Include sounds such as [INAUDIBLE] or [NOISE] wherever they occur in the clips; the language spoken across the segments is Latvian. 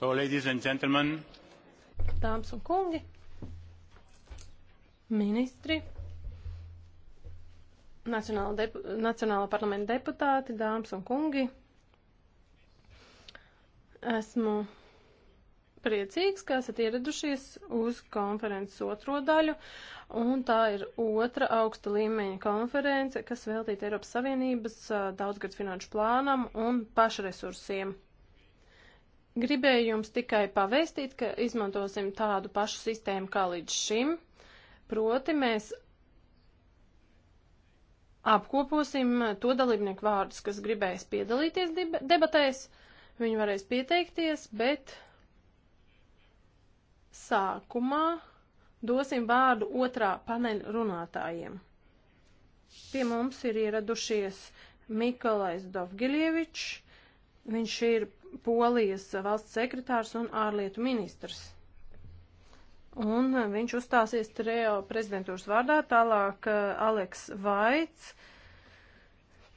So, ladies and gentlemen. Dāmas un kungi, ministri, Nacionāla, depu, Nacionāla parlamenta deputāti, dāmas un kungi, esmu priecīgs, ka esat ieradušies uz konferences otro daļu, un tā ir otra augsta līmeņa konference, kas veltīta Eiropas Savienības daudzgad finanšu plānam un pašresursiem. Gribēju jums tikai pavēstīt, ka izmantosim tādu pašu sistēmu kā līdz šim, proti mēs apkoposim to dalībnieku vārdus, kas gribēs piedalīties debatēs. Viņi varēs pieteikties, bet sākumā dosim vārdu otrā paneļa runātājiem. Pie mums ir ieradušies Mikolais Dovgilievičs. Viņš ir Polijas valsts sekretārs un ārlietu ministrs. Un viņš uzstāsies Treo prezidentūras vārdā, tālāk eh, Aleks Vaits,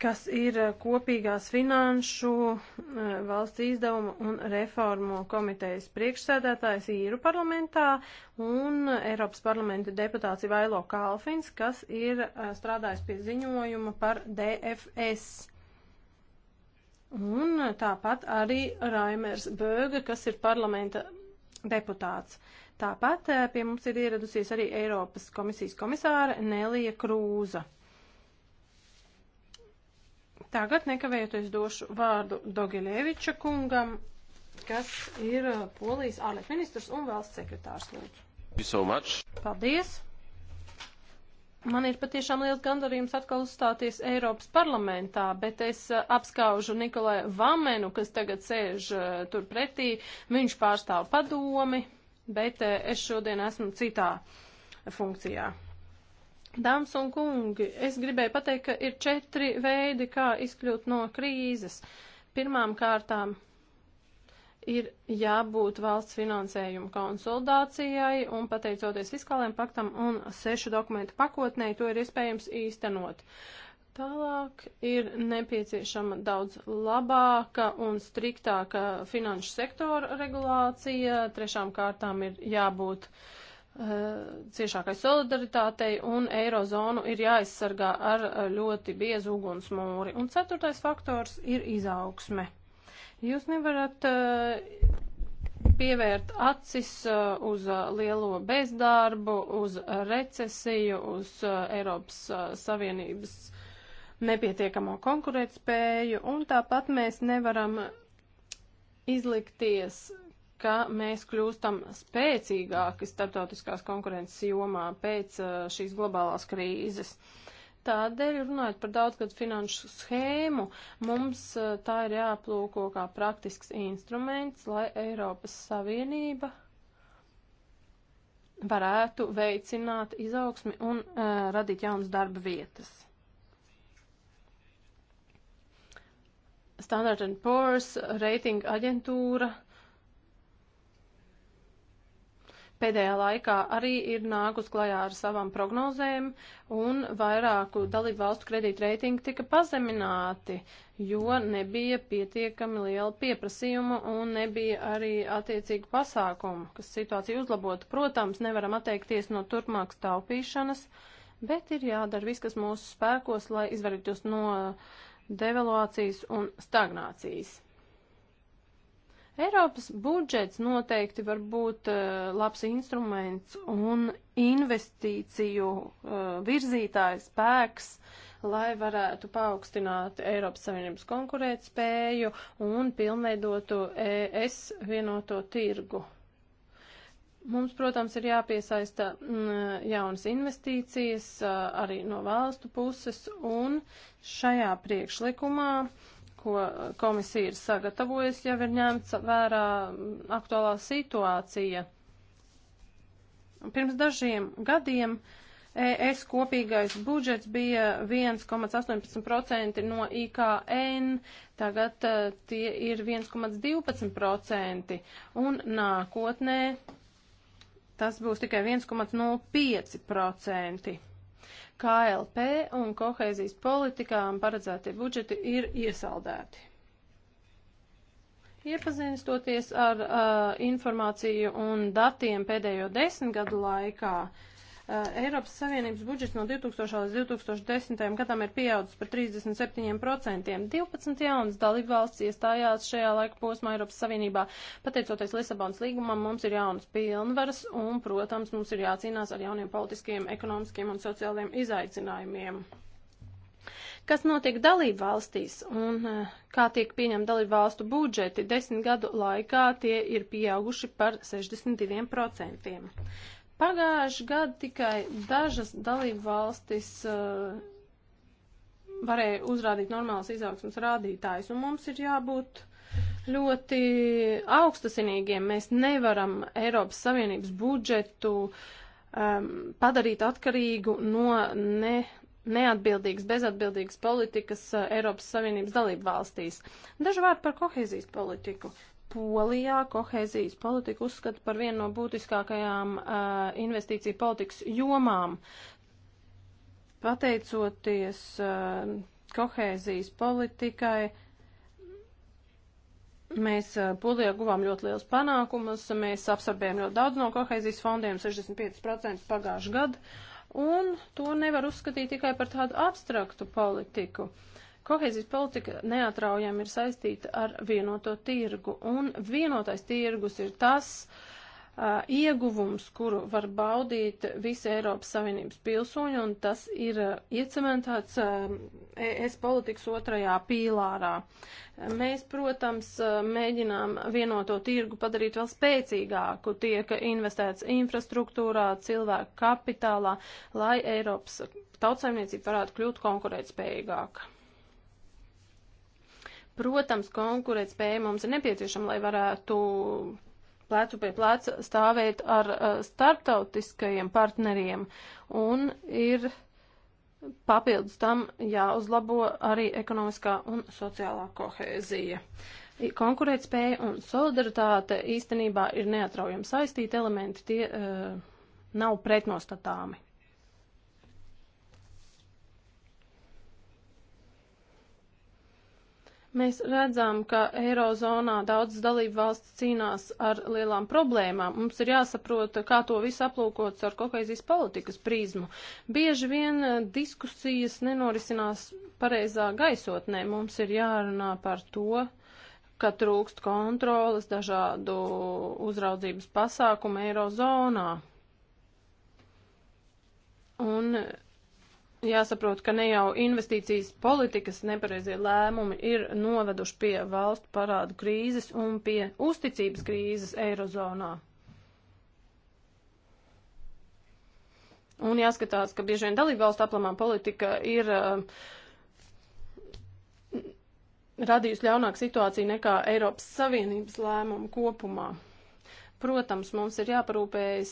kas ir eh, kopīgās finanšu, eh, valsts izdevuma un reformu komitejas priekšsēdētājs īru parlamentā un Eiropas parlamenta deputāts Ivailo Kalfins, kas ir strādājis pie ziņojuma par DFS. Un tāpat arī Raimers Böga, kas ir parlamenta deputāts. Tāpat eh, pie mums ir ieradusies arī Eiropas komisijas komisāra Nelija Krūza. Tagad nekavējoties došu vārdu Dogilieviča kungam, kas ir eh, Polijas ārlietu ministrs un valsts sekretārs lūdzu. So much. Paldies! Man ir patiešām liels gandarījums atkal uzstāties Eiropas parlamentā, bet es eh, apskaužu Nikolai Vamenu, kas tagad sēž uh, tur pretī. Viņš pārstāv padomi, bet uh, es šodien esmu citā funkcijā. Dāmas un kungi, es gribēju pateikt, ka ir četri veidi, kā izkļūt no krīzes. Pirmām kārtām ir jābūt valsts finansējuma konsolidācijai, un pateicoties fiskāliem paktam un sešu dokumentu pakotnē, to ir iespējams īstenot. Tālāk ir nepieciešama daudz labāka un striktāka finanšu sektora regulācija, trešām kārtām ir jābūt uh, ciešākai solidaritātei un eirozonu ir jāaizsargā ar eh, ļoti biezu ugunsmūri. Un ceturtais faktors ir izaugsme. Jūs nevarat eh, pievērt acis eh, uz eh, lielo bezdarbu, uz recesiju, uz Eiropas Savienības nepietiekamo konkurētspēju, un tāpat mēs nevaram izlikties, ka mēs kļūstam spēcīgāki starptautiskās konkurences jomā pēc šīs globālās krīzes. Uh, Tādēļ, runājot par daudzgadu finanšu schēmu, mums eh, tā ir jāplūko kā praktisks instruments, lai Eiropas Savienība varētu veicināt izaugsmi un uh, radīt jaunas darba vietas. Standard Poor's reitinga aģentūra uh, pēdējā laikā arī ir nākus klajā ar savām prognozēm, un vairāku dalību valstu kredītreitingi tika pazemināti, jo nebija pietiekami liela pieprasījuma un nebija arī attiecīgu pasākumu, kas situāciju uzlabotu. Protams, nevaram atteikties no turpmākas taupīšanas, bet ir jādara viss, kas mūsu spēkos, lai izvarītos no devaluācijas un stagnācijas. Eiropas budžets noteikti var būt uh, labs instruments un investīciju uh, virzītājs spēks, lai varētu paaugstināt Eiropas Savienības konkurētspēju un pilnveidotu ES vienoto tirgu. Mums, protams, ir jāpiesaista mm, jaunas investīcijas eh, arī no valstu puses, un šajā priekšlikumā uh, ko komisija ir sagatavojusi, jau ir ņemts vērā aktuālā situācija. Pirms dažiem gadiem ES kopīgais budžets bija 1,18% no IKN, tagad uh, tie ir 1,12% un nākotnē tas būs tikai 1,05%. KLP un kohēzijas politikām paredzētie budžeti ir iesaldēti. Iepazīstoties ar uh, informāciju un datiem pēdējo desmit gadu laikā, uh, Eh, Eiropas Savienības budžets no 2000 līdz 2010. gadam ir pieaudzis par 37%. 12 jaunas dalībvalsts iestājās šajā laika posmā Eiropas Savienībā. Pateicoties Lisabonas līgumam, mums ir jaunas pilnvaras un, protams, mums ir jācīnās ar jauniem politiskiem, ekonomiskiem un sociāliem izaicinājumiem kas notiek dalību valstīs un eh, kā tiek pieņemta dalību valstu budžeti. Desmit gadu laikā tie ir pieauguši par 62%. Pagājuši gadu tikai dažas dalību valstis uh, varēja uzrādīt normālas izaugsmas rādītājus, un mums ir jābūt ļoti augstasinīgiem. Mēs nevaram Eiropas Savienības budžetu um, padarīt atkarīgu no ne, neatbildīgas, bezatbildīgas politikas eh, Eiropas Savienības dalību valstīs. Daži vārdi par kohēzijas politiku. Polijā kohēzijas politiku uzskata par vienu no būtiskākajām uh, investīciju politikas jomām. Pateicoties uh, kohēzijas politikai, mēs uh, Polijā guvām ļoti liels panākumus, mēs absorbējam ļoti daudz no kohēzijas fondiem, 65% pagājušajā gadā, un to nevar uzskatīt tikai par tādu abstraktu politiku. Uh, Kohēzijas politika neatraujami ir saistīta ar vienoto tirgu, un vienotais tirgus ir tas uh, ieguvums, kuru var baudīt visi Eiropas Savienības pilsoņi, un tas ir uh, iecementēts uh, ES politikas otrajā pīlārā. Mēs, protams, mēģinām vienoto tirgu padarīt vēl spēcīgāku, tiek investēts infrastruktūrā, cilvēku kapitālā, lai Eiropas tautsaimniecība varētu kļūt konkurētspējīgāka. Protams, konkurētspēja mums ir nepieciešama, lai varētu plecu pie pleca stāvēt ar uh, starptautiskajiem partneriem. Un ir papildus tam jāuzlabo arī ekonomiskā un sociālā kohēzija. Konkurētspēja un solidaritāte īstenībā ir neatraujami saistīti elementi, tie uh, nav pretnostatāmi. Mēs redzam, ka Eirozonā daudzas dalību valsts cīnās ar lielām problēmām. Mums ir jāsaprot, kā to visu aplūkot ar kohēzijas politikas prizmu. Bieži vien eh, diskusijas nenorisinās pareizā gaisotnē. Mums ir jārunā par to, ka trūkst kontrolas dažādu uzraudzības pasākumu Eirozonā. Un jāsaprot, ka ne jau investīcijas politikas nepareizie lēmumi ir noveduši pie valstu parādu krīzes un pie uzticības krīzes Eirozonā. Un jāskatās, ka bieži vien dalībvalstu aplamā politika ir uh, radījusi ļaunāku situāciju nekā Eiropas Savienības lēmumu kopumā. Protams, mums ir jāparūpējas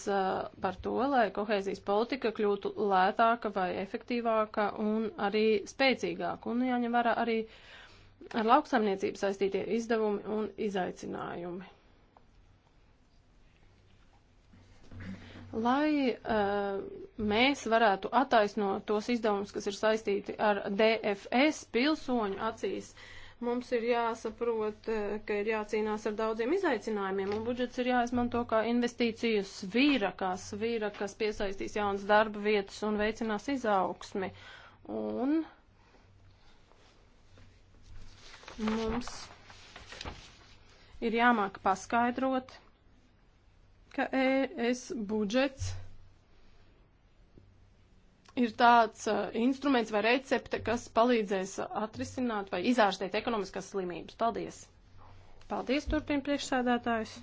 par to, lai kohēzijas politika kļūtu lētāka vai efektīvāka un arī spēcīgāka. Un jāņem vērā arī ar lauksaimniecību saistītie izdevumi un izaicinājumi. Lai uh, mēs varētu attaisnot tos izdevumus, kas ir saistīti ar DFS pilsoņu acīs, uh, Mums ir jāsaprot, eh, ka ir jācīnās ar daudziem izaicinājumiem, un budžets ir jāizmanto kā investīciju svīra, kā svīra, kas piesaistīs jaunas darba vietas un veicinās izaugsmi. Un mums ir jāmāk paskaidrot, ka ES budžets ir tāds uh, instruments vai recepte, kas palīdzēs uh, atrisināt vai izārstēt ekonomiskās slimības. Paldies! Paldies, turpina priekšsēdētājs.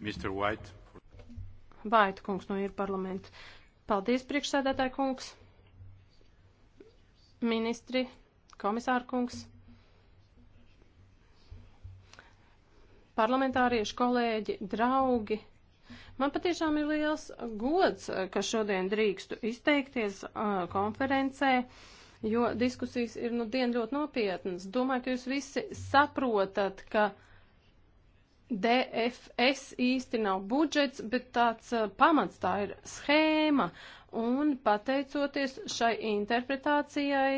Mr. White. Vaita kungs no ir parlamenta. Paldies, priekšsēdētāji kungs, ministri, komisāra kungs, parlamentārieši, kolēģi, draugi. Man patiešām ir liels gods, ka šodien drīkstu izteikties uh, konferencē, jo diskusijas ir nu dien ļoti nopietnas. Domāju, ka jūs visi saprotat, ka DFS īsti nav budžets, bet tāds uh, pamats tā ir schēma. Un pateicoties šai interpretācijai,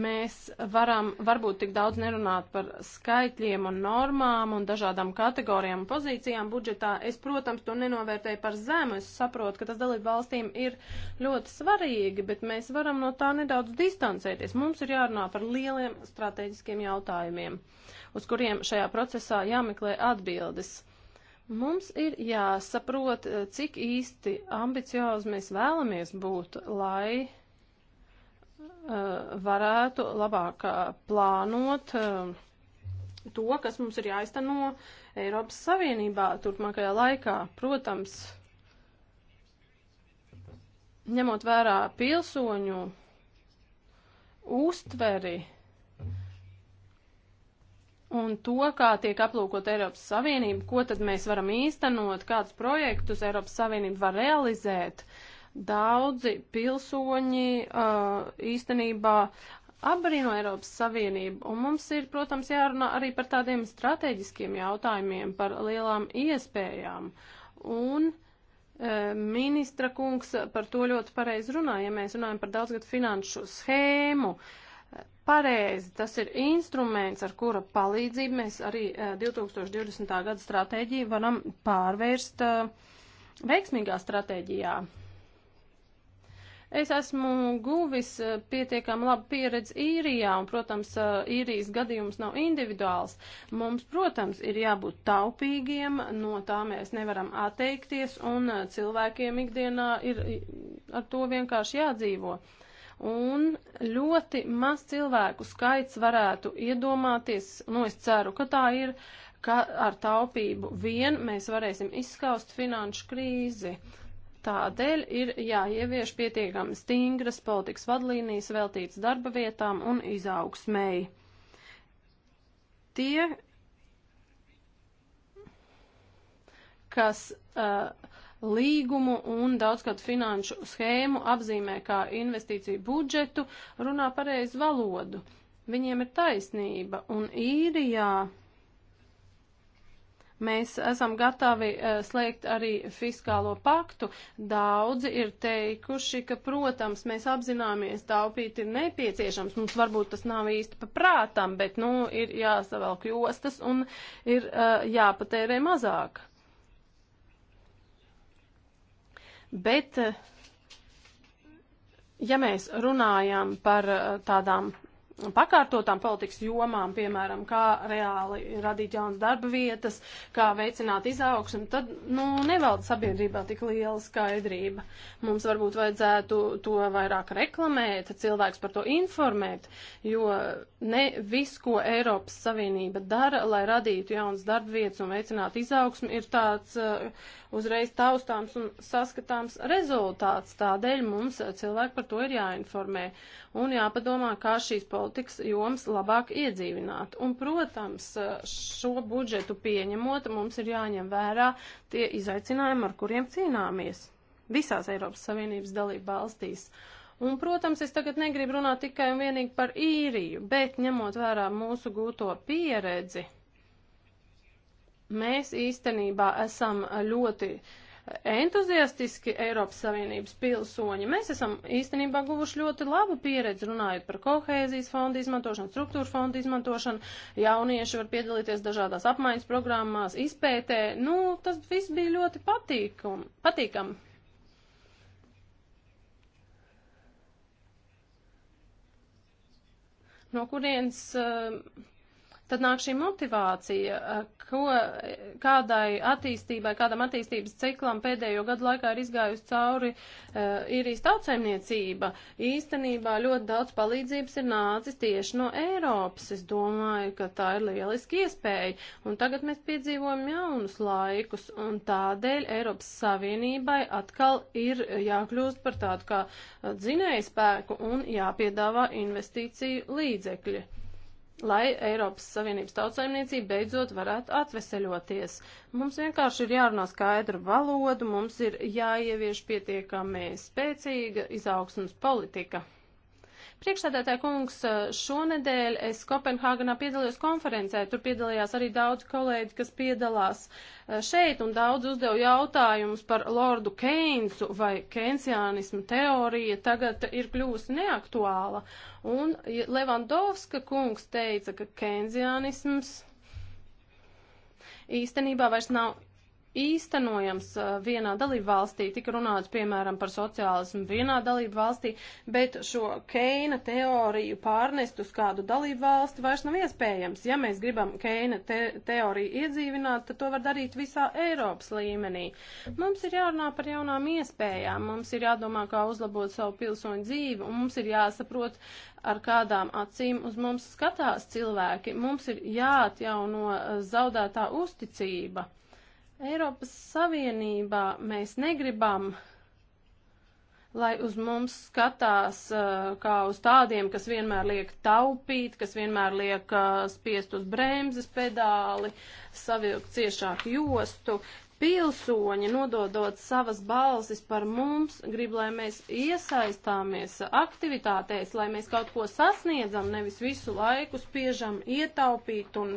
Mēs varam varbūt tik daudz nerunāt par skaitļiem un normām un dažādām kategorijām un pozīcijām budžetā. Es, protams, to nenovērtēju par zemu. Es saprotu, ka tas dalību valstīm ir ļoti svarīgi, bet mēs varam no tā nedaudz distancēties. Mums ir jārunā par lieliem strateģiskiem jautājumiem, uz kuriem šajā procesā jāmeklē atbildes. Mums ir jāsaprot, cik īsti ambiciozi mēs vēlamies būt, lai Eh, varētu labāk eh, plānot eh, to, kas mums ir jāizteno Eiropas Savienībā turpmākajā laikā. Protams, ņemot vērā pilsoņu uztveri un to, kā tiek aplūkot Eiropas Savienība, ko tad mēs varam īstenot, kādus projektus Eiropas Savienība var realizēt, uh, Daudzi pilsoņi uh, īstenībā apbrīno Eiropas Savienību, un mums ir, protams, jārunā arī par tādiem strateģiskiem jautājumiem, par lielām iespējām. Un e, ministra kungs par to ļoti pareizi runā, ja mēs runājam par daudzgad finanšu schēmu. Pareizi, tas ir instruments, ar kura palīdzību mēs arī e, 2020. gada stratēģiju varam pārvērst e, veiksmīgā stratēģijā. Es esmu guvis eh, pietiekami labu pieredzi īrijā, un, protams, eh, īrijas gadījums nav individuāls. Mums, protams, ir jābūt taupīgiem, no tā mēs nevaram atteikties, un eh, cilvēkiem ikdienā ir ar to vienkārši jādzīvo. Un ļoti maz cilvēku skaits varētu iedomāties, nu es ceru, ka tā ir, ka ar taupību vien mēs varēsim izskaust finanšu krīzi. Uh, Tādēļ ir jāievieš pietiekami stingras politikas vadlīnijas veltītas darba vietām un izaugsmēji. Tie, kas uh, līgumu un daudzgadu finanšu schēmu apzīmē kā investīciju budžetu, runā pareizu valodu. Viņiem ir taisnība, un īrijā. Ja Mēs esam gatavi uh, slēgt arī fiskālo paktu. Daudzi ir teikuši, ka, protams, mēs apzināmies, taupīt ir nepieciešams. Mums varbūt tas nav īsti paprātam, bet, nu, ir jāsavelk jostas un ir uh, jāpatērē mazāk. Bet. Uh, ja mēs runājam par tādām pakārtotām politikas jomām, piemēram, kā reāli radīt jaunas darba vietas, kā veicināt izaugsmu, tad nu, nevalda sabiedrībā tik liela skaidrība. Mums varbūt vajadzētu to vairāk reklamēt, cilvēks par to informēt, jo ne viss, ko Eiropas Savienība dara, lai radītu jaunas darba vietas un veicinātu izaugsmu, ir tāds. Uh, uzreiz taustāms un saskatāms rezultāts. Tādēļ mums cilvēki par to ir jāinformē un jāpadomā, kā šīs politikas joms labāk iedzīvināt. Un, protams, šo budžetu pieņemot, mums ir jāņem vērā tie izaicinājumi, ar kuriem cīnāmies visās Eiropas Savienības dalību valstīs. Un, protams, es tagad negribu runāt tikai un vienīgi par īriju, bet ņemot vērā mūsu gūto pieredzi, Mēs īstenībā esam ļoti entuziastiski Eiropas Savienības pilsoņi. Mēs esam īstenībā guvuši ļoti labu pieredzi runājot par kohēzijas fondu izmantošanu, struktūru fondu izmantošanu. Jaunieši var piedalīties dažādās apmaiņas programmās, izpētē. Nu, tas viss bija ļoti patīkum, patīkam. No kurienes uh, tad nāk šī motivācija, eh, ko, kādai attīstībai, kādam attīstības ciklam pēdējo gadu laikā ir izgājusi cauri eh, īrijas tautsēmniecība. Īstenībā ļoti daudz palīdzības ir nācis tieši no Eiropas. Es domāju, ka tā ir lieliski iespēja. Un tagad mēs piedzīvojam jaunus laikus, un tādēļ Eiropas Savienībai atkal ir jākļūst par tādu kā eh, dzinēju spēku un jāpiedāvā investīciju līdzekļi lai Eiropas Savienības tautsaimniecība beidzot varētu atveseļoties. Mums vienkārši ir jārunā skaidru valodu, mums ir jāievieš pietiekami spēcīga izaugsmas politika. Priekšsēdētāja kungs, šonedēļ es Kopenhāganā piedalījos konferencē, tur piedalījās arī daudz kolēģi, kas piedalās eh, šeit, un daudz uzdev jautājumus par Lordu Keinsu, vai Keinsiānismu teorija tagad ir kļūsi neaktuāla. Un Levandovska kungs teica, ka Keinsiānisms īstenībā vairs nav īstenojams uh, vienā dalību valstī. Tika runāts, piemēram, par sociālismu vienā dalību valstī, bet šo Keina teoriju pārnest uz kādu dalību valsti vairs nav iespējams. Ja mēs gribam Keina te teoriju iedzīvināt, tad to var darīt visā Eiropas līmenī. Mums ir jārunā par jaunām iespējām, mums ir jādomā, kā uzlabot savu pilsoņu dzīvi, un mums ir jāsaprot, ar kādām acīm uz mums skatās cilvēki. Mums ir jāatjauno uh, zaudētā uzticība. Eiropas Savienībā mēs negribam, lai uz mums skatās uh, kā uz tādiem, kas vienmēr liek taupīt, kas vienmēr liek uh, spiest uz bremzes pedāli, savilkt ciešāku jostu pilsoņi, nododot savas balsis par mums, grib, lai mēs iesaistāmies aktivitātēs, lai mēs kaut ko sasniedzam, nevis visu laiku spiežam ietaupīt un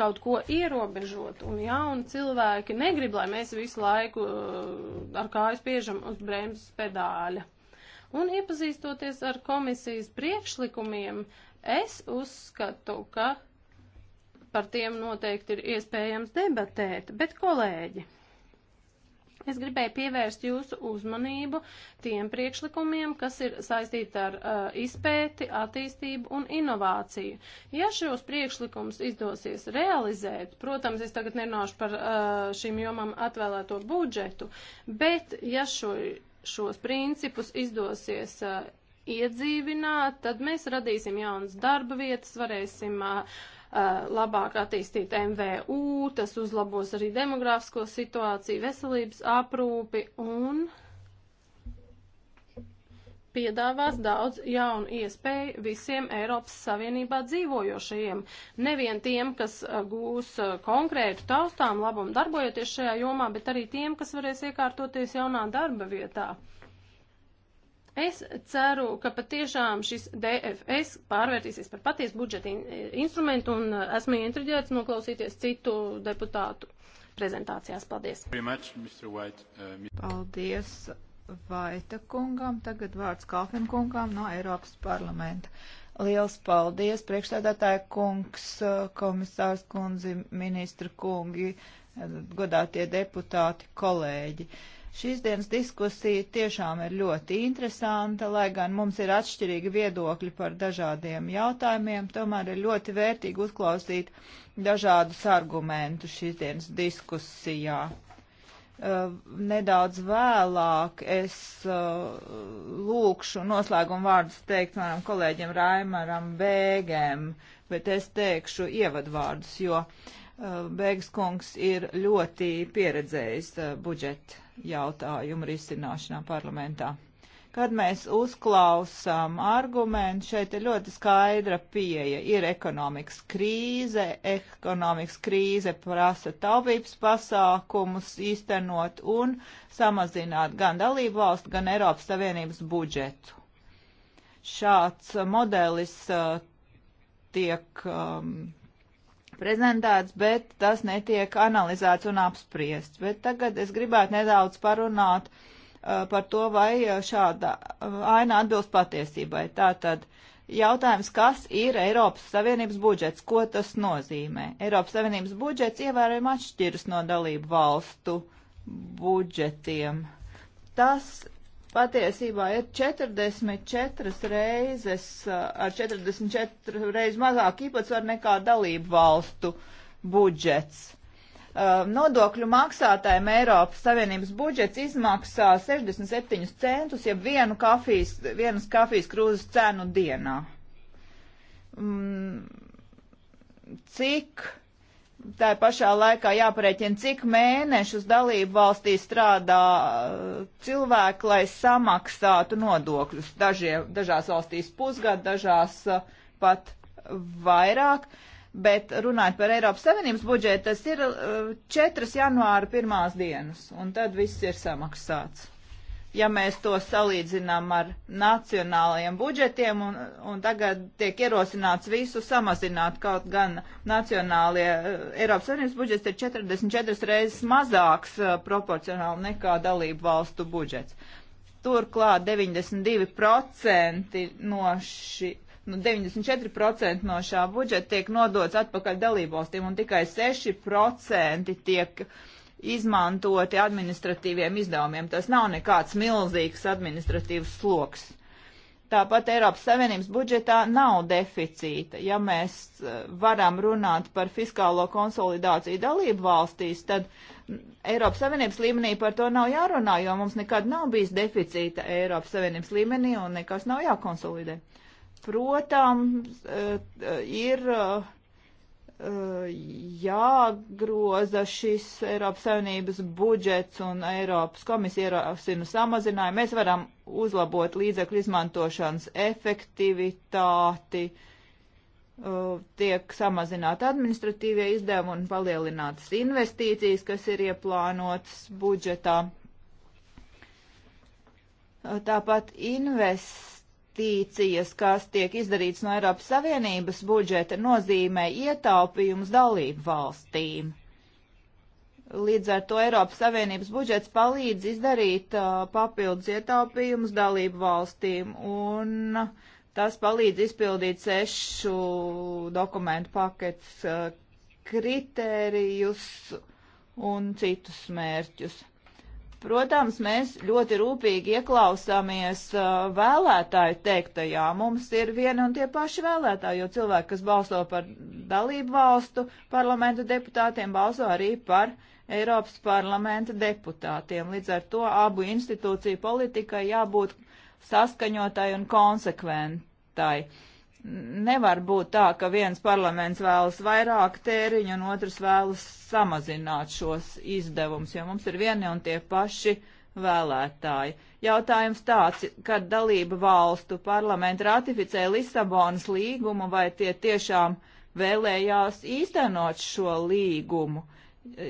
kaut ko ierobežot. Un jauni cilvēki negrib, lai mēs visu laiku uh, ar kāju spiežam uz bremzes pedāļa. Un iepazīstoties ar komisijas priekšlikumiem, es uzskatu, ka par tiem noteikti ir iespējams debatēt, bet kolēģi, Es gribēju pievērst jūsu uzmanību tiem priekšlikumiem, kas ir saistīti ar uh, izpēti, attīstību un inovāciju. Ja šos priekšlikumus izdosies realizēt, protams, es tagad nerunāšu par uh, šīm jomām atvēlēto budžetu, bet ja šo, šos principus izdosies. Uh, iedzīvināt, tad mēs radīsim jaunas darba vietas, varēsim uh, Uh, labāk attīstīt MVU, tas uzlabos arī demografisko situāciju, veselības aprūpi un piedāvās daudz jaunu iespēju visiem Eiropas Savienībā dzīvojošajiem. Nevien tiem, kas uh, gūs uh, konkrētu taustām labumu darbojoties šajā jomā, bet arī tiem, kas varēs iekārtoties jaunā darba vietā. Es ceru, ka patiešām šis DFS pārvērtīsies par patiesu budžeta instrumentu un uh, esmu intriģēts noklausīties citu deputātu prezentācijās. Paldies! Much, White, uh, Paldies Vaita kungam, tagad vārds Kalfin kungam no Eiropas parlamenta. Liels paldies, priekšstādātāja kungs, uh, komisārs kundzi, ministra kungi, uh, godātie deputāti, kolēģi. Uh, Šīs dienas diskusija tiešām ir ļoti interesanta, lai gan mums ir atšķirīgi viedokļi par dažādiem jautājumiem, tomēr ir ļoti vērtīgi uzklausīt dažādus argumentus šīs dienas diskusijā. Uh, nedaudz vēlāk es uh, lūkšu noslēgumu vārdus teikt manam kolēģim Raimaram Bēgēm, bet es teikšu ievadvārdus, jo uh, Bēgas kungs ir ļoti pieredzējis uh, budžetu jautājumu risināšanā parlamentā. Kad mēs uzklausām argumentu, šeit ir ļoti skaidra pieeja. Ir ekonomikas krīze, ekonomikas krīze prasa taupības pasākumus īstenot un samazināt gan dalību valstu, gan Eiropas Savienības budžetu. Šāds modelis uh, tiek um, prezentēts, bet tas netiek analizēts un apspriests. Bet tagad es gribētu nedaudz parunāt uh, par to, vai uh, šāda uh, aina atbilst patiesībai. Tātad jautājums, kas ir Eiropas Savienības budžets, ko tas nozīmē? Eiropas Savienības budžets ievērojami atšķiras no dalību valstu budžetiem. Tas patiesībā ir 44 reizes, ar 44 reizes mazāk īpatsvaru nekā dalību valstu budžets. Nodokļu maksātājiem Eiropas Savienības budžets izmaksā 67 centus, ja vienu kafijas, vienas kafijas krūzes cenu dienā. Mm, cik tā pašā laikā jāpareiķina, cik mēnešus dalību valstī strādā uh, cilvēki, lai samaksātu nodokļus. Dažie, dažās valstīs pusgadu, dažās uh, pat vairāk. Bet runājot par Eiropas Savienības budžetu, tas ir 4. Uh, janvāra pirmās dienas, un tad viss ir samaksāts ja mēs to salīdzinām ar nacionālajiem budžetiem, un, un tagad tiek ierosināts visu samazināt, kaut gan nacionālie eh, Eiropas Savienības budžets ir 44 reizes mazāks uh, proporcionāli nekā dalību valstu budžets. Turklāt 92% no šī nu, 94% no šā budžeta tiek nodots atpakaļ dalībvalstīm un tikai 6% tiek uh, izmantoti administratīviem izdevumiem. Tas nav nekāds milzīgs administratīvs sloks. Tāpat Eiropas Savienības budžetā nav deficīta. Ja mēs eh, varam runāt par fiskālo konsolidāciju dalību valstīs, tad Eiropas Savienības līmenī par to nav jārunā, jo mums nekad nav bijis deficīta Eiropas Savienības līmenī un nekas nav jākonsolidē. Protams, eh, eh, ir Uh, jāgroza šis Eiropas Savienības budžets un Eiropas komisija ierosina samazinājumu. Mēs varam uzlabot līdzekļu izmantošanas efektivitāti, uh, tiek samazināti administratīvie izdevumi un palielinātas investīcijas, kas ir ieplānotas budžetā. Uh, tāpat invest investīcijas, kas tiek izdarīts no Eiropas Savienības budžeta, nozīmē ietaupījums dalību valstīm. Līdz ar to Eiropas Savienības budžets palīdz izdarīt uh, papildus ietaupījumus dalību valstīm, un tas palīdz izpildīt sešu dokumentu paketes uh, kritērijus un citus mērķus. Protams, mēs ļoti rūpīgi ieklausāmies vēlētāju teiktajā. Mums ir viena un tie paši vēlētāji, jo cilvēki, kas balso par dalību valstu parlamentu deputātiem, balso arī par Eiropas parlamenta deputātiem. Līdz ar to abu institūciju politikai jābūt saskaņotai un konsekventai. Nevar būt tā, ka viens parlaments vēlas vairāk tēriņu un otrs vēlas samazināt šos izdevumus, jo mums ir vieni un tie paši vēlētāji. Jautājums tāds, kad dalība valstu parlamenti ratificē Lisabonas līgumu, vai tie tiešām vēlējās īstenot šo līgumu?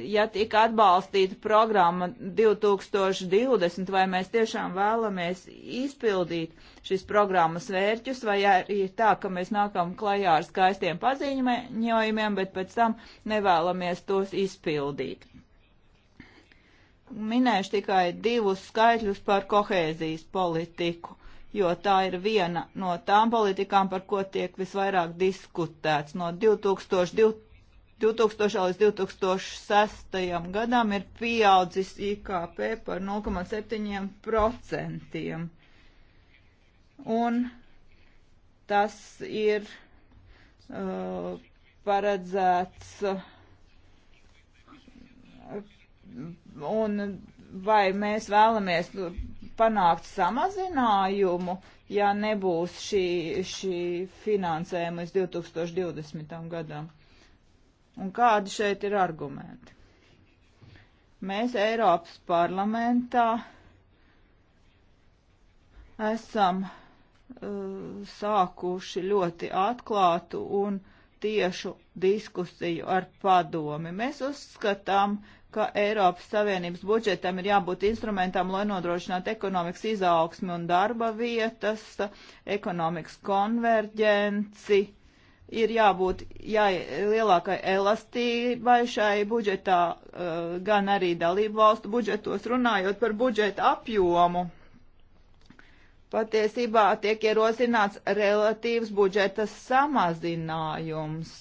ja tika atbalstīta programma 2020, vai mēs tiešām vēlamies izpildīt šīs programmas vērķus, vai arī tā, ka mēs nākam klajā ar skaistiem paziņojumiem, bet pēc tam nevēlamies tos izpildīt. Minēšu tikai divus skaitļus par kohēzijas politiku, jo tā ir viena no tām politikām, par ko tiek visvairāk diskutēts no 2020 2000 līdz 2006 gadam ir pieaudzis IKP par 0,7%. Un tas ir uh, paredzēts. Uh, un vai mēs vēlamies panākt samazinājumu, ja nebūs šī, šī finansējuma līdz 2020. gadam? Un kādi šeit ir argumenti? Mēs Eiropas parlamentā esam uh, sākuši ļoti atklātu un tiešu diskusiju ar padomi. Mēs uzskatām, ka Eiropas Savienības budžetam ir jābūt instrumentam, lai nodrošinātu ekonomikas izaugsmi un darba vietas, ekonomikas konverģenci, uh, ir jābūt jā, lielākai elastībai šai budžetā, eh, gan arī dalību valstu budžetos, runājot par budžeta apjomu. Patiesībā tiek ierosināts relatīvs budžeta samazinājums.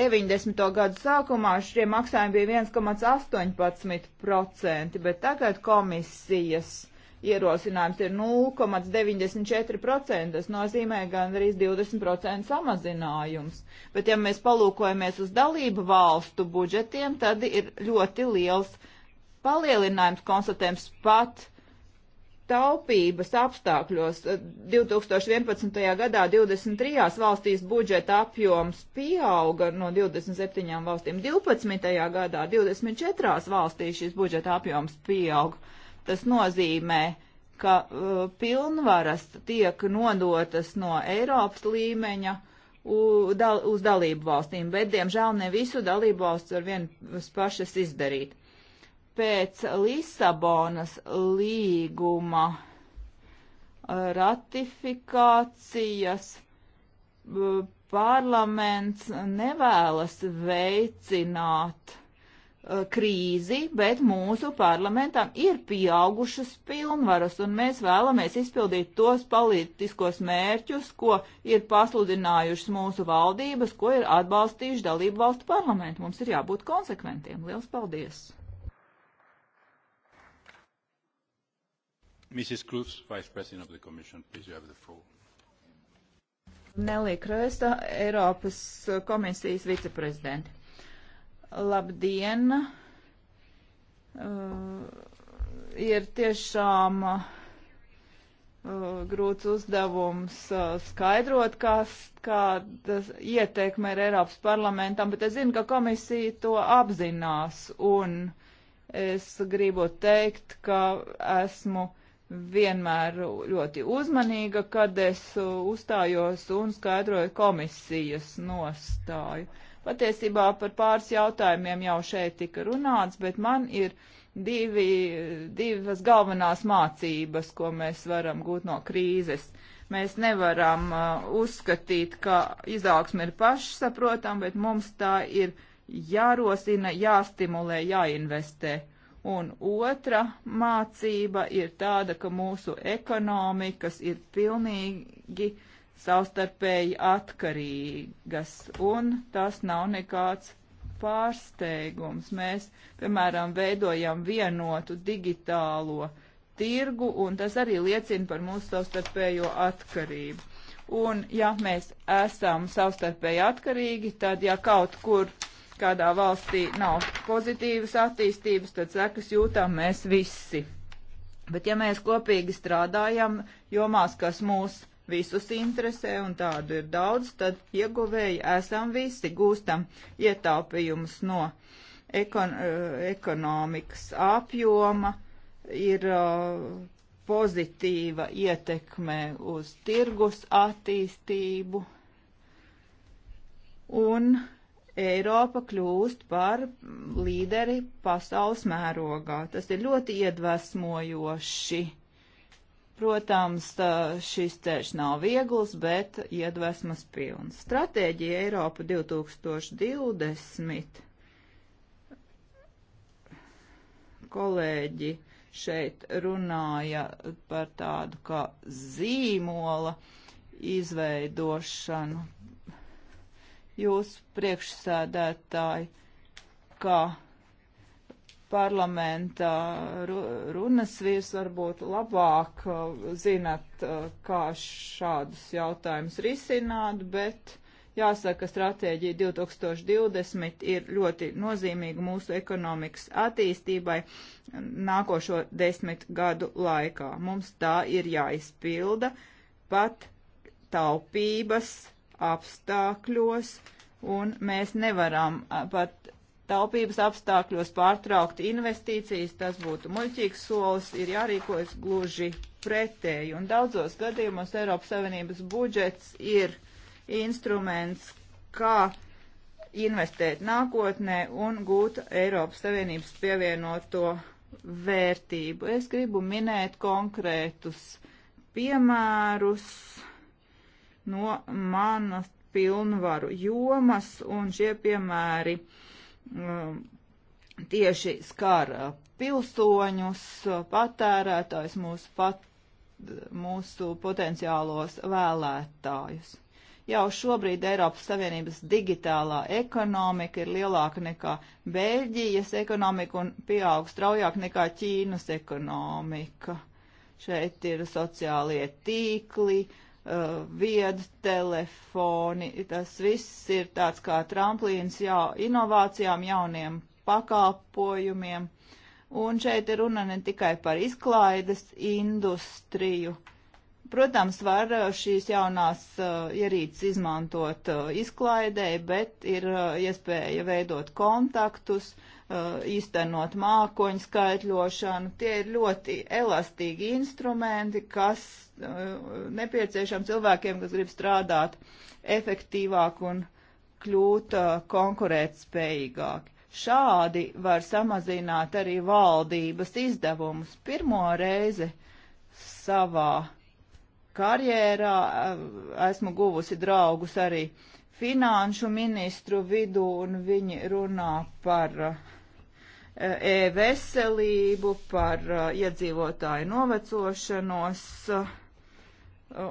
90. gadu sākumā šie maksājumi bija 1,18%, bet tagad komisijas ierosinājums ir 0,94%. Tas nozīmē gandrīz 20% samazinājums. Bet ja mēs palūkojamies uz dalību valstu budžetiem, tad ir ļoti liels palielinājums konstatējums pat taupības apstākļos 2011. gadā 23 valstīs budžeta apjoms pieauga no 27 valstīm. 12. gadā 24 valstīs šis budžeta apjoms pieauga. Tas nozīmē, ka uh, pilnvaras tiek nodotas no Eiropas līmeņa uz, dal, uz dalību valstīm, bet, diemžēl, ne visu dalību valsts var vien pašas izdarīt. Pēc Lisabonas līguma uh, ratifikācijas uh, parlaments nevēlas veicināt Eh, krīzi, bet mūsu parlamentam ir pieaugušas pilnvaras, un mēs vēlamies izpildīt tos politiskos mērķus, ko ir pasludinājušas mūsu valdības, ko ir atbalstījuši dalību valstu parlamentu. Mums ir jābūt konsekventiem. Liels paldies! Mrs. Cruz, Vice President of the Commission, please you have the floor. Nelī Krēsta, Eiropas komisijas viceprezidente labdien! Uh, ir tiešām uh, grūts uzdevums uh, skaidrot, kas, kāda ieteikme ir Eiropas parlamentam, bet es zinu, ka komisija to apzinās, un es gribu teikt, ka esmu vienmēr ļoti uzmanīga, kad es uh, uzstājos un skaidroju komisijas nostāju. Uh, Patiesībā par pāris jautājumiem jau šeit tika runāts, bet man ir divi, divas galvenās mācības, ko mēs varam gūt no krīzes. Mēs nevaram uh, uzskatīt, ka izaugsme ir pašsaprotam, bet mums tā ir jārosina, jāstimulē, jāinvestē. Un otra mācība ir tāda, ka mūsu ekonomikas ir pilnīgi uh, savstarpēji atkarīgas, un tas nav nekāds pārsteigums. Mēs, piemēram, veidojam vienotu digitālo tirgu, un tas arī liecina par mūsu savstarpējo atkarību. Un, ja mēs esam savstarpēji atkarīgi, tad, ja kaut kur kādā valstī nav pozitīvas attīstības, tad sekas jūtām mēs visi. Bet, ja mēs kopīgi strādājam jomās, kas mūsu visus interesē, un tādu ir daudz, tad ieguvēji esam visi, gūstam ietaupījumus no ekon eh, ekonomikas apjoma, ir uh, pozitīva ietekme uz tirgus attīstību, un Eiropa kļūst par līderi pasaules mērogā. Tas ir ļoti iedvesmojoši. Protams, šis ceļš nav viegls, bet iedvesmas pilns. Stratēģija Eiropa 2020. Kolēģi šeit runāja par tādu kā zīmola izveidošanu. Jūs priekšsēdētāji, kā parlamenta runas vīrs varbūt labāk uh, zinat, uh, kā šādus jautājumus risināt, bet jāsaka, stratēģija 2020 ir ļoti nozīmīga mūsu ekonomikas attīstībai nākošo desmit gadu laikā. Mums tā ir jāizpilda pat taupības apstākļos, un mēs nevaram uh, pat taupības apstākļos pārtraukt investīcijas, tas būtu muļķīgs solis, ir jārīkojas gluži pretēji. Un daudzos gadījumos Eiropas Savienības budžets ir instruments, kā investēt nākotnē un gūt Eiropas Savienības pievienoto vērtību. Es gribu minēt konkrētus piemērus no manas pilnvaru jomas, un šie piemēri uh, um, tieši skar uh, pilsoņus, uh, patērētājs mūsu, pat, mūsu potenciālos vēlētājus. Jau šobrīd Eiropas Savienības digitālā ekonomika ir lielāka nekā Beļģijas ekonomika un pieaug straujāk nekā Ķīnas ekonomika. Šeit ir sociālie tīkli, uh, Uh, viedi telefoni. Tas viss ir tāds kā tramplīns jā, inovācijām, jauniem pakalpojumiem. Un šeit ir runa ne tikai par izklaides industriju. Protams, var uh, šīs jaunās uh, ierīces izmantot uh, izklaidē, bet ir uh, iespēja veidot kontaktus, uh, īstenot mākoņu skaitļošanu. Tie ir ļoti elastīgi instrumenti, kas Eh, nepieciešama cilvēkiem, kas grib strādāt efektīvāk un kļūt eh, konkurētspējīgāk. Šādi var samazināt arī valdības izdevumus. Pirmo reizi savā karjerā eh, esmu guvusi draugus arī finanšu ministru vidū, un viņi runā par e-veselību, par iedzīvotāju novecošanos. Uh,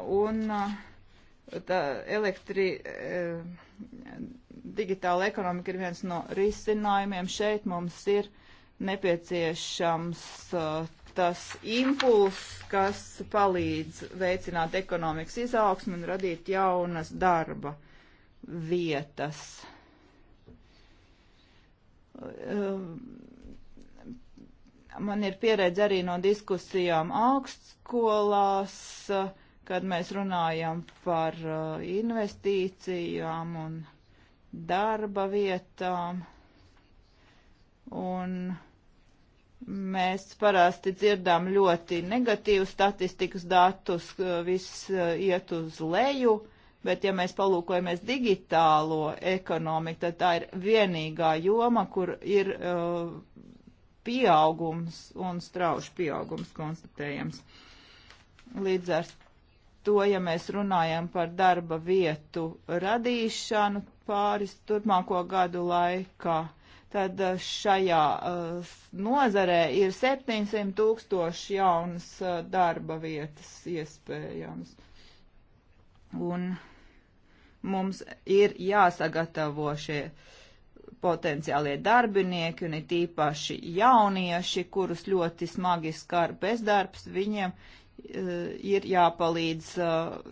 un uh, tā elektri, uh, digitāla ekonomika ir viens no risinājumiem. Šeit mums ir nepieciešams uh, tas impuls, kas palīdz veicināt ekonomikas izaugsmu un radīt jaunas darba vietas. Man ir pieredze arī no diskusijām augstskolās. Uh, kad mēs runājam par uh, investīcijām un darba vietām. Un mēs parasti dzirdam ļoti negatīvu statistikas datus, viss uh, iet uz leju, bet ja mēs palūkojamies digitālo ekonomiku, tad tā ir vienīgā joma, kur ir uh, pieaugums un strauši pieaugums konstatējams. Līdz ar to, ja mēs runājam par darba vietu radīšanu pāris turpmāko gadu laikā, tad eh, šajā uh, nozarē ir 700 tūkstoši jaunas uh, darba vietas iespējams. Un mums ir jāsagatavo šie potenciālie darbinieki un ir tīpaši jaunieši, kurus ļoti smagi skar bezdarbs, viņiem Eh, ir jāpalīdz eh,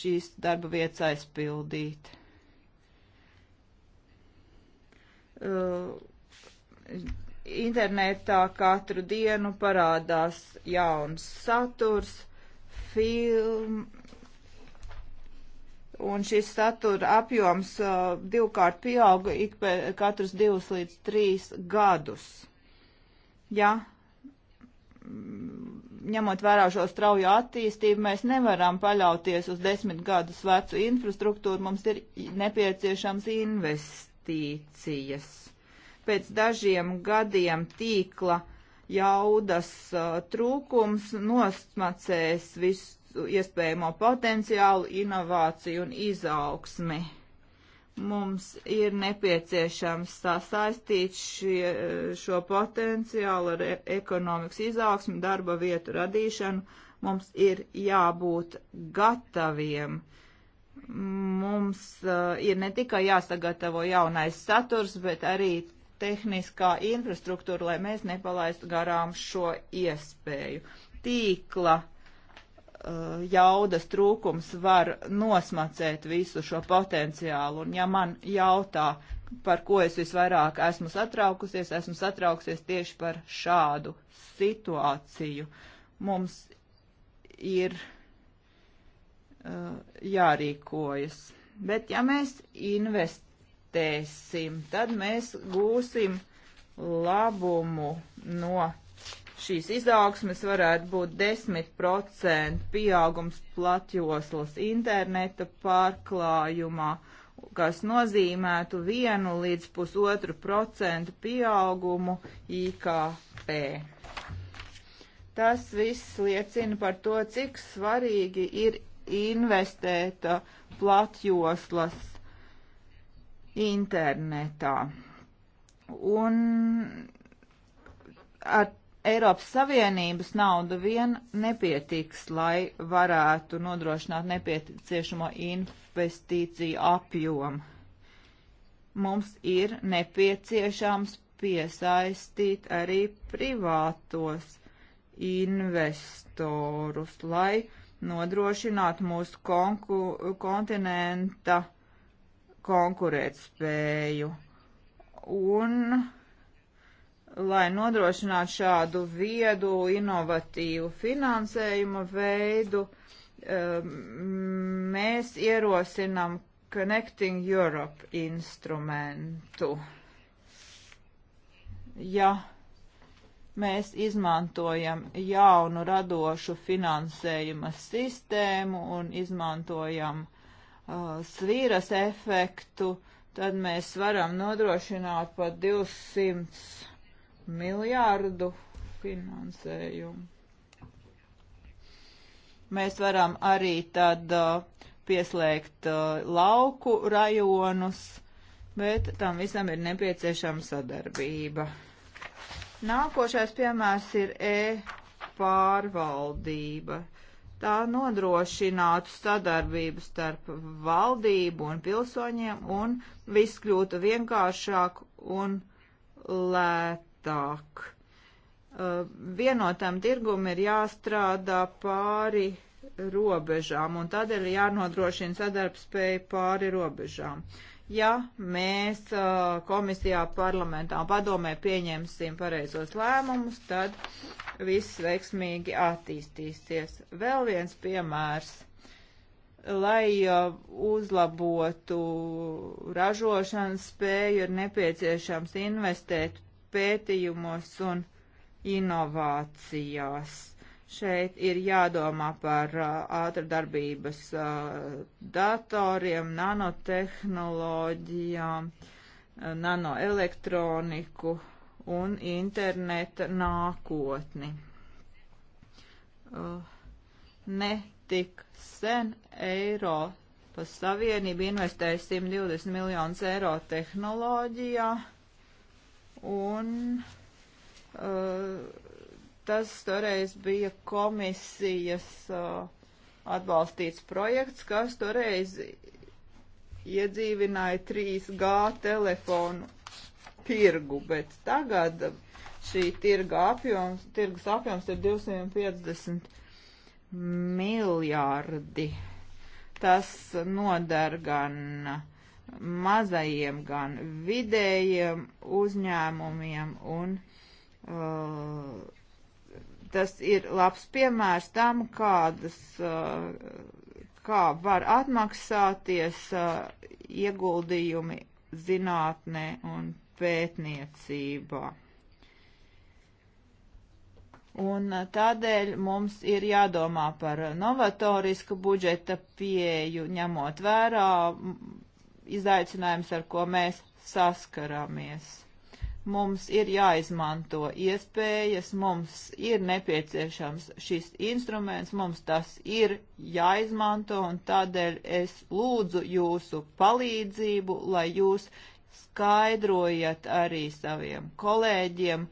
šīs darba vietas aizpildīt. Eh, internetā katru dienu parādās jauns saturs, film, un šis satura apjoms divkārt pieauga ik pēc katrs divus līdz trīs gadus. Ja ņemot vērā šo straujo attīstību, mēs nevaram paļauties uz desmit gadus vecu infrastruktūru, mums ir nepieciešams investīcijas. Pēc dažiem gadiem tīkla jaudas uh, trūkums nosmacēs visu iespējamo potenciālu, inovāciju un izaugsmi Mums ir nepieciešams sasaistīt šie, šo potenciālu ar e- ekonomikas izaugsmu, darba vietu radīšanu. Mums ir jābūt gataviem mums uh, ir ne tikai jāsagatavo jaunais saturs, bet arī tehniskā infrastruktūra, lai mēs nepalaistu garām šo iespēju. Tīkla Eh, jaudas trūkums var nosmacēt visu šo potenciālu. Un ja man jautā, par ko es visvairāk esmu satraukusies, esmu satraukusies tieši par šādu situāciju. Mums ir uh, jārīkojas. Bet ja mēs investēsim, tad mēs gūsim labumu no šīs izaugsmes varētu būt 10% pieaugums platjoslas interneta pārklājumā, kas nozīmētu 1 līdz 1,5% pieaugumu IKP. Tas viss liecina par to, cik svarīgi ir investēt uh, platjoslas internetā. Un ar Eiropas Savienības nauda vien nepietiks, lai varētu nodrošināt nepieciešamo investīciju apjomu. Mums ir nepieciešams piesaistīt arī privātos investorus, lai nodrošinātu mūsu konku, kontinenta konkurētspēju. Un lai nodrošinātu šādu viedu, inovatīvu finansējumu veidu, um, mēs ierosinām Connecting Europe instrumentu. Ja mēs izmantojam jaunu radošu finansējuma sistēmu un izmantojam uh, svīras efektu, tad mēs varam nodrošināt pat 200 miljārdu finansējumu. Mēs varam arī tad uh, pieslēgt uh, lauku rajonus, bet tam visam ir nepieciešama sadarbība. Nākošais piemērs ir e-pārvaldība tā nodrošinātu sadarbību starp valdību un pilsoņiem un viss kļūtu vienkāršāk un lēt, augstāk. Uh, vienotam tirgum ir jāstrādā pāri robežām, un tādēļ ir jānodrošina sadarbspēja pāri robežām. Ja mēs uh, komisijā, parlamentā un padomē pieņemsim pareizos lēmumus, tad viss veiksmīgi attīstīsies. Vēl viens piemērs. Lai uh, uzlabotu ražošanas spēju, ir nepieciešams investēt pētījumos un inovācijās. Šeit ir jādomā par uh, ātrdarbības uh, datoriem, nanotehnoloģijām, uh, nanoelektroniku un interneta nākotni. Ne tik sen Eiropas Savienība investēja 120 miljonus eiro tehnoloģijā un uh, tas toreiz bija komisijas uh, atbalstīts projekts, kas toreiz iedzīvināja 3G telefonu tirgu, bet tagad šī tirga apjoms, tirgus apjoms ir 250 miljārdi. Tas nodar gan mazajiem, gan vidējiem uzņēmumiem un uh, tas ir labs piemērs tam, kādas, uh, kā var atmaksāties uh, ieguldījumi zinātnē un pētniecībā. Un uh, tādēļ mums ir jādomā par novatorisku budžeta pieju, ņemot vērā izaicinājums, ar ko mēs saskaramies. Mums ir jāizmanto iespējas, mums ir nepieciešams šis instruments, mums tas ir jāizmanto, un tādēļ es lūdzu jūsu palīdzību, lai jūs skaidrojat arī saviem kolēģiem,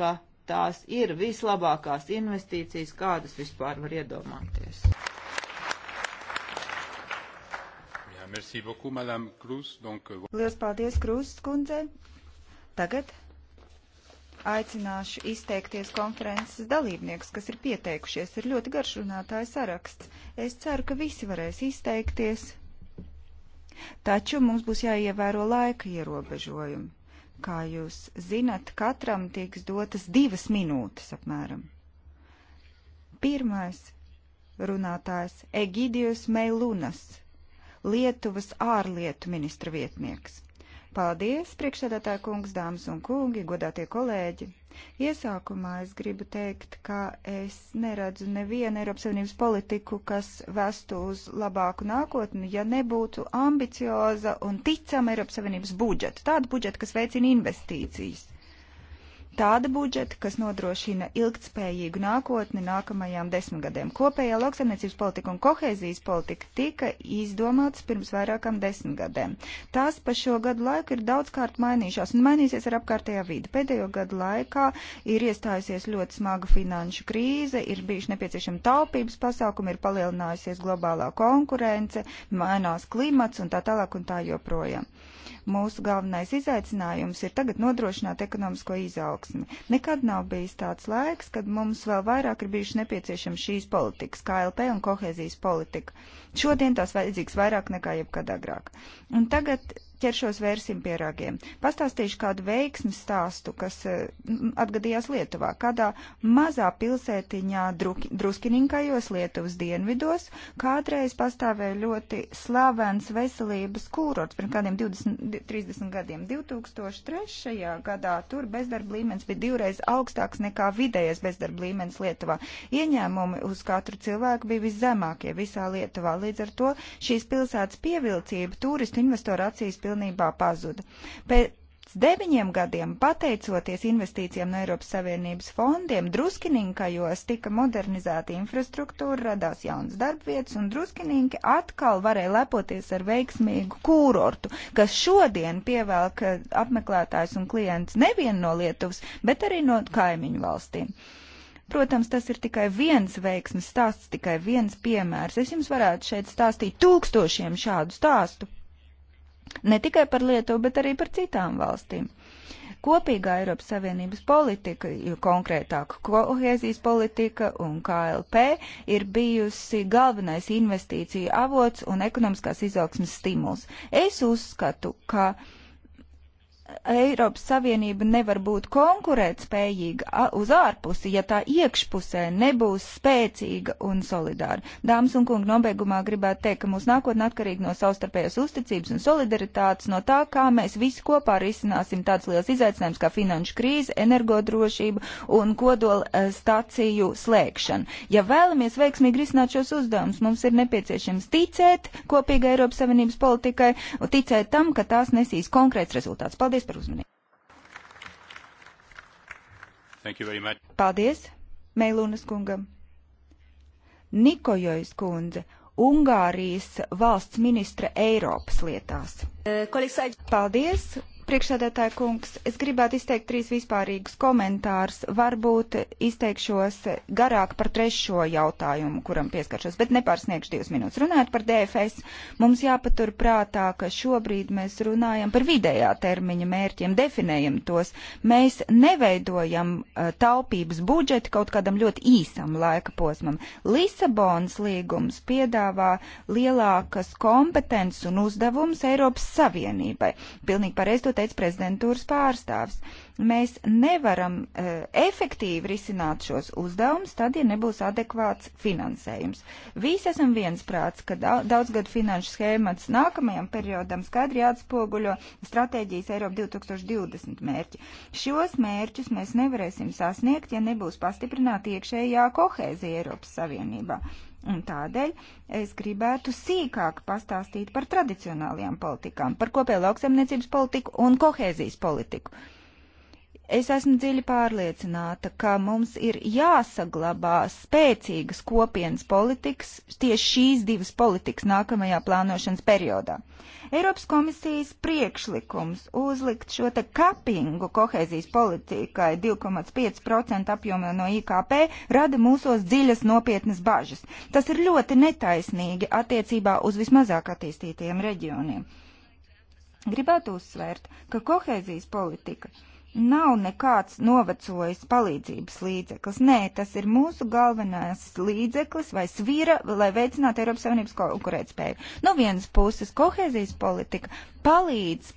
ka tās ir vislabākās investīcijas, kādas vispār var iedomāties. Merci beaucoup, Madame Krūs. Donc... Euh, Lielas paldies, Krūs skundze. Tagad aicināšu izteikties konferences dalībniekus, kas ir pieteikušies. Ir ļoti garš runātāju saraksts. Es ceru, ka visi varēs izteikties, taču mums būs jāievēro laika ierobežojumi. Kā jūs zinat, katram tiks dotas divas minūtes apmēram. Pirmais runātājs Egidijus Meilunas Lietuvas ārlietu ministra vietnieks. Paldies, priekšsēdētāja kungs, dāmas un kungi, godātie kolēģi! Iesākumā es gribu teikt, ka es neredzu nevienu Eiropas Savienības politiku, kas vestu uz labāku nākotni, ja nebūtu ambicioza un ticama Eiropas Savienības budžeta. Tāda budžeta, kas veicina investīcijas tāda budžeta, kas nodrošina ilgtspējīgu nākotni nākamajām desmitgadēm. Kopējā lauksaimniecības politika un kohēzijas politika tika izdomātas pirms vairākām desmitgadēm. Tās pa šo gadu laiku ir daudzkārt mainījušās un mainīsies ar apkārtējā vidi. Pēdējo gadu laikā ir iestājusies ļoti smaga finanšu krīze, ir bijuši nepieciešami taupības pasākumi, ir palielinājusies globālā konkurence, mainās klimats un tā tālāk un tā joprojām. Mūsu galvenais izaicinājums ir tagad nodrošināt ekonomisko izaugsmi. Nekad nav bijis tāds laiks, kad mums vēl vairāk ir bijuši nepieciešams šīs politikas, KLP un kohēzijas politika. Šodien tās vajadzīgs vairāk nekā jebkad agrāk. Un tagad ķeršos vērsim pie ragiem. Pastāstīšu kādu veiksmi stāstu, kas eh, atgadījās Lietuvā. Kādā mazā pilsētiņā Druskininkajos Lietuvas dienvidos kādreiz pastāvēja ļoti slavens veselības kūrots pirms kādiem 20, 30 gadiem. 2003. gadā tur bezdarba līmenis bija divreiz augstāks nekā vidējais bezdarba līmenis Lietuvā. Ieņēmumi uz katru cilvēku bija viszemākie visā Lietuvā. Līdz ar to šīs pilsētas pievilcība turistu investoru acīs pilsētas pilnībā pazuda. Pēc deviņiem gadiem, pateicoties investīcijām no Eiropas Savienības fondiem, druskininkajos tika modernizēta infrastruktūra, radās jaunas darbvietas, un druskininki atkal varēja lepoties ar veiksmīgu kūrortu, kas šodien pievelk eh, apmeklētājs un klients nevien no Lietuvas, bet arī no kaimiņu valstīm. Protams, tas ir tikai viens veiksmes stāsts, tikai viens piemērs. Es jums varētu šeit stāstīt tūkstošiem šādu stāstu Ne tikai par Lietuvu, bet arī par citām valstīm. Kopīgā Eiropas Savienības politika, jo konkrētāk kohēzijas politika un KLP, ir bijusi galvenais investīcija avots un ekonomiskās izaugsmas stimuls. Es uzskatu, ka uh, Eiropas Savienība nevar būt konkurētspējīga uz ārpusi, ja tā iekšpusē nebūs spēcīga un solidāra. Dāmas un kungi, nobeigumā gribētu teikt, ka mūsu nākotnē atkarīgi no savstarpējās uzticības un solidaritātes, no tā, kā mēs visi kopā risināsim tāds liels izaicinājums kā finanšu krīze, energodrošība un kodola e, staciju slēgšana. Ja vēlamies veiksmīgi risināt šos uzdevumus, mums ir nepieciešams ticēt kopīgai Eiropas Savienības politikai un ticēt tam, ka tās nesīs konkrēts rezultāts. Paldies! Paldies par uzmanību. Paldies Meilunas kungam. Nikojojas kundze, Ungārijas valsts ministra Eiropas lietās. Eh, Paldies, Priekšsēdētāja kungs, es gribētu izteikt trīs vispārīgus komentārus. Varbūt izteikšos garāk par trešo jautājumu, kuram pieskaršos, bet nepārsniegšu divas minūtes. Runājot par DFS, mums jāpatur prātā, ka šobrīd mēs runājam par vidējā termiņa mērķiem, definējam tos. Mēs neveidojam uh, taupības budžeti kaut kādam ļoti īsam laika posmam. Lisabonas līgums piedāvā lielākas kompetences un uzdevums Eiropas Savienībai. Pilnīgi pareizi to teica prezidentūras pārstāvs. Mēs nevaram uh, efektīvi risināt šos uzdevumus, tad, ja nebūs adekvāts finansējums. Visi esam viensprāts, ka daudzgadu finanšu schēmats nākamajam periodam skaidri atspoguļo stratēģijas Eiropa 2020 mērķi. Šos mērķus mēs nevarēsim sasniegt, ja nebūs pastiprināta iekšējā kohēzija Eiropas Savienībā. Un tādēļ es gribētu sīkāk pastāstīt par tradicionālajām politikām, par kopēju lauksaimniecības politiku un kohēzijas politiku. Uh, Es esmu dziļi pārliecināta, ka mums ir jāsaglabā spēcīgas kopienas politikas, tieši šīs divas politikas nākamajā plānošanas periodā. Eiropas komisijas priekšlikums uzlikt šo te kapingu kohēzijas politikai 2,5% apjomā no IKP rada mūsos dziļas nopietnas bažas. Tas ir ļoti netaisnīgi attiecībā uz vismazāk attīstītajiem reģioniem. Gribētu uzsvērt, ka kohēzijas politika nav nekāds novecojis palīdzības līdzeklis. Nē, tas ir mūsu galvenais līdzeklis vai svīra, lai veicinātu Eiropas Savienības konkurētspēju. No vienas puses, kohēzijas politika palīdz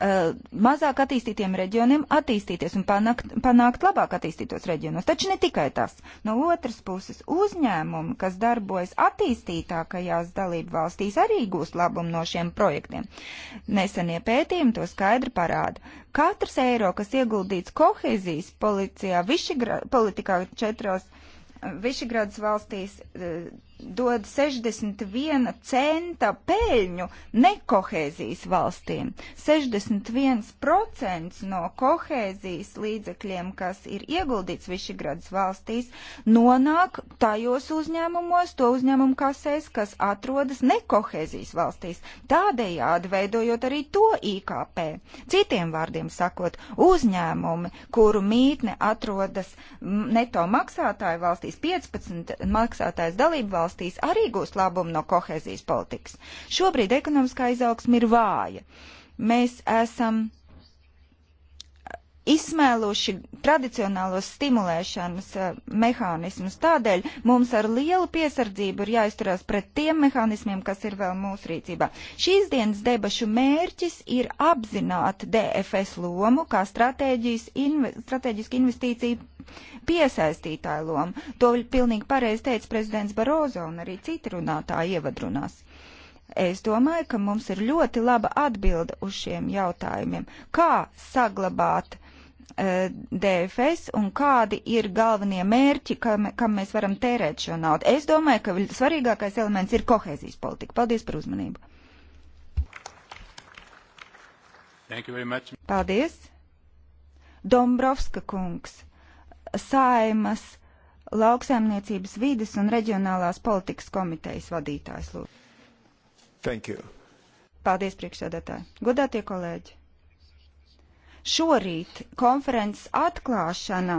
uh, mazāk attīstītiem reģioniem attīstīties un panākt, panākt labāk attīstītos reģionos. Taču ne tikai tas. No otras puses, uzņēmumi, kas darbojas attīstītākajās dalību valstīs, arī gūst labumu no šiem projektiem. Nesenie pētījumi to skaidri parāda. Katrs eiro, kas ieguldīts kohēzijas policijā, politikā četros Višegradas valstīs uh, dod 61 centa peļņu nekohēzijas valstīm. 61% no kohēzijas līdzekļiem, kas ir ieguldīts Višigrads valstīs, nonāk tajos uzņēmumos, to uzņēmumu kasēs, kas atrodas nekohēzijas valstīs, tādējādi veidojot arī to IKP. Citiem vārdiem sakot, uzņēmumi, kuru mītne atrodas neto maksātāju valstīs, 15 maksātājs dalību valstīs, valstīs arī gūst labumu no kohēzijas politikas. Šobrīd ekonomiskā izaugsme ir vāja. Mēs esam izsmēluši tradicionālos stimulēšanas uh, mehānismus. Tādēļ mums ar lielu piesardzību ir jāizturās pret tiem mehānismiem, kas ir vēl mūsu rīcībā. Šīs dienas debašu mērķis ir apzināt DFS lomu kā stratēģiski investīciju piesaistītāju lomu. To pilnīgi pareizi teica prezidents Barozo un arī citi runātāji ievadrunās. Es domāju, ka mums ir ļoti laba atbilde uz šiem jautājumiem. Kā saglabāt e, DFS un kādi ir galvenie mērķi, kam, kam mēs varam tērēt šo naudu? Es domāju, ka svarīgākais elements ir kohēzijas politika. Paldies par uzmanību! Paldies! Dombrovska kungs! saimas lauksaimniecības vides un reģionālās politikas komitejas vadītājs. Lūdzu. Thank you. Paldies, priekšsēdētāji. Godātie kolēģi. Šorīt konferences atklāšanā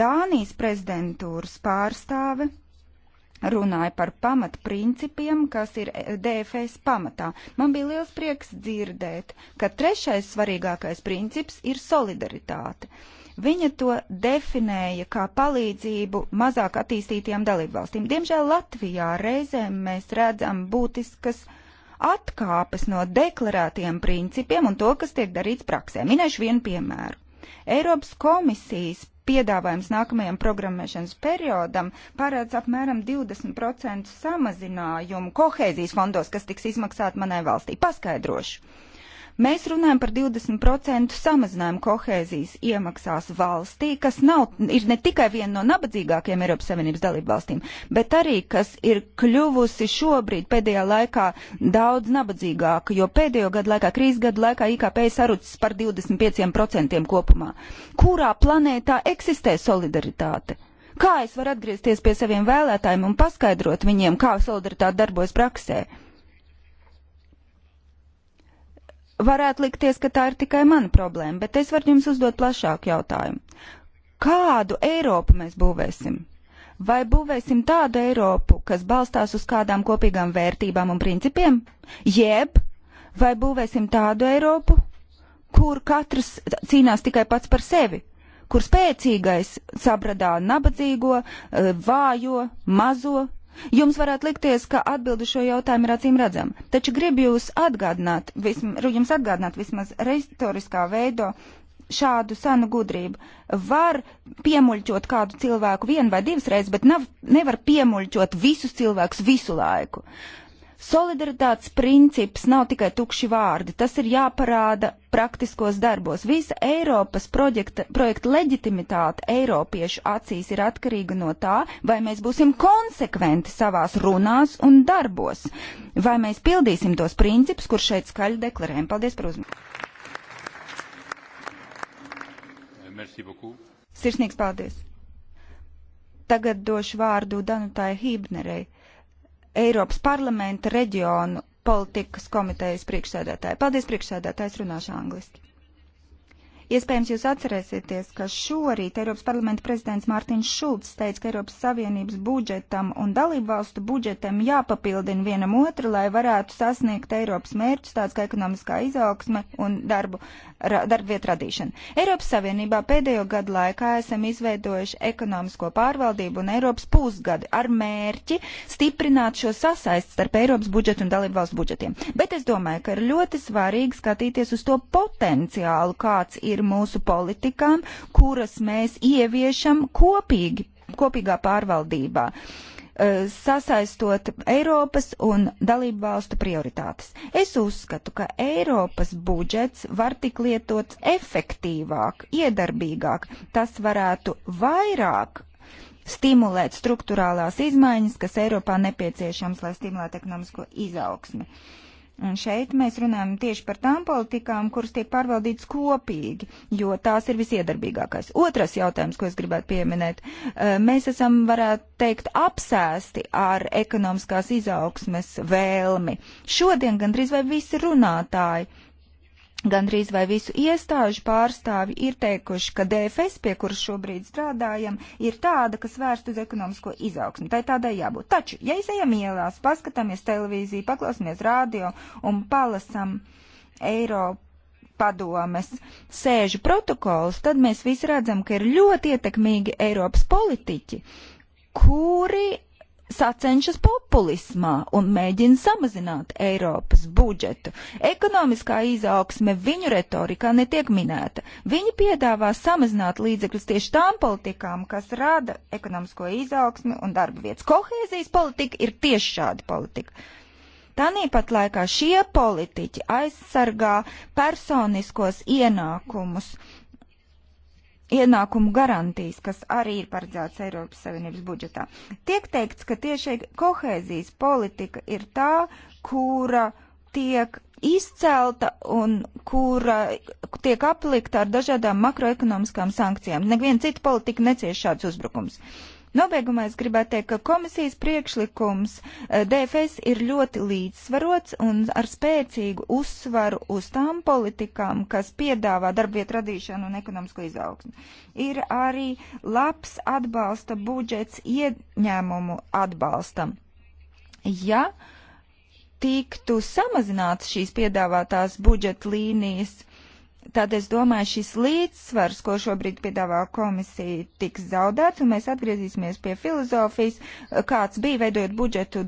Dānijas prezidentūras pārstāve runāja par pamatprincipiem, kas ir DFS pamatā. Man bija liels prieks dzirdēt, ka trešais svarīgākais princips ir solidaritāte. Uh, Viņa to definēja kā palīdzību mazāk attīstītajām dalībvalstīm. Diemžēl Latvijā reizēm mēs redzam būtiskas atkāpes no deklarētiem principiem un to, kas tiek darīts praksē. Minēšu vienu piemēru. Eiropas komisijas piedāvājums nākamajam programmēšanas periodam paredz apmēram 20% samazinājumu kohēzijas fondos, kas tiks izmaksāt manai valstī. Paskaidrošu. Mēs runājam par 20% samazinājumu kohēzijas iemaksās valstī, kas nav, ir ne tikai viena no nabadzīgākajām Eiropas Savienības dalību valstīm, bet arī, kas ir kļuvusi šobrīd pēdējā laikā daudz nabadzīgāka, jo pēdējo gadu laikā, krīzes gadu laikā IKP sarucis par 25% kopumā. Kurā planētā eksistē solidaritāte? Kā es varu atgriezties pie saviem vēlētājiem un paskaidrot viņiem, kā solidaritāte darbojas praksē? varētu likties, ka tā ir tikai mana problēma, bet es varu jums uzdot plašāku jautājumu. Kādu Eiropu mēs būvēsim? Vai būvēsim tādu Eiropu, kas balstās uz kādām kopīgām vērtībām un principiem? Jeb, vai būvēsim tādu Eiropu, kur katrs cīnās tikai pats par sevi? kur spēcīgais sabradā nabadzīgo, eh, vājo, mazo, Jums varētu likties, ka atbildi šo jautājumu ir acīm redzama, taču gribu jūs atgādināt, vismaz, jums atgādināt vismaz retoriskā veido šādu senu gudrību. Var piemuļķot kādu cilvēku vienu vai divas reizes, bet nav, nevar piemuļķot visus cilvēkus visu laiku. Uh, Solidaritātes princips nav tikai tukši vārdi, tas ir jāparāda praktiskos darbos. Visa Eiropas projekta, projekta leģitimitāte Eiropiešu acīs ir atkarīga no tā, vai mēs būsim konsekventi savās runās un darbos, vai mēs pildīsim tos principus, kur šeit skaļi deklarējam. Paldies par uzmanību. Sirsnīgs paldies. Tagad došu vārdu Danutai Hībnerei Eiropas parlamenta reģionu politikas komitejas priekšsēdētāja. Paldies, priekšsēdētājs, runāšu angliski. Iespējams, jūs atcerēsieties, ka šorīt Eiropas parlamenta prezidents Mārtiņš Šulcs teica, ka Eiropas Savienības budžetam un dalību valstu budžetam jāpapildina vienam otru, lai varētu sasniegt Eiropas mērķus, tāds kā ekonomiskā izaugsme un darbu, ra, darbvietu radīšana. Eiropas Savienībā pēdējo gadu laikā esam izveidojuši ekonomisko pārvaldību un Eiropas pusgadi ar mērķi stiprināt šo sasaisti starp Eiropas budžetu un dalību valstu budžetiem. Bet es domāju, ka ir ļoti svarīgi skatīties uz to potenciālu, kāds ir ir mūsu politikām, kuras mēs ieviešam kopīgi, kopīgā pārvaldībā eh, sasaistot Eiropas un dalību valstu prioritātes. Es uzskatu, ka Eiropas budžets var tik lietots efektīvāk, iedarbīgāk. Tas varētu vairāk stimulēt struktūrālās izmaiņas, kas Eiropā nepieciešams, lai stimulētu ekonomisko izaugsmi. Uh, Un šeit mēs runājam tieši par tām politikām, kuras tiek pārvaldītas kopīgi, jo tās ir visiedarbīgākās. Otrais jautājums, ko es gribētu pieminēt, eh, mēs esam, varētu teikt, apsēsti ar ekonomiskās izaugsmes vēlmi. Šodien gandrīz vai visi runātāji Gandrīz vai visu iestāžu pārstāvi ir teikuši, ka DFS, pie kuras šobrīd strādājam, ir tāda, kas vērst uz ekonomisko izaugsmu. Tai tādai jābūt. Taču, ja izējam ielās, paskatāmies televīziju, paklausamies radio un palasam Eiropu padomes sēžu protokols, tad mēs visi redzam, ka ir ļoti ietekmīgi Eiropas politiķi, kuri sacenšas populismā un mēģina samazināt Eiropas budžetu. Ekonomiskā izaugsme viņu retorikā netiek minēta. Viņi piedāvā samazināt līdzekļus tieši tām politikām, kas rada ekonomisko izaugsmi un darba vietas. Kohēzijas politika ir tieši šāda politika. Tāpat laikā šie politiķi aizsargā personiskos ienākumus uh, ienākumu garantijas, kas arī ir paredzēts Eiropas Savienības budžetā. Tiek teikts, ka tieši kohēzijas politika ir tā, kura tiek izcelta un kura tiek aplikta ar dažādām makroekonomiskām sankcijām. Neviena cita politika necieš šāds uzbrukums. Uh, Nobeigumā es gribētu teikt, ka komisijas priekšlikums eh, DFS ir ļoti līdzsvarots un ar spēcīgu uzsvaru uz tām politikām, kas piedāvā darbvietu radīšanu un ekonomisko izaugsmu. Ir arī labs atbalsta budžets ieņēmumu atbalstam. Ja tiktu samazināts šīs piedāvātās budžeta līnijas, Tad es domāju, šis līdzsvars, ko šobrīd piedāvā komisija, tiks zaudēts, un mēs atgriezīsimies pie filozofijas, kāds bija veidojot budžetu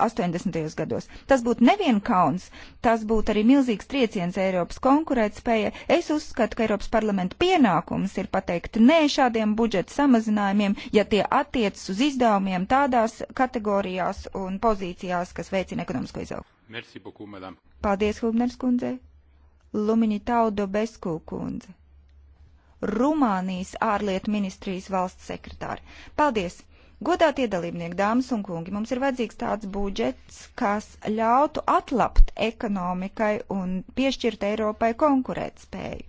80. gados. Tas būtu nevien kauns, tas būtu arī milzīgs trieciens Eiropas konkurētspēja. Es uzskatu, ka Eiropas parlamenta pienākums ir pateikt nē šādiem budžeta samazinājumiem, ja tie attiecas uz izdevumiem tādās kategorijās un pozīcijās, kas veicina ekonomisko izaugsmu. Paldies, Hubners kundzei! Luminitau Dobesku kundze, Rumānijas ārlietu ministrijas valsts sekretāri. Paldies! Godātie dalībnieki, dāmas un kungi, mums ir vajadzīgs tāds budžets, kas ļautu atlapt ekonomikai un piešķirt Eiropai konkurētspēju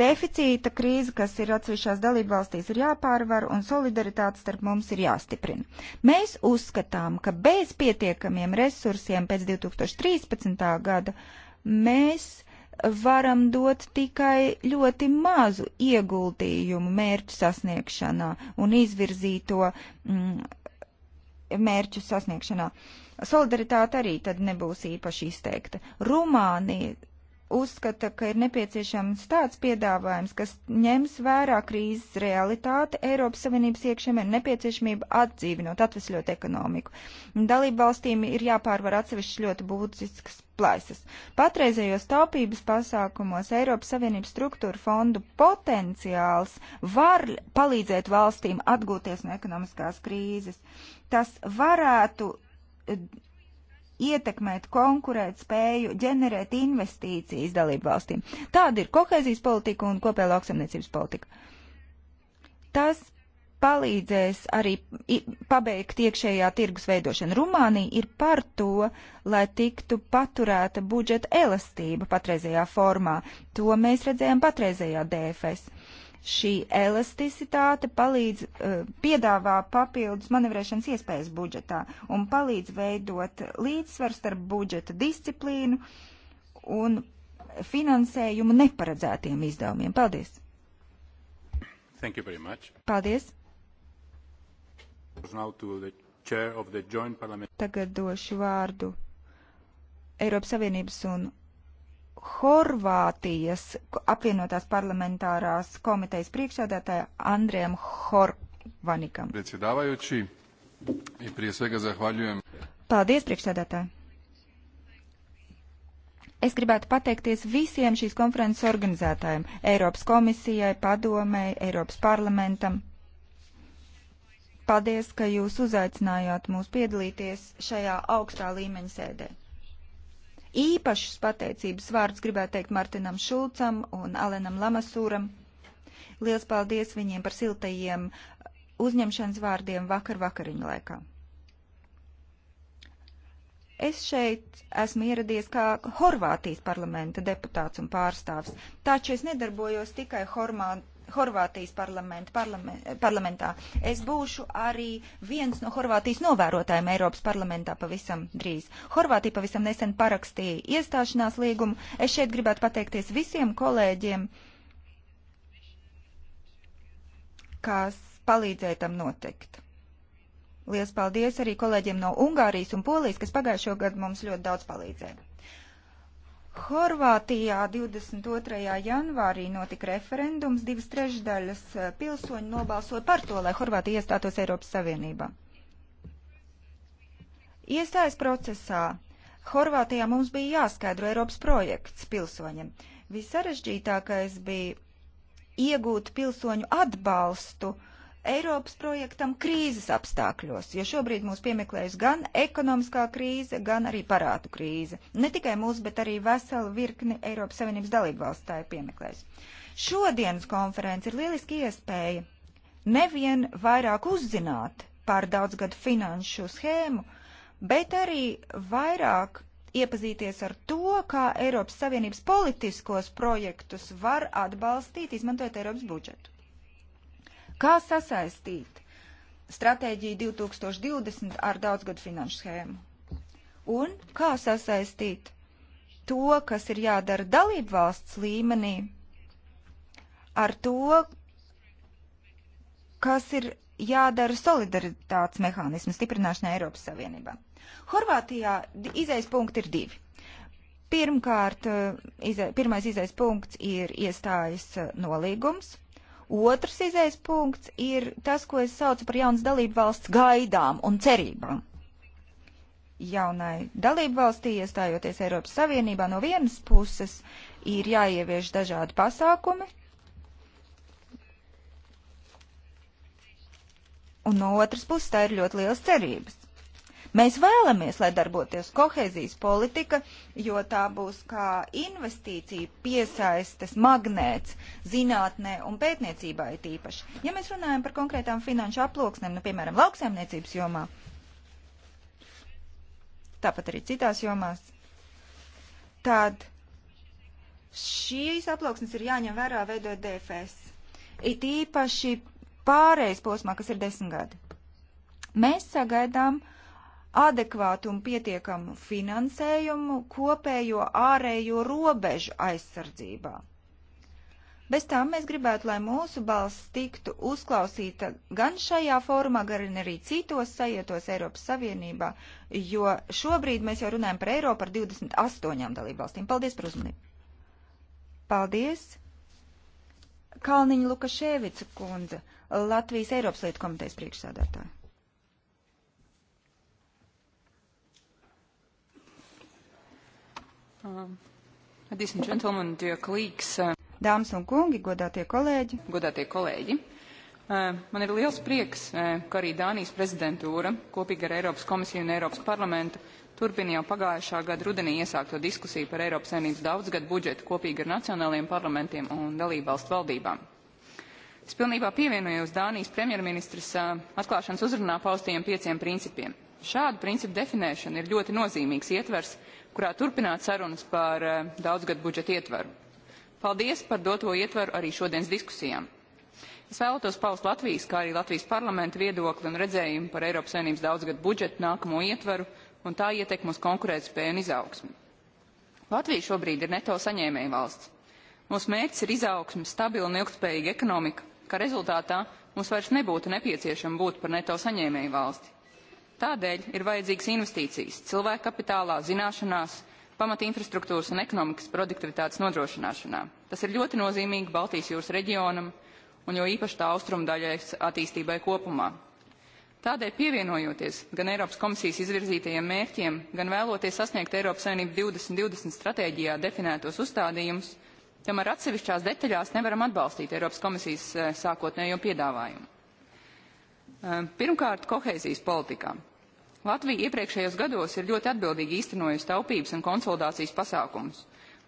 deficīta krīze, kas ir atsevišķās dalībvalstīs, ir jāpārvar un solidaritāte starp mums ir jāstiprina. Mēs uzskatām, ka bez pietiekamiem resursiem pēc 2013. gada mēs varam dot tikai ļoti mazu ieguldījumu mērķu sasniegšanā un izvirzīto mm, mērķu sasniegšanā. Solidaritāte arī tad nebūs īpaši izteikta. Rumānija uzskata, ka ir nepieciešams tāds piedāvājums, kas ņems vērā krīzes realitāti Eiropas Savienības iekšēmē un nepieciešamību atdzīvinot, atvesļot ekonomiku. Dalību valstīm ir jāpārvar atsevišķi ļoti būtisks plaisas. Patreizējos taupības pasākumos Eiropas Savienības struktūra fondu potenciāls var palīdzēt valstīm atgūties no ekonomiskās krīzes. Tas varētu ietekmēt konkurēt spēju, ģenerēt investīcijas dalību valstīm. Tāda ir kohēzijas politika un kopējā lauksamniecības politika. Tas palīdzēs arī pabeigt iekšējā tirgus veidošanu. Rumānija ir par to, lai tiktu paturēta budžeta elastība patreizējā formā. To mēs redzējām patreizējā DFS. Šī elasticitāte palīdz, uh, piedāvā papildus manevrēšanas iespējas budžetā un palīdz veidot līdzsvaru starp budžeta disciplīnu un finansējumu neparedzētiem izdevumiem. Paldies! Thank you very much. Paldies! Tagad došu vārdu Eiropas Savienības un Horvātijas apvienotās parlamentārās komitejas priekšsēdētāja Andrijam Horvanikam. Paldies, priekšsēdētāji! Es gribētu pateikties visiem šīs konferences organizētājiem - Eiropas komisijai, padomēji, Eiropas parlamentam. Paldies, ka jūs uzaicinājāt mūs piedalīties šajā augstā līmeņa sēdē. Īpašas pateicības vārdus gribētu teikt Martinam Šulcam un Alenam Lamasūram. Liels paldies viņiem par siltajiem uzņemšanas vārdiem vakar vakariņu laikā. Es šeit esmu ieradies kā Horvātijas parlamenta deputāts un pārstāvs, taču es nedarbojos tikai hormātu Horvātijas parlament, parlament, parlamentā. Es būšu arī viens no Horvātijas novērotājiem Eiropas parlamentā pavisam drīz. Horvātija pavisam nesen parakstīja iestāšanās līgumu. Es šeit gribētu pateikties visiem kolēģiem, kas palīdzēja tam notikt. Lielas paldies arī kolēģiem no Ungārijas un Polijas, kas pagājušo gadu mums ļoti daudz palīdzēja. Horvātijā 22. janvārī notika referendums, divas trešdaļas eh, pilsoņu nobalsoja par to, lai Horvātija iestātos Eiropas Savienībā. Iestājas procesā Horvātijā mums bija jāskaidro Eiropas projekts pilsoņiem. Visarežģītākais bija iegūt pilsoņu atbalstu uh, Eiropas projektam krīzes apstākļos, jo šobrīd mūs piemeklējas gan ekonomiskā krīze, gan arī parātu krīze. Ne tikai mūs, bet arī veselu virkni Eiropas Savienības dalību valsts tā ir piemeklējusi. Šodienas konference ir lieliski iespēja nevien vairāk uzzināt par daudzgadu finanšu schēmu, bet arī vairāk iepazīties ar to, kā Eiropas Savienības politiskos projektus var atbalstīt, izmantojot Eiropas budžetu. Kā sasaistīt stratēģiju 2020 ar daudzgadu finanšu schēmu? Un kā sasaistīt to, kas ir jādara dalību valsts līmenī, ar to, kas ir jādara solidaritātes mehānismu stiprināšanai Eiropas Savienībā. Horvātijā izējas punkti ir divi. Pirmkārt, eh, izē, pirmais izējas punkts ir iestājas eh, nolīgums, Otrs izējas punkts ir tas, ko es saucu par jaunas dalību valsts gaidām un cerībām. Jaunai dalību valstī iestājoties Eiropas Savienībā no vienas puses ir jāievieš dažādi pasākumi, un no otras puses tā ir ļoti liels cerības. Mēs vēlamies, lai darboties kohēzijas politika, jo tā būs kā investīcija piesaistes magnēts zinātnē un pētniecībā ir tīpaši. Ja mēs runājam par konkrētām finanšu aploksnēm, nu, piemēram, lauksaimniecības jomā, tāpat arī citās jomās, tad šīs aploksnes ir jāņem vērā veidot DFS. It īpaši pārējais posmā, kas ir desmit gadi. Mēs sagaidām uh, adekvātu un pietiekamu finansējumu kopējo ārējo robežu aizsardzībā. Bez tām mēs gribētu, lai mūsu balss tiktu uzklausīta gan šajā formā, gan arī citos sajietos Eiropas Savienībā, jo šobrīd mēs jau runājam par Eiropu ar 28 dalībvalstīm. Paldies par uzmanību! Paldies! Kalniņa Lukaševica kundze, Latvijas Eiropas lietu komitejas priekšsādātāja. Uh, ladies and gentlemen, dear colleagues. Uh, Dāmas un kungi, godātie kolēģi. Godātie kolēģi. Uh, man ir liels prieks, ka arī Dānijas prezidentūra kopīgi ar Eiropas komisiju un Eiropas parlamentu turpina jau pagājušā gada rudenī iesākto diskusiju par Eiropas saimnības daudzgadu budžetu kopīgi ar nacionālajiem parlamentiem un dalībvalstu valdībām. Es pilnībā pievienojos Dānijas premjerministras atklāšanas uzrunā paustajiem pieciem principiem Šāda principa definēšana ir ļoti nozīmīgs ietvers, kurā turpināt sarunas par uh, eh, daudzgadu budžeta ietvaru. Paldies par doto ietvaru arī šodienas diskusijām. Es vēlētos paust Latvijas, kā arī Latvijas parlamenta viedokli un redzējumu par Eiropas Savienības daudzgadu budžetu nākamo ietvaru un tā ietekmu uz konkurētspēju un izaugsmi. Latvija šobrīd ir neto saņēmēja valsts. Mūsu mērķis ir izaugsme, stabila un ilgspējīga ekonomika, kā rezultātā mums vairs nebūtu nepieciešama būt par neto saņēmēju valsti. Tādēļ ir vajadzīgas investīcijas cilvēku kapitālā, zināšanās, pamatinfrastruktūras un ekonomikas produktivitātes nodrošināšanā. Tas ir ļoti nozīmīgi Baltijas jūras reģionam un jo īpaši tā austrumu daļai attīstībai kopumā. Tādēļ pievienojoties gan Eiropas komisijas izvirzītajiem mērķiem, gan vēloties sasniegt Eiropas Savienību 2020 stratēģijā definētos uzstādījumus, tomēr atsevišķās detaļās nevaram atbalstīt Eiropas komisijas eh, sākotnējo piedāvājumu. Ehm, pirmkārt, kohēzijas politikām. Latvija iepriekšējos gados ir ļoti atbildīgi īstenojusi taupības un konsolidācijas pasākumus,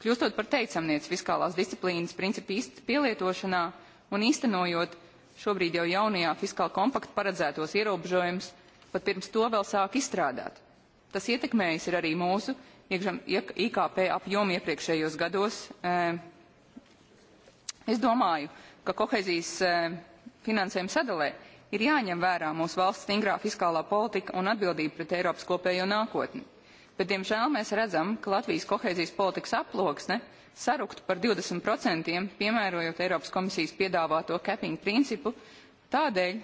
kļūstot par teicamnieci fiskālās disciplīnas principu pielietošanā un īstenojot šobrīd jau jaunajā fiskāla kompakta paredzētos ierobežojumus, pat pirms to vēl sāk izstrādāt. Tas ietekmējis ir arī mūsu IKP apjomu iepriekšējos gados. Ehm, es domāju, ka kohezijas ehm, finansējuma sadalē ir jāņem vērā mūsu valsts stingrā fiskālā politika un atbildība pret Eiropas kopējo nākotni. Bet, diemžēl, mēs redzam, ka Latvijas kohēzijas politikas aploksne saruktu par 20%, piemērojot Eiropas komisijas piedāvāto capping principu, tādēļ,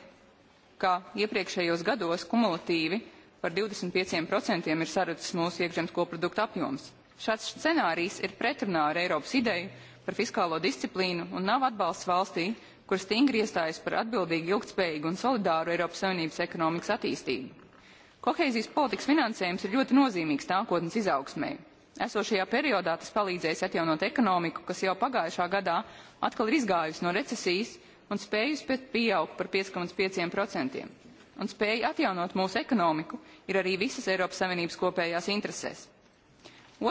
ka iepriekšējos gados kumulatīvi par 25% ir sarucis mūsu iekšzemes koprodukta apjoms. Šāds scenārijs ir pretrunā ar Eiropas ideju par fiskālo disciplīnu un nav atbalsts valstī, kur stingri iestājas par atbildīgu, ilgtspējīgu un solidāru Eiropas Savienības ekonomikas attīstību. Kohēzijas politikas finansējums ir ļoti nozīmīgs nākotnes izaugsmēji. Esošajā periodā tas palīdzēs atjaunot ekonomiku, kas jau pagājušā gadā atkal ir izgājusi no recesijas un spējusi pieaugt par 5,5%. Un spēja atjaunot mūsu ekonomiku ir arī visas Eiropas Savienības kopējās interesēs.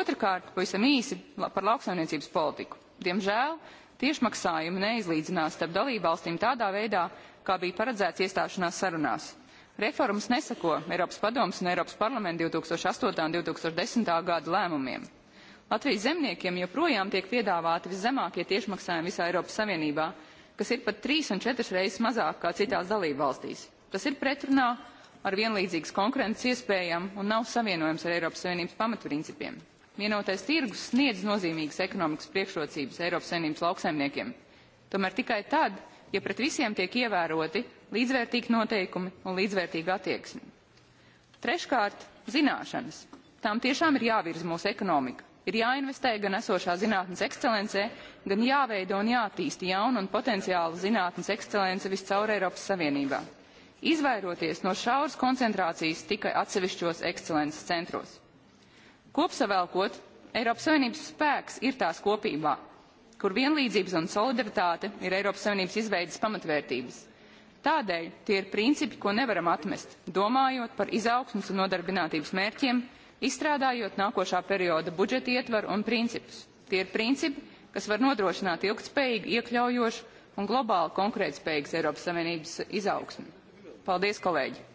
Otrakārt, pavisam īsi par lauksaimniecības politiku. Diemžēl tiešmaksājumi neizlīdzinās starp dalībvalstīm tādā veidā, kā bija paredzēts iestāšanās sarunās. Reformas neseko Eiropas padomas un Eiropas parlamenta 2008. un 2010. gada lēmumiem. Latvijas zemniekiem joprojām tiek piedāvāti viszemākie tiešmaksājumi visā Eiropas Savienībā, kas ir pat trīs un četras reizes mazāk kā citās dalībvalstīs. Tas ir pretrunā ar vienlīdzīgas konkurences iespējām un nav savienojams ar Eiropas Savienības pamatprincipiem. Vienotais tirgus sniedz nozīmīgas ekonomikas priekšrocības Eiropas Savienības lauksaimniekiem. Tomēr tikai tad, ja pret visiem tiek ievēroti līdzvērtīgi noteikumi un līdzvērtīga attieksme. Treškārt, zināšanas. Tām tiešām ir jāvirza mūsu ekonomika. Ir jāinvestē gan esošā zinātnes ekscelencē, gan jāveido un jātīsta jauna un potenciāla zinātnes ekscelence viscaur Eiropas Savienībā, izvairoties no šauras koncentrācijas tikai atsevišķos ekscelences centros. Kopsavēlkot, Eiropas Savienības spēks ir tās kopībā, kur vienlīdzības un solidaritāte ir Eiropas Savienības izveidas pamatvērtības. Tādēļ tie ir principi, ko nevaram atmest, domājot par izaugsmas un nodarbinātības mērķiem, izstrādājot nākošā perioda budžeta ietvaru un principus. Tie ir principi, kas var nodrošināt ilgtspējīgu, iekļaujošu un globāli konkurētspējīgas Eiropas Savienības izaugsmi. Paldies, kolēģi!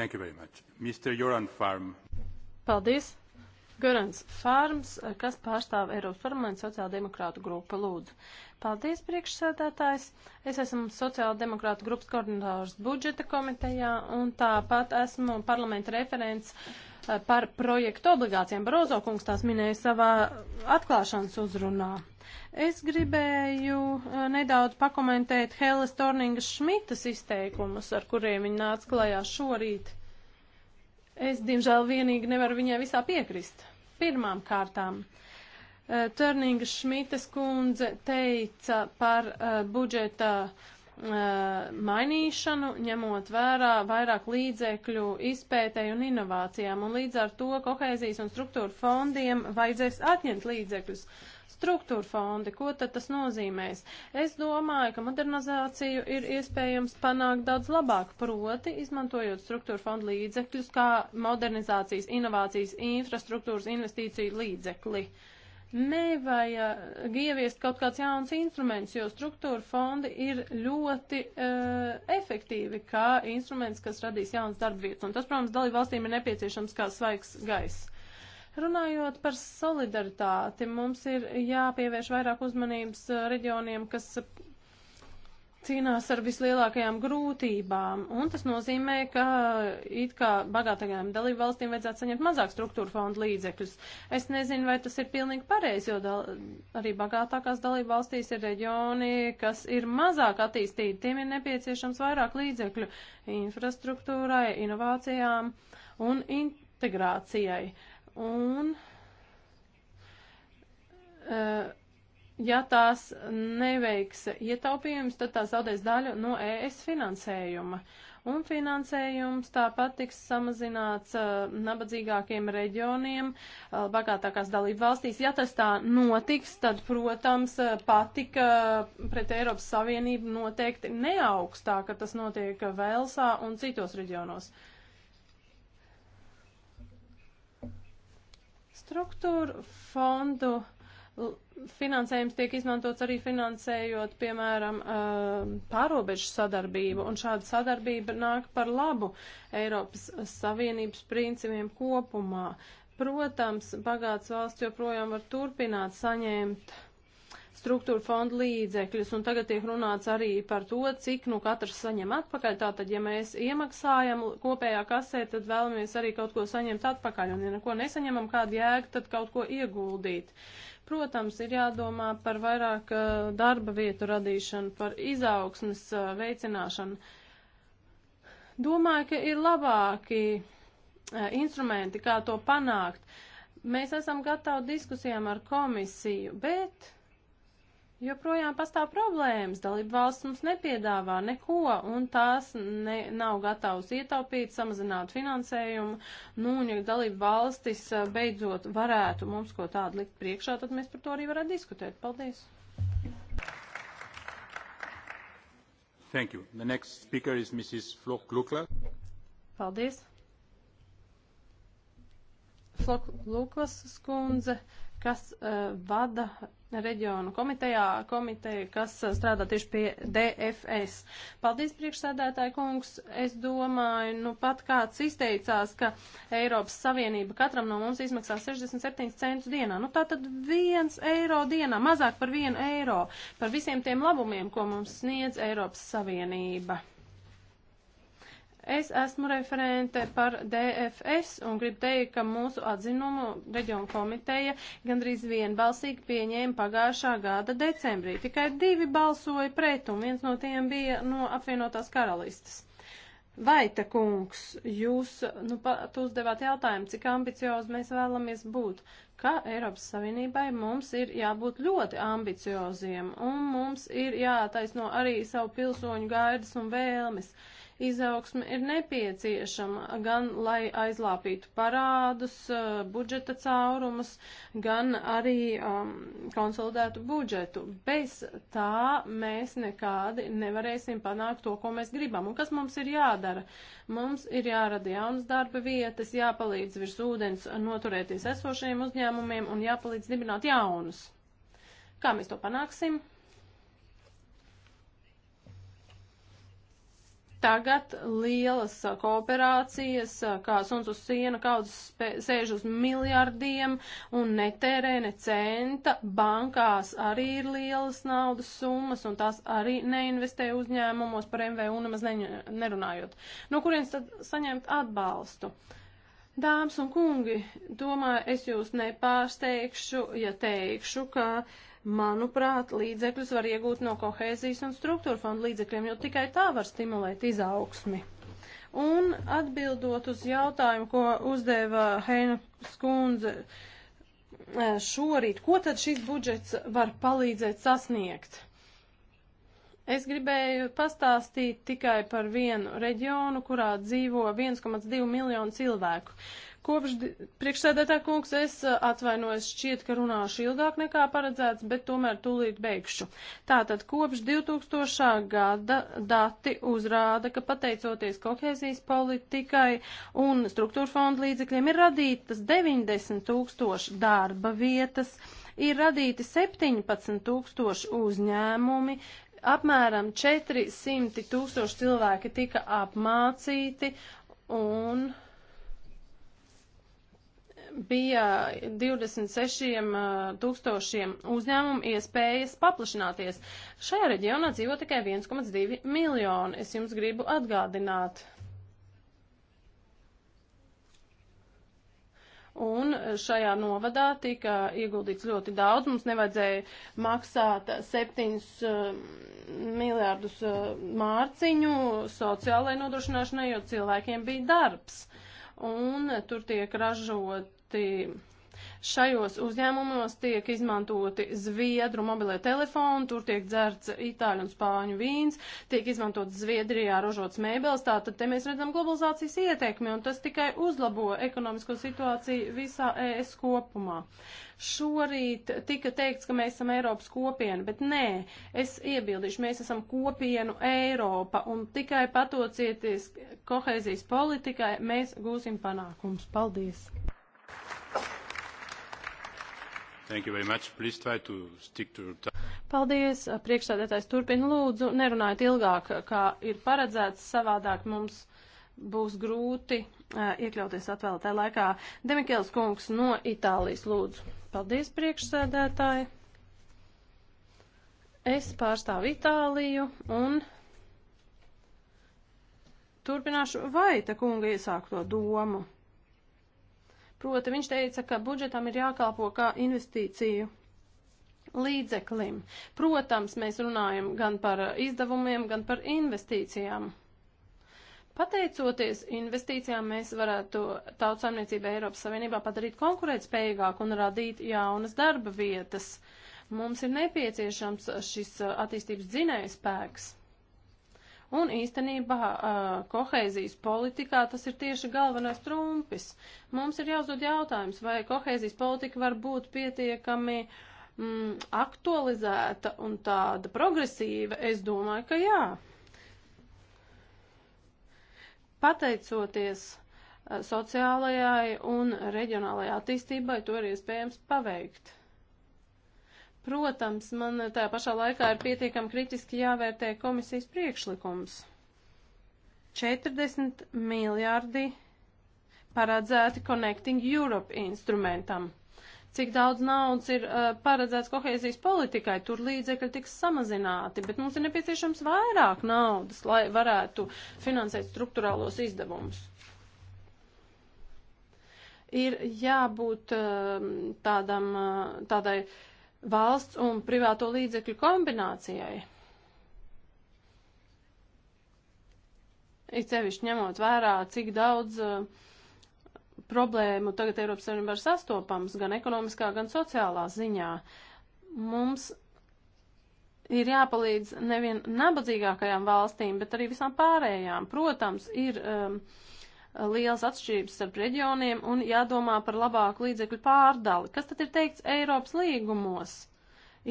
Thank you very much. Mr. Joran Farm. Paldies. Görans Farms, kas pārstāv Eiropas parlamentu sociāldemokrātu grupu, lūdzu. Paldies, priekšsēdētājs. Es esmu sociāldemokrātu grupas koordinators budžeta komitejā un tāpat esmu parlamenta referents eh, par projektu obligācijām. Barozo kungs tās minēja savā atklāšanas uzrunā. Es gribēju eh, nedaudz pakomentēt Helles Torningas Šmitas izteikumus, ar kuriem viņa nāca klajā šorīt. Es, diemžēl, vienīgi nevaru viņai visā piekrist. Pirmām kārtām. Eh, Turnīga Šmitas kundze teica par uh, budžeta Eh, mainīšanu, ņemot vērā vairāk līdzekļu izpētēju un inovācijām, un līdz ar to kohēzijas un struktūra fondiem vajadzēs atņemt līdzekļus. Struktūra fondi, ko tad tas nozīmēs? Es domāju, ka modernizāciju ir iespējams panākt daudz labāk, proti, izmantojot struktūra fondu līdzekļus kā modernizācijas, inovācijas, infrastruktūras investīciju līdzekli. Uh, nevajag ieviest kaut kāds jauns instruments, jo struktūra fondi ir ļoti uh, efektīvi kā instruments, kas radīs jaunas darbvietas. Un tas, protams, dalību valstīm ir nepieciešams kā svaigs gaiss. Runājot par solidaritāti, mums ir jāpievērš vairāk uzmanības reģioniem, kas cīnās ar vislielākajām grūtībām, un tas nozīmē, ka it kā bagātākajām dalību valstīm vajadzētu saņemt mazāk struktūra fondu līdzekļus. Es nezinu, vai tas ir pilnīgi pareizi, jo dal, arī bagātākās dalību valstīs ir reģioni, kas ir mazāk attīstīti, tiem ir nepieciešams vairāk līdzekļu infrastruktūrai, inovācijām un integrācijai. Un, uh, ja tās neveiks ietaupījums, tad tā zaudēs daļu no ES finansējuma. Un finansējums tāpat tiks samazināts uh, nabadzīgākiem reģioniem, uh, bagātākās dalību valstīs. Ja tas tā notiks, tad, protams, uh, patika uh, pret Eiropas Savienību noteikti neaugs tā, ka tas notiek Velsā un citos reģionos. Struktūra fondu. Uh, finansējums tiek izmantots arī finansējot, piemēram, uh, pārobežu sadarbību, un šāda sadarbība nāk par labu Eiropas Savienības principiem kopumā. Protams, bagāts valsts joprojām var turpināt saņemt uh, struktūra fonda līdzekļus, un tagad tiek runāts arī par to, cik nu katrs saņem atpakaļ. Tātad, ja mēs iemaksājam kopējā kasē, tad vēlamies arī kaut ko saņemt atpakaļ, un ja neko nesaņemam, kāda jēga, tad kaut ko ieguldīt. Protams, ir jādomā par vairāk darba vietu radīšanu, par izaugsmes veicināšanu. Domāju, ka ir labāki instrumenti, kā to panākt. Mēs esam gatavi diskusijām ar komisiju, bet joprojām pastāv problēmas. Dalība valsts mums nepiedāvā neko, un tās ne, nav gatavas ietaupīt, samazināt finansējumu. Nu, un ja dalība valstis eh, beidzot varētu mums ko tādu likt priekšā, tad mēs par to arī varētu diskutēt. Paldies! Thank you. The next speaker is Mrs. Flo Glukla. Paldies. Flo Luklas skundze, kas uh, vada reģionu komitejā, komiteja, kas strādā tieši pie DFS. Paldies, priekšsēdētāji kungs. Es domāju, nu pat kāds izteicās, ka Eiropas Savienība katram no mums izmaksā 67 centus dienā. Nu tā tad viens eiro dienā, mazāk par vienu eiro, par visiem tiem labumiem, ko mums sniedz Eiropas Savienība. Es esmu referente par DFS un gribu teikt, ka mūsu atzinumu reģionu komiteja gandrīz vienbalsīgi pieņēma pagājušā gada decembrī. Tikai divi balsoja pret un viens no tiem bija no apvienotās karalistas. Vaita kungs, jūs nu, pat uzdevāt jautājumu, cik ambiciozi mēs vēlamies būt ka Eiropas Savienībai mums ir jābūt ļoti ambicioziem un mums ir jātaisno arī savu pilsoņu gaidas un vēlmes. Uh, Izaugsme ir nepieciešama gan, lai aizlāpītu parādus, eh, budžeta caurumus, gan arī um, konsolidētu budžetu. Bez tā mēs nekādi nevarēsim panākt to, ko mēs gribam. Un kas mums ir jādara? Mums ir jārada jaunas darba vietas, jāpalīdz virs ūdens noturēties esošajiem uzņēmumiem un jāpalīdz dibināt jaunus. Kā mēs to panāksim? Tagad lielas kooperācijas, kā suns uz siena, kaudzes sēž uz miljardiem un netērē ne centa. Bankās arī ir lielas naudas summas un tās arī neinvestē uzņēmumos par MVU nemaz ne, nerunājot. No kurienes tad saņemt atbalstu? Dāmas un kungi, domāju, es jūs nepārsteigšu, ja teikšu, ka. Uh, manuprāt, līdzekļus var iegūt no kohēzijas un struktūra fonda līdzekļiem, jo tikai tā var stimulēt izaugsmi. Un atbildot uz jautājumu, ko uzdeva Heina skundze eh, šorīt, ko tad šis budžets var palīdzēt sasniegt? Es gribēju pastāstīt tikai par vienu reģionu, kurā dzīvo 1,2 miljonu cilvēku. Kopš priekšsēdētā kungs es eh, atvainojos šķiet, ka runāšu ilgāk nekā paredzēts, bet tomēr tūlīt beigšu. Tātad kopš 2000. gada dati uzrāda, ka pateicoties kohēzijas politikai un struktūra fonda līdzekļiem ir radītas 90 tūkstoši darba vietas, ir radīti 17 tūkstoši uzņēmumi, apmēram 400 tūkstoši cilvēki tika apmācīti un bija 26 uh, tūkstošiem uzņēmumu iespējas paplašināties. Šajā reģionā dzīvo tikai 1,2 miljoni. Es jums gribu atgādināt. Un šajā novadā tika ieguldīts ļoti daudz. Mums nevajadzēja maksāt 7 uh, miljārdus uh, mārciņu sociālajai nodrošināšanai, jo cilvēkiem bija darbs. Un tur tiek ražot Proti, šajos uzņēmumos tiek izmantoti zviedru mobilē telefoni, tur tiek dzerts itāļu un spāņu vīns, tiek izmantot Zviedrijā ražots mēbeles, tātad te mēs redzam globalizācijas ietekmi, un tas tikai uzlabo ekonomisko situāciju visā ES kopumā. Šorīt tika teikts, ka mēs esam Eiropas kopiena, bet nē, es iebildīšu, mēs esam kopienu Eiropa, un tikai patocieties kohēzijas politikai, mēs gūsim panākums. Paldies! Paldies, uh, priekšsēdētājs turpina lūdzu, nerunājiet ilgāk, uh, kā ir paredzēts, savādāk mums būs grūti uh, iekļauties atvēlētā laikā. Demikēls kungs no Itālijas lūdzu. Paldies, priekšsēdētāji. Es pārstāvu Itāliju un turpināšu Vaita kunga iesākto domu. Proti viņš teica, ka budžetam ir jākalpo kā investīciju līdzeklim. Protams, mēs runājam gan par izdevumiem, gan par investīcijām. Pateicoties investīcijām, mēs varētu tautsāmniecību Eiropas Savienībā padarīt konkurētspējīgāku un radīt jaunas darba vietas. Mums ir nepieciešams šis attīstības dzinējspēks. spēks. Un īstenībā kohēzijas politikā tas ir tieši galvenais trumpis. Mums ir jāuzdod jautājums, vai kohēzijas politika var būt pietiekami mm, aktualizēta un tāda progresīva. Es domāju, ka jā. Pateicoties sociālajai un reģionālajai attīstībai, to ir iespējams paveikt. Protams, man tā pašā laikā ir pietiekami kritiski jāvērtē komisijas priekšlikums. 40 miljārdi paredzēti Connecting Europe instrumentam. Cik daudz naudas ir uh, paredzēts kohēzijas politikai, tur līdzekļi tiks samazināti, bet mums ir nepieciešams vairāk naudas, lai varētu finansēt struktūrālos izdevumus. Ir jābūt uh, tādam, uh, tādai uh, valsts un privāto līdzekļu kombinācijai. It sevišķi ņemot vērā, cik daudz uh, problēmu tagad Eiropas Savienībā ir sastopams gan ekonomiskā, gan sociālā ziņā. Mums ir jāpalīdz nevien nabadzīgākajām valstīm, bet arī visām pārējām. Protams, ir. Um, uh, liels atšķirības starp reģioniem un jādomā par labāku līdzekļu pārdali. Kas tad ir teikts Eiropas līgumos?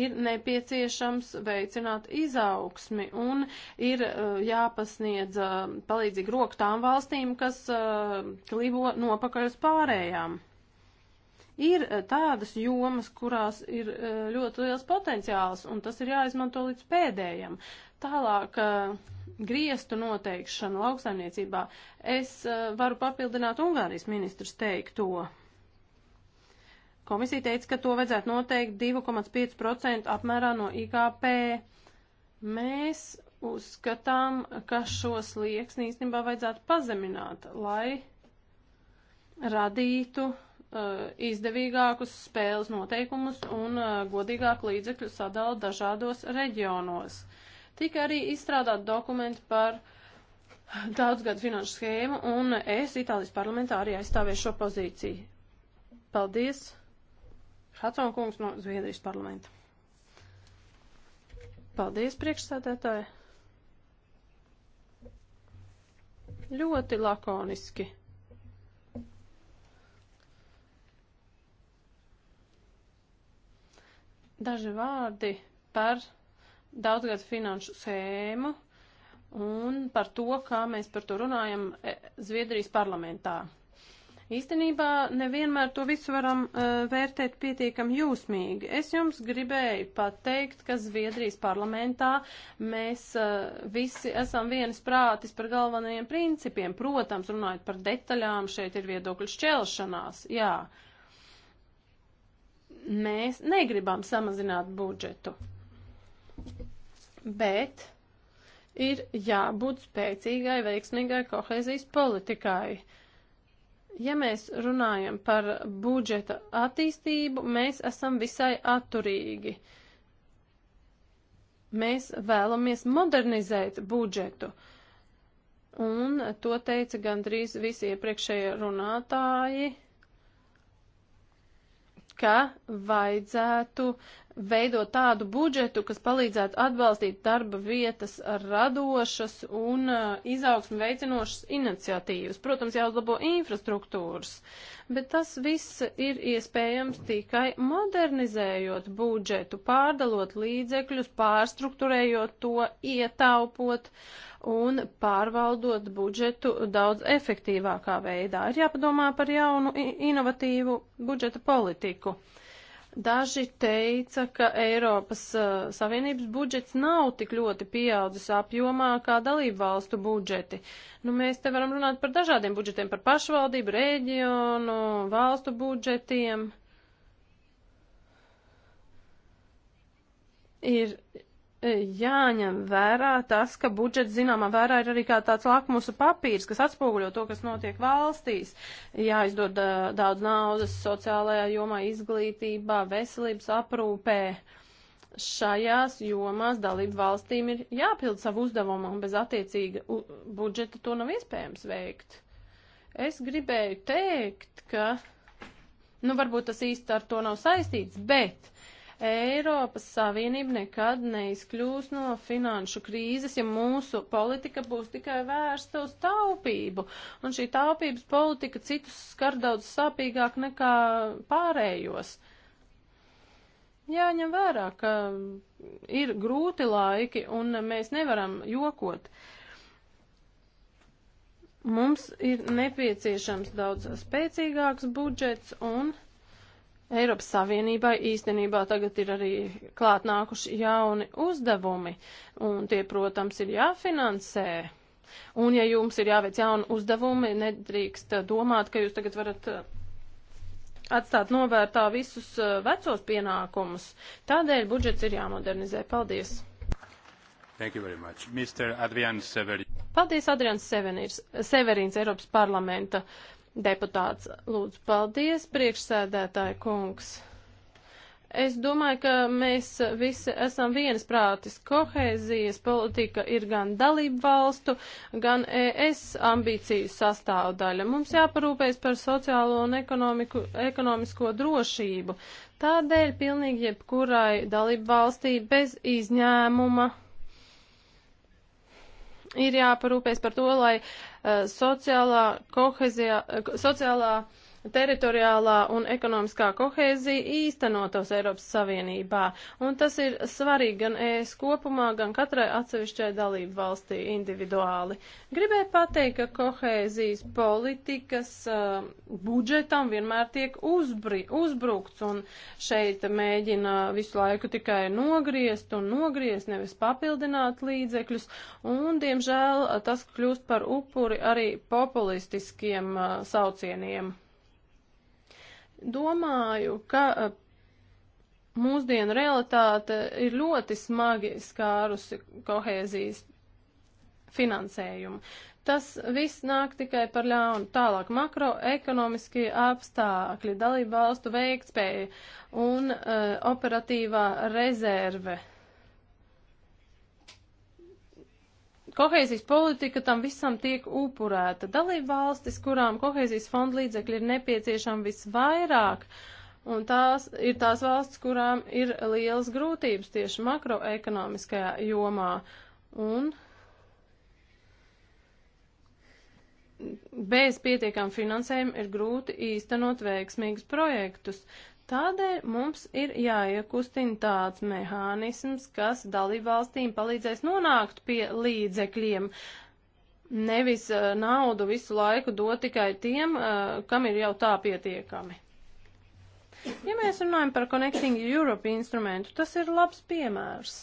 Ir nepieciešams veicināt izaugsmi un ir uh, jāpasniedz uh, palīdzīgi roku tām valstīm, kas uh, klibo nopakaļ uz pārējām. Ir uh, tādas jomas, kurās ir uh, ļoti liels potenciāls, un tas ir jāizmanto līdz pēdējam. Uh, Tālāk, eh, griestu noteikšana lauksaimniecībā. Es eh, varu papildināt Ungārijas ministrs teikto. Komisija teica, ka to vajadzētu noteikt 2,5% apmērā no IKP. Mēs uzskatām, ka šo slieksni īstenībā vajadzētu pazemināt, lai radītu eh, izdevīgākus spēles noteikumus un godīgāku līdzekļu sadala dažādos reģionos. Tika arī izstrādāt dokumenti par daudzgadu finanšu schēmu, un es Itālijas parlamentā arī aizstāvēju šo pozīciju. Paldies, Hatsona kungs no Zviedrijas parlamenta. Paldies, priekšsēdētāji. Ļoti lakoniski. Daži vārdi par daudzgadu finanšu sēmu un par to, kā mēs par to runājam e, Zviedrijas parlamentā. Īstenībā nevienmēr to visu varam uh, vērtēt pietiekam jūsmīgi. Es jums gribēju pateikt, ka Zviedrijas parlamentā mēs uh, visi esam vienas prātis par galvenajiem principiem. Protams, runājot par detaļām, šeit ir viedokļu šķelšanās. Jā. Mēs negribam samazināt budžetu bet ir jābūt spēcīgai, veiksmīgai kohēzijas politikai. Ja mēs runājam par budžeta attīstību, mēs esam visai atturīgi. Mēs vēlamies modernizēt budžetu. Un to teica gandrīz visi iepriekšējie runātāji ka vajadzētu veidot tādu budžetu, kas palīdzētu atbalstīt darba vietas radošas un uh, eh, izaugsmu veicinošas iniciatīvas. Protams, jāuzlabo infrastruktūras, bet tas viss ir iespējams tikai modernizējot budžetu, pārdalot līdzekļus, pārstruktūrējot to, ietaupot un pārvaldot budžetu daudz efektīvākā veidā. Ir jāpadomā par jaunu, inovatīvu budžeta politiku. Uh, Daži teica, ka Eiropas uh, Savienības budžets nav tik ļoti pieaudzis apjomā kā dalību valstu budžeti. Nu, mēs te varam runāt par dažādiem budžetiem, par pašvaldību, reģionu, valstu budžetiem. Ir jāņem vērā tas, ka budžets zināmā vērā ir arī kā tāds lakmusa papīrs, kas atspoguļo to, kas notiek valstīs. Jāizdod daudz naudas sociālajā jomā, izglītībā, veselības aprūpē. Šajās jomās dalību valstīm ir jāpild savu uzdevumu, un bez attiecīga budžeta to nav iespējams veikt. Es gribēju teikt, ka, nu, varbūt tas īsti ar to nav saistīts, bet Eiropas Savienība nekad neizkļūs no finanšu krīzes, ja mūsu politika būs tikai vērsta uz taupību. Un šī taupības politika citus skar daudz sāpīgāk nekā pārējos. Jāņem vērā, ka ir grūti laiki un mēs nevaram jokot. Mums ir nepieciešams daudz spēcīgāks budžets un. Eiropas Savienībai īstenībā tagad ir arī klāt nākuši jauni uzdevumi, un tie, protams, ir jāfinansē. Un, ja jums ir jāveic jauni uzdevumi, nedrīkst domāt, ka jūs tagad varat uh, atstāt novērtā visus uh, vecos pienākumus. Tādēļ budžets ir jāmodernizē. Paldies! Thank you very much. Mr. Adrians Severins. Paldies, Adrians Severins, Severins Eiropas parlamenta. Uh, Deputāts, lūdzu, paldies, priekšsēdētāja kungs. Es domāju, ka mēs visi esam viensprātis. Kohēzijas politika ir gan dalību valstu, gan ES ambīciju sastāvdaļa. Mums jāparūpējas par sociālo un ekonomisko drošību. Tādēļ pilnīgi jebkurai dalību valstī bez izņēmuma ir jāparūpēs par to, lai uh, sociālā kohezijā, uh, sociālā uh, teritoriālā un ekonomiskā kohēzija īstenotos Eiropas Savienībā, un tas ir svarīgi gan ES kopumā, gan katrai atsevišķai dalību valstī individuāli. Gribēju pateikt, ka kohēzijas politikas uh, budžetam vienmēr tiek uzbri, uzbrukts, un šeit mēģina visu laiku tikai nogriezt un nogriezt, nevis papildināt līdzekļus, un, diemžēl, tas kļūst par upuri arī populistiskiem uh, saucieniem. Domāju, ka eh, mūsdienu realitāte ir ļoti smagi skārusi kohēzijas finansējumu. Tas viss nāk tikai par ļaunu. Tālāk makroekonomiskie apstākļi, dalība valstu veiktspēja un uh, operatīvā rezerve. Uh, Kohēzijas politika tam visam tiek upurēta. Dalība valstis, kurām kohēzijas fonda līdzekļi ir nepieciešami visvairāk, un tās ir tās valstis, kurām ir lielas grūtības tieši makroekonomiskajā jomā. Un bez pietiekama finansējuma ir grūti īstenot veiksmīgus projektus. Tādēļ mums ir jāiekustina tāds mehānisms, kas dalībvalstīm palīdzēs nonākt pie līdzekļiem. Nevis uh, naudu visu laiku dot tikai tiem, uh, kam ir jau tā pietiekami. Ja mēs runājam par Connecting Europe instrumentu, tas ir labs piemērs.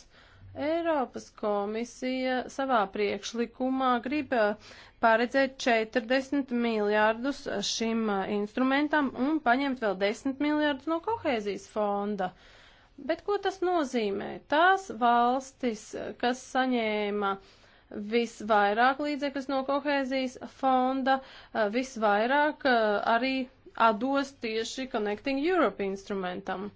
Eiropas komisija savā priekšlikumā grib eh, paredzēt 40 miljārdus šim eh, instrumentam un paņemt vēl 10 miljārdus no kohēzijas fonda. Bet ko tas nozīmē? Tās valstis, eh, kas saņēma visvairāk līdzekļus no kohēzijas fonda, visvairāk arī atdos tieši Connecting Europe instrumentam.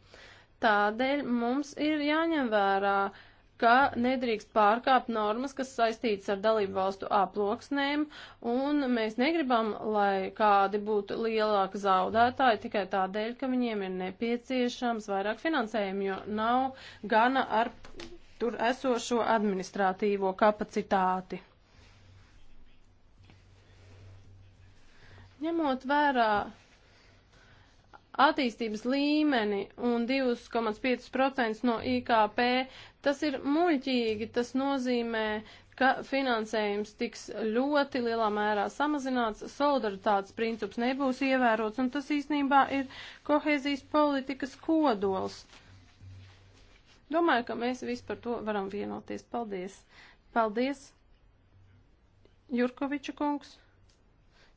Tādēļ mums ir jāņem vērā uh, ka nedrīkst pārkāpt normas, kas saistītas ar dalību valstu aploksnēm, un mēs negribam, lai kādi būtu lielāki zaudētāji tikai tādēļ, ka viņiem ir nepieciešams vairāk finansējumu, jo nav gana ar tur esošo administratīvo kapacitāti. Ņemot vērā attīstības līmeni un 2,5% no IKP Tas ir muļķīgi, tas nozīmē, ka finansējums tiks ļoti lielā mērā samazināts, solidaritātes princips nebūs ievērots, un tas īstenībā ir kohēzijas politikas kodols. Domāju, ka mēs visi par to varam vienoties. Paldies! Paldies, Jurkoviča kungs,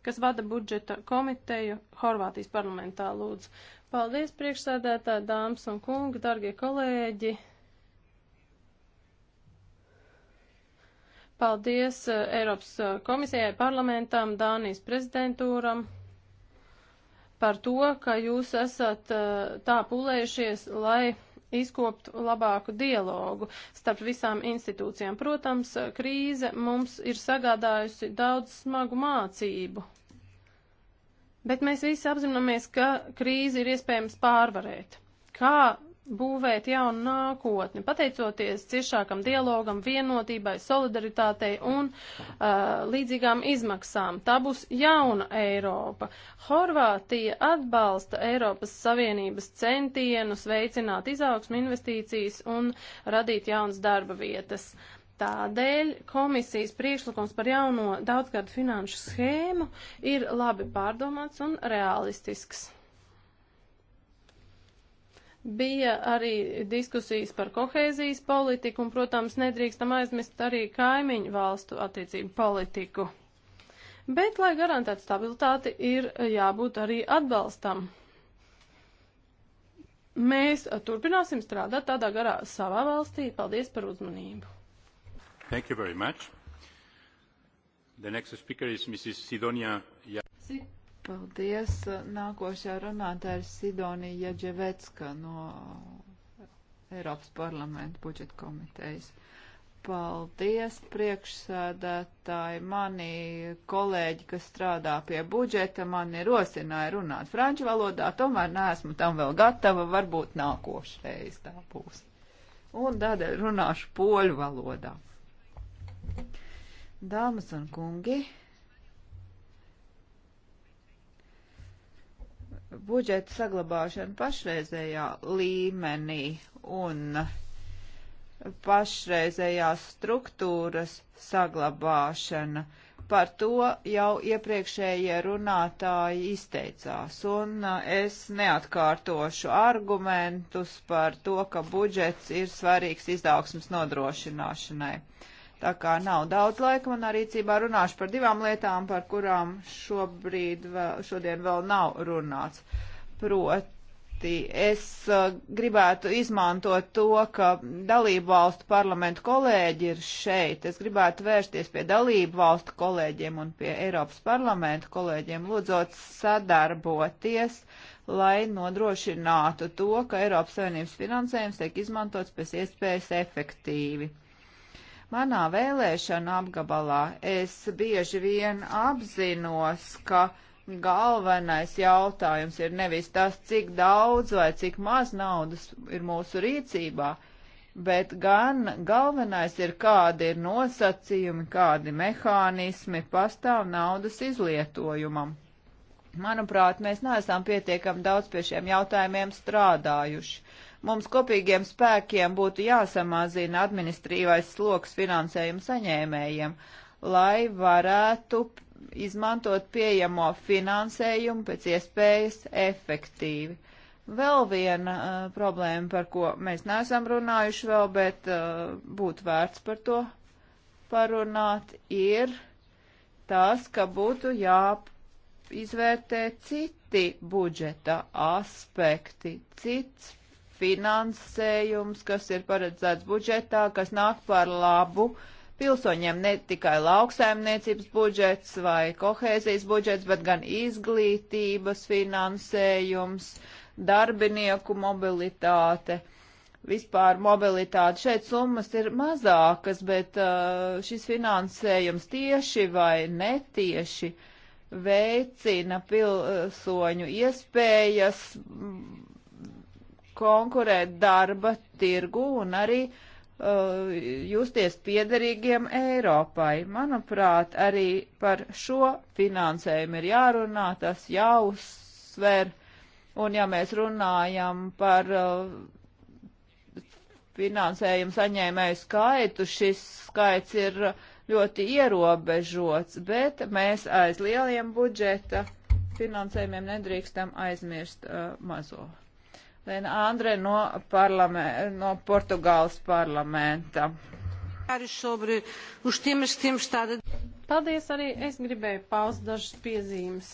kas vada budžeta komiteju Horvātijas parlamentā lūdzu. Paldies, priekšsēdētāji, dāmas un kungi, dargie kolēģi! Paldies eh, Eiropas eh, komisijai, parlamentam, Dānijas prezidentūram par to, ka jūs esat eh, tā pulējušies, lai izkopt labāku dialogu starp visām institūcijām. Protams, krīze mums ir sagādājusi daudz smagu mācību, bet mēs visi apzināmies, ka krīzi ir iespējams pārvarēt. Kā būvēt jaunu nākotni, pateicoties ciešākam dialogam, vienotībai, solidaritātei un uh, līdzīgām izmaksām. Tā būs jauna Eiropa. Horvātija atbalsta Eiropas Savienības centienus veicināt izaugsmu investīcijas un radīt jaunas darba vietas. Tādēļ komisijas priekšlikums par jauno daudzgadu finanšu schēmu ir labi pārdomāts un realistisks. Bija arī diskusijas par kohēzijas politiku un, protams, nedrīkstam aizmest arī kaimiņu valstu attiecību politiku. Bet, lai garantētu stabilitāti, ir jābūt arī atbalstam. Mēs turpināsim strādāt tādā garā savā valstī. Paldies par uzmanību. Thank you very much. The next speaker is Mrs. Sidonia. Ja Sit Paldies. Nākošā runātāja ir Sidonija Jaģevecka no Eiropas parlamenta budžeta komitejas. Paldies, priekšsēdētāji. Mani kolēģi, kas strādā pie budžeta, mani rosināja runāt franču valodā, tomēr neesmu tam vēl gatava, varbūt nākošreiz tā būs. Un tādēļ runāšu poļu valodā. Dāmas un kungi, budžeta saglabāšanu pašreizējā līmenī un pašreizējās struktūras saglabāšana. Par to jau iepriekšējie runātāji izteicās, un uh, es neatkārtošu argumentus par to, ka budžets ir svarīgs izdaugsmas nodrošināšanai. Uh, Tā kā nav daudz laika manā rīcībā, runāšu par divām lietām, par kurām šobrīd, vēl, šodien vēl nav runāts. Proti, es uh, gribētu izmantot to, ka dalību valstu parlamentu kolēģi ir šeit. Es gribētu vērsties pie dalību valstu kolēģiem un pie Eiropas parlamentu kolēģiem, lūdzot sadarboties, lai nodrošinātu to, ka Eiropas Savienības finansējums tiek izmantots pēc iespējas efektīvi Manā vēlēšana apgabalā es bieži vien apzinos, ka galvenais jautājums ir nevis tas, cik daudz vai cik maz naudas ir mūsu rīcībā, bet gan galvenais ir, kādi ir nosacījumi, kādi mehānismi pastāv naudas izlietojumam. Manuprāt, mēs neesam pietiekami daudz pie šiem jautājumiem strādājuši. Mums kopīgiem spēkiem būtu jāsamazina administrīvais sloks finansējumu saņēmējiem, lai varētu izmantot pieejamo finansējumu pēc iespējas efektīvi. Vēl viena uh, problēma, par ko mēs neesam runājuši vēl, bet uh, būtu vērts par to parunāt, ir tas, ka būtu jāizvērtē citi budžeta aspekti, cits finansējums, kas ir paredzēts budžetā, kas nāk par labu pilsoņiem ne tikai lauksaimniecības budžets vai kohēzijas budžets, bet gan izglītības finansējums, darbinieku mobilitāte. Vispār mobilitāte. Šeit summas ir mazākas, bet uh, šis finansējums tieši vai netieši veicina pilsoņu iespējas konkurēt darba tirgu un arī uh, justies piederīgiem Eiropai. Manuprāt, arī par šo finansējumu ir jārunā, tas jāuzsver. Un ja mēs runājam par uh, finansējumu saņēmēju skaitu, šis skaits ir ļoti ierobežots, bet mēs aiz lieliem budžeta finansējumiem nedrīkstam aizmirst uh, mazo Lena Andre no, no Portugāles parlamenta. Paldies arī es gribēju paust dažas piezīmes.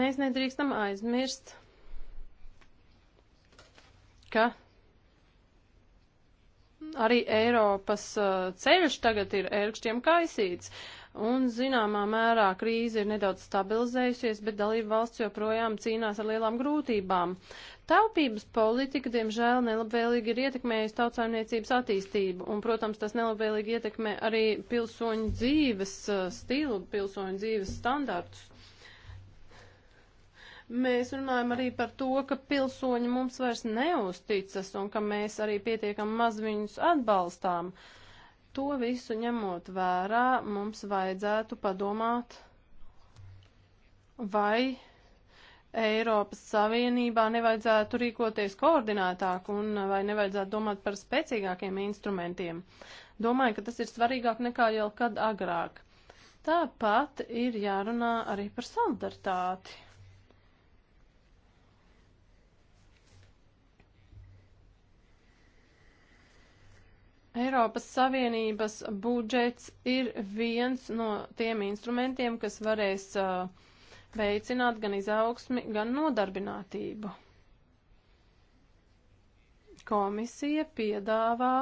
Mēs nedrīkstam aizmirst, ka arī Eiropas uh, ceļš tagad ir ērkšķiem kaisīts. Uh, un zināmā mērā krīze ir nedaudz stabilizējusies, bet dalība valsts joprojām cīnās ar lielām grūtībām. Taupības politika, diemžēl, nelabvēlīgi ir ietekmējusi tautsājumniecības attīstību, un, protams, tas nelabvēlīgi ietekmē arī pilsoņu dzīves uh, stilu, pilsoņu dzīves standartus. Mēs runājam arī par to, ka pilsoņi mums vairs neusticas un ka mēs arī pietiekam maz viņus atbalstām. Uh, To visu ņemot vērā, mums vajadzētu padomāt, vai Eiropas Savienībā nevajadzētu rīkoties koordinētāk un vai nevajadzētu domāt par spēcīgākiem instrumentiem. Domāju, ka tas ir svarīgāk nekā jau kad agrāk. Tāpat ir jārunā arī par solidaritāti. Eiropas Savienības budžets ir viens no tiem instrumentiem, kas varēs uh, veicināt gan izaugsmi, gan nodarbinātību. Komisija piedāvā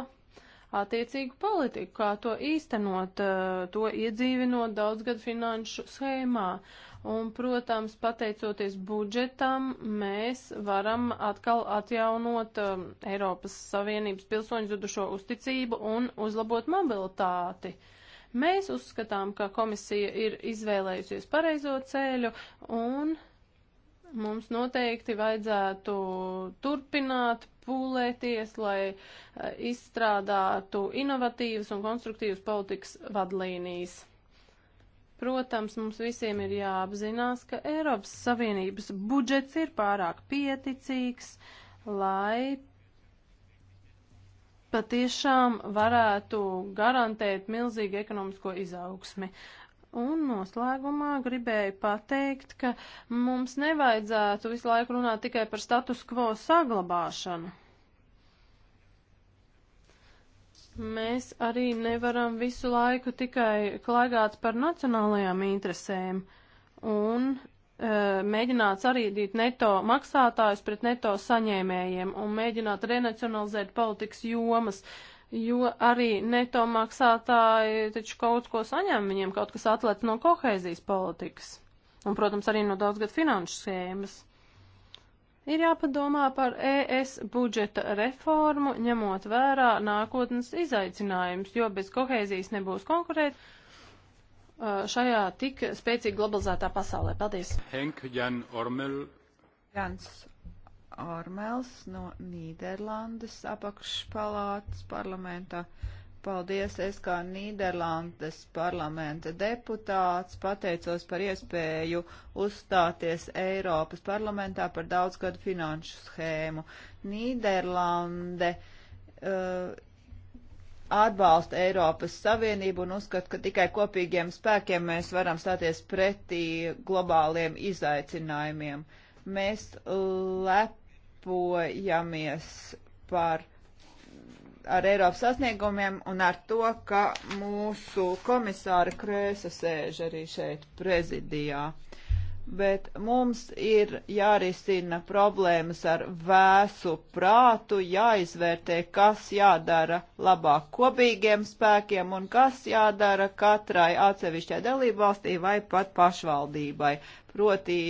attiecīgu politiku, kā to īstenot, uh, to iedzīvinot daudzgad finanšu schēmā. Uh, Un, protams, pateicoties budžetam, mēs varam atkal atjaunot um, Eiropas Savienības pilsoņu zudušo uzticību un uzlabot mobilitāti. Mēs uzskatām, ka komisija ir izvēlējusies pareizo ceļu un mums noteikti vajadzētu turpināt pūlēties, lai eh, izstrādātu inovatīvas un konstruktīvas politikas vadlīnijas. Protams, mums visiem ir jāapzinās, ka Eiropas Savienības budžets ir pārāk pieticīgs, lai patiešām varētu garantēt milzīgu ekonomisko izaugsmi. Un noslēgumā gribēju pateikt, ka mums nevajadzētu visu laiku runāt tikai par status quo saglabāšanu. Mēs arī nevaram visu laiku tikai klaigāt par nacionālajām interesēm un e, mēģināt sarīdīt neto maksātājus pret neto saņēmējiem un mēģināt renacionalizēt politikas jomas, jo arī neto maksātāji taču kaut ko saņem, viņiem kaut kas atlec no kohēzijas politikas un, protams, arī no daudzgad finanšu schēmas. Ir jāpadomā par ES budžeta reformu, ņemot vērā nākotnes izaicinājumus, jo bez kohēzijas nebūs konkurēt uh, šajā tik spēcīgi globalizētā pasaulē. Paldies! Henk Jan Ormel. Jans Ormels no Nīderlandes apakšpalātas parlamentā. Paldies, es kā Nīderlandes parlamenta deputāts pateicos par iespēju uzstāties Eiropas parlamentā par daudzgadu finanšu schēmu. Nīderlande uh, atbalsta Eiropas Savienību un uzskata, ka tikai kopīgiem spēkiem mēs varam stāties pretī globāliem izaicinājumiem. Mēs lepojamies par ar Eiropas sasniegumiem un ar to, ka mūsu komisāra Krēsa sēž arī šeit prezidijā. Bet mums ir jārisina problēmas ar vēsu prātu, jāizvērtē, kas jādara labāk kopīgiem spēkiem un kas jādara katrai atsevišķai dalībvalstī vai pat pašvaldībai, proti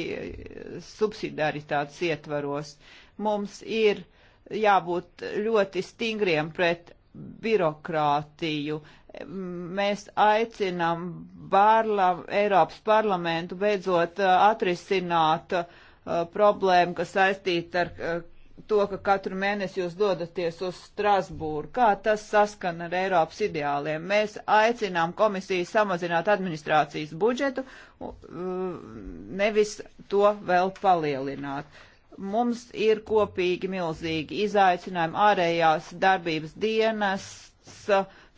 subsidiaritātes ietvaros. Mums ir uh, jābūt ļoti stingriem pret birokrātiju. Mēs aicinām barla, Eiropas parlamentu beidzot uh, atrisināt uh, problēmu, kas saistīta ar uh, to, ka katru mēnesi jūs dodaties uz Strasbūru. Kā tas saskan ar Eiropas ideāliem? Mēs aicinām komisiju samazināt administrācijas budžetu, uh, nevis to vēl palielināt mums ir kopīgi milzīgi izaicinājumi ārējās darbības dienests,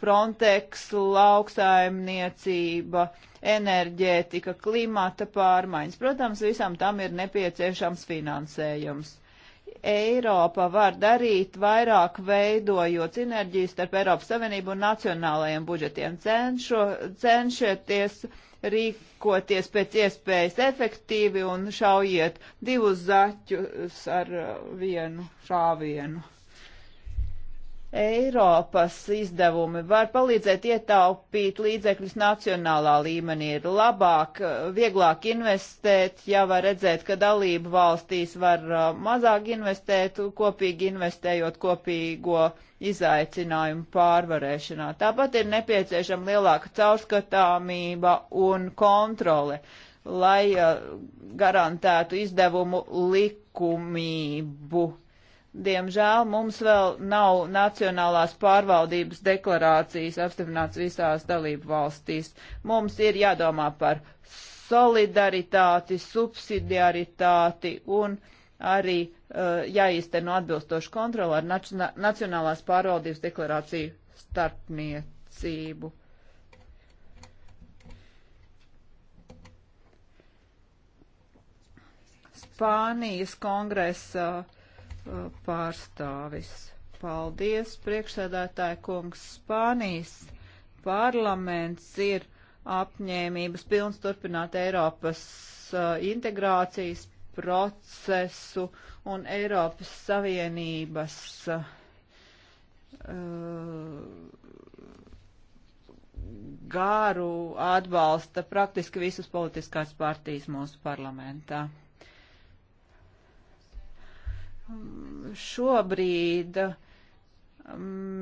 Frontex, lauksaimniecība, enerģētika, klimata pārmaiņas. Protams, visam tam ir nepieciešams finansējums. Eiropa var darīt vairāk veidojot sinerģijas starp Eiropas Savienību un nacionālajiem budžetiem. Cenšo, cenšieties uh, rīkoties pēc iespējas efektīvi un šaujiet divus zaķus ar uh, vienu šāvienu. Eiropas izdevumi var palīdzēt ietaupīt līdzekļus nacionālā līmenī. Ir labāk, uh, vieglāk investēt, ja var redzēt, ka dalību valstīs var uh, mazāk investēt, kopīgi investējot kopīgo izaicinājumu pārvarēšanā. Tāpat ir nepieciešama lielāka caurskatāmība un kontrole, lai uh, garantētu izdevumu likumību. Diemžēl mums vēl nav nacionālās pārvaldības deklarācijas apstiprināts visās dalību valstīs. Mums ir jādomā par solidaritāti, subsidiaritāti un arī Eh, jāīsteno atbilstoši kontroli ar Nacionālās pārvaldības deklarāciju starpniecību. Spānijas kongresa eh, pārstāvis. Paldies, priekšsēdētāja kungs. Spānijas parlaments ir apņēmības pilns turpināt Eiropas eh, integrācijas procesu un Eiropas Savienības uh, gāru atbalsta praktiski visas politiskās partijas mūsu parlamentā. Um, šobrīd uh,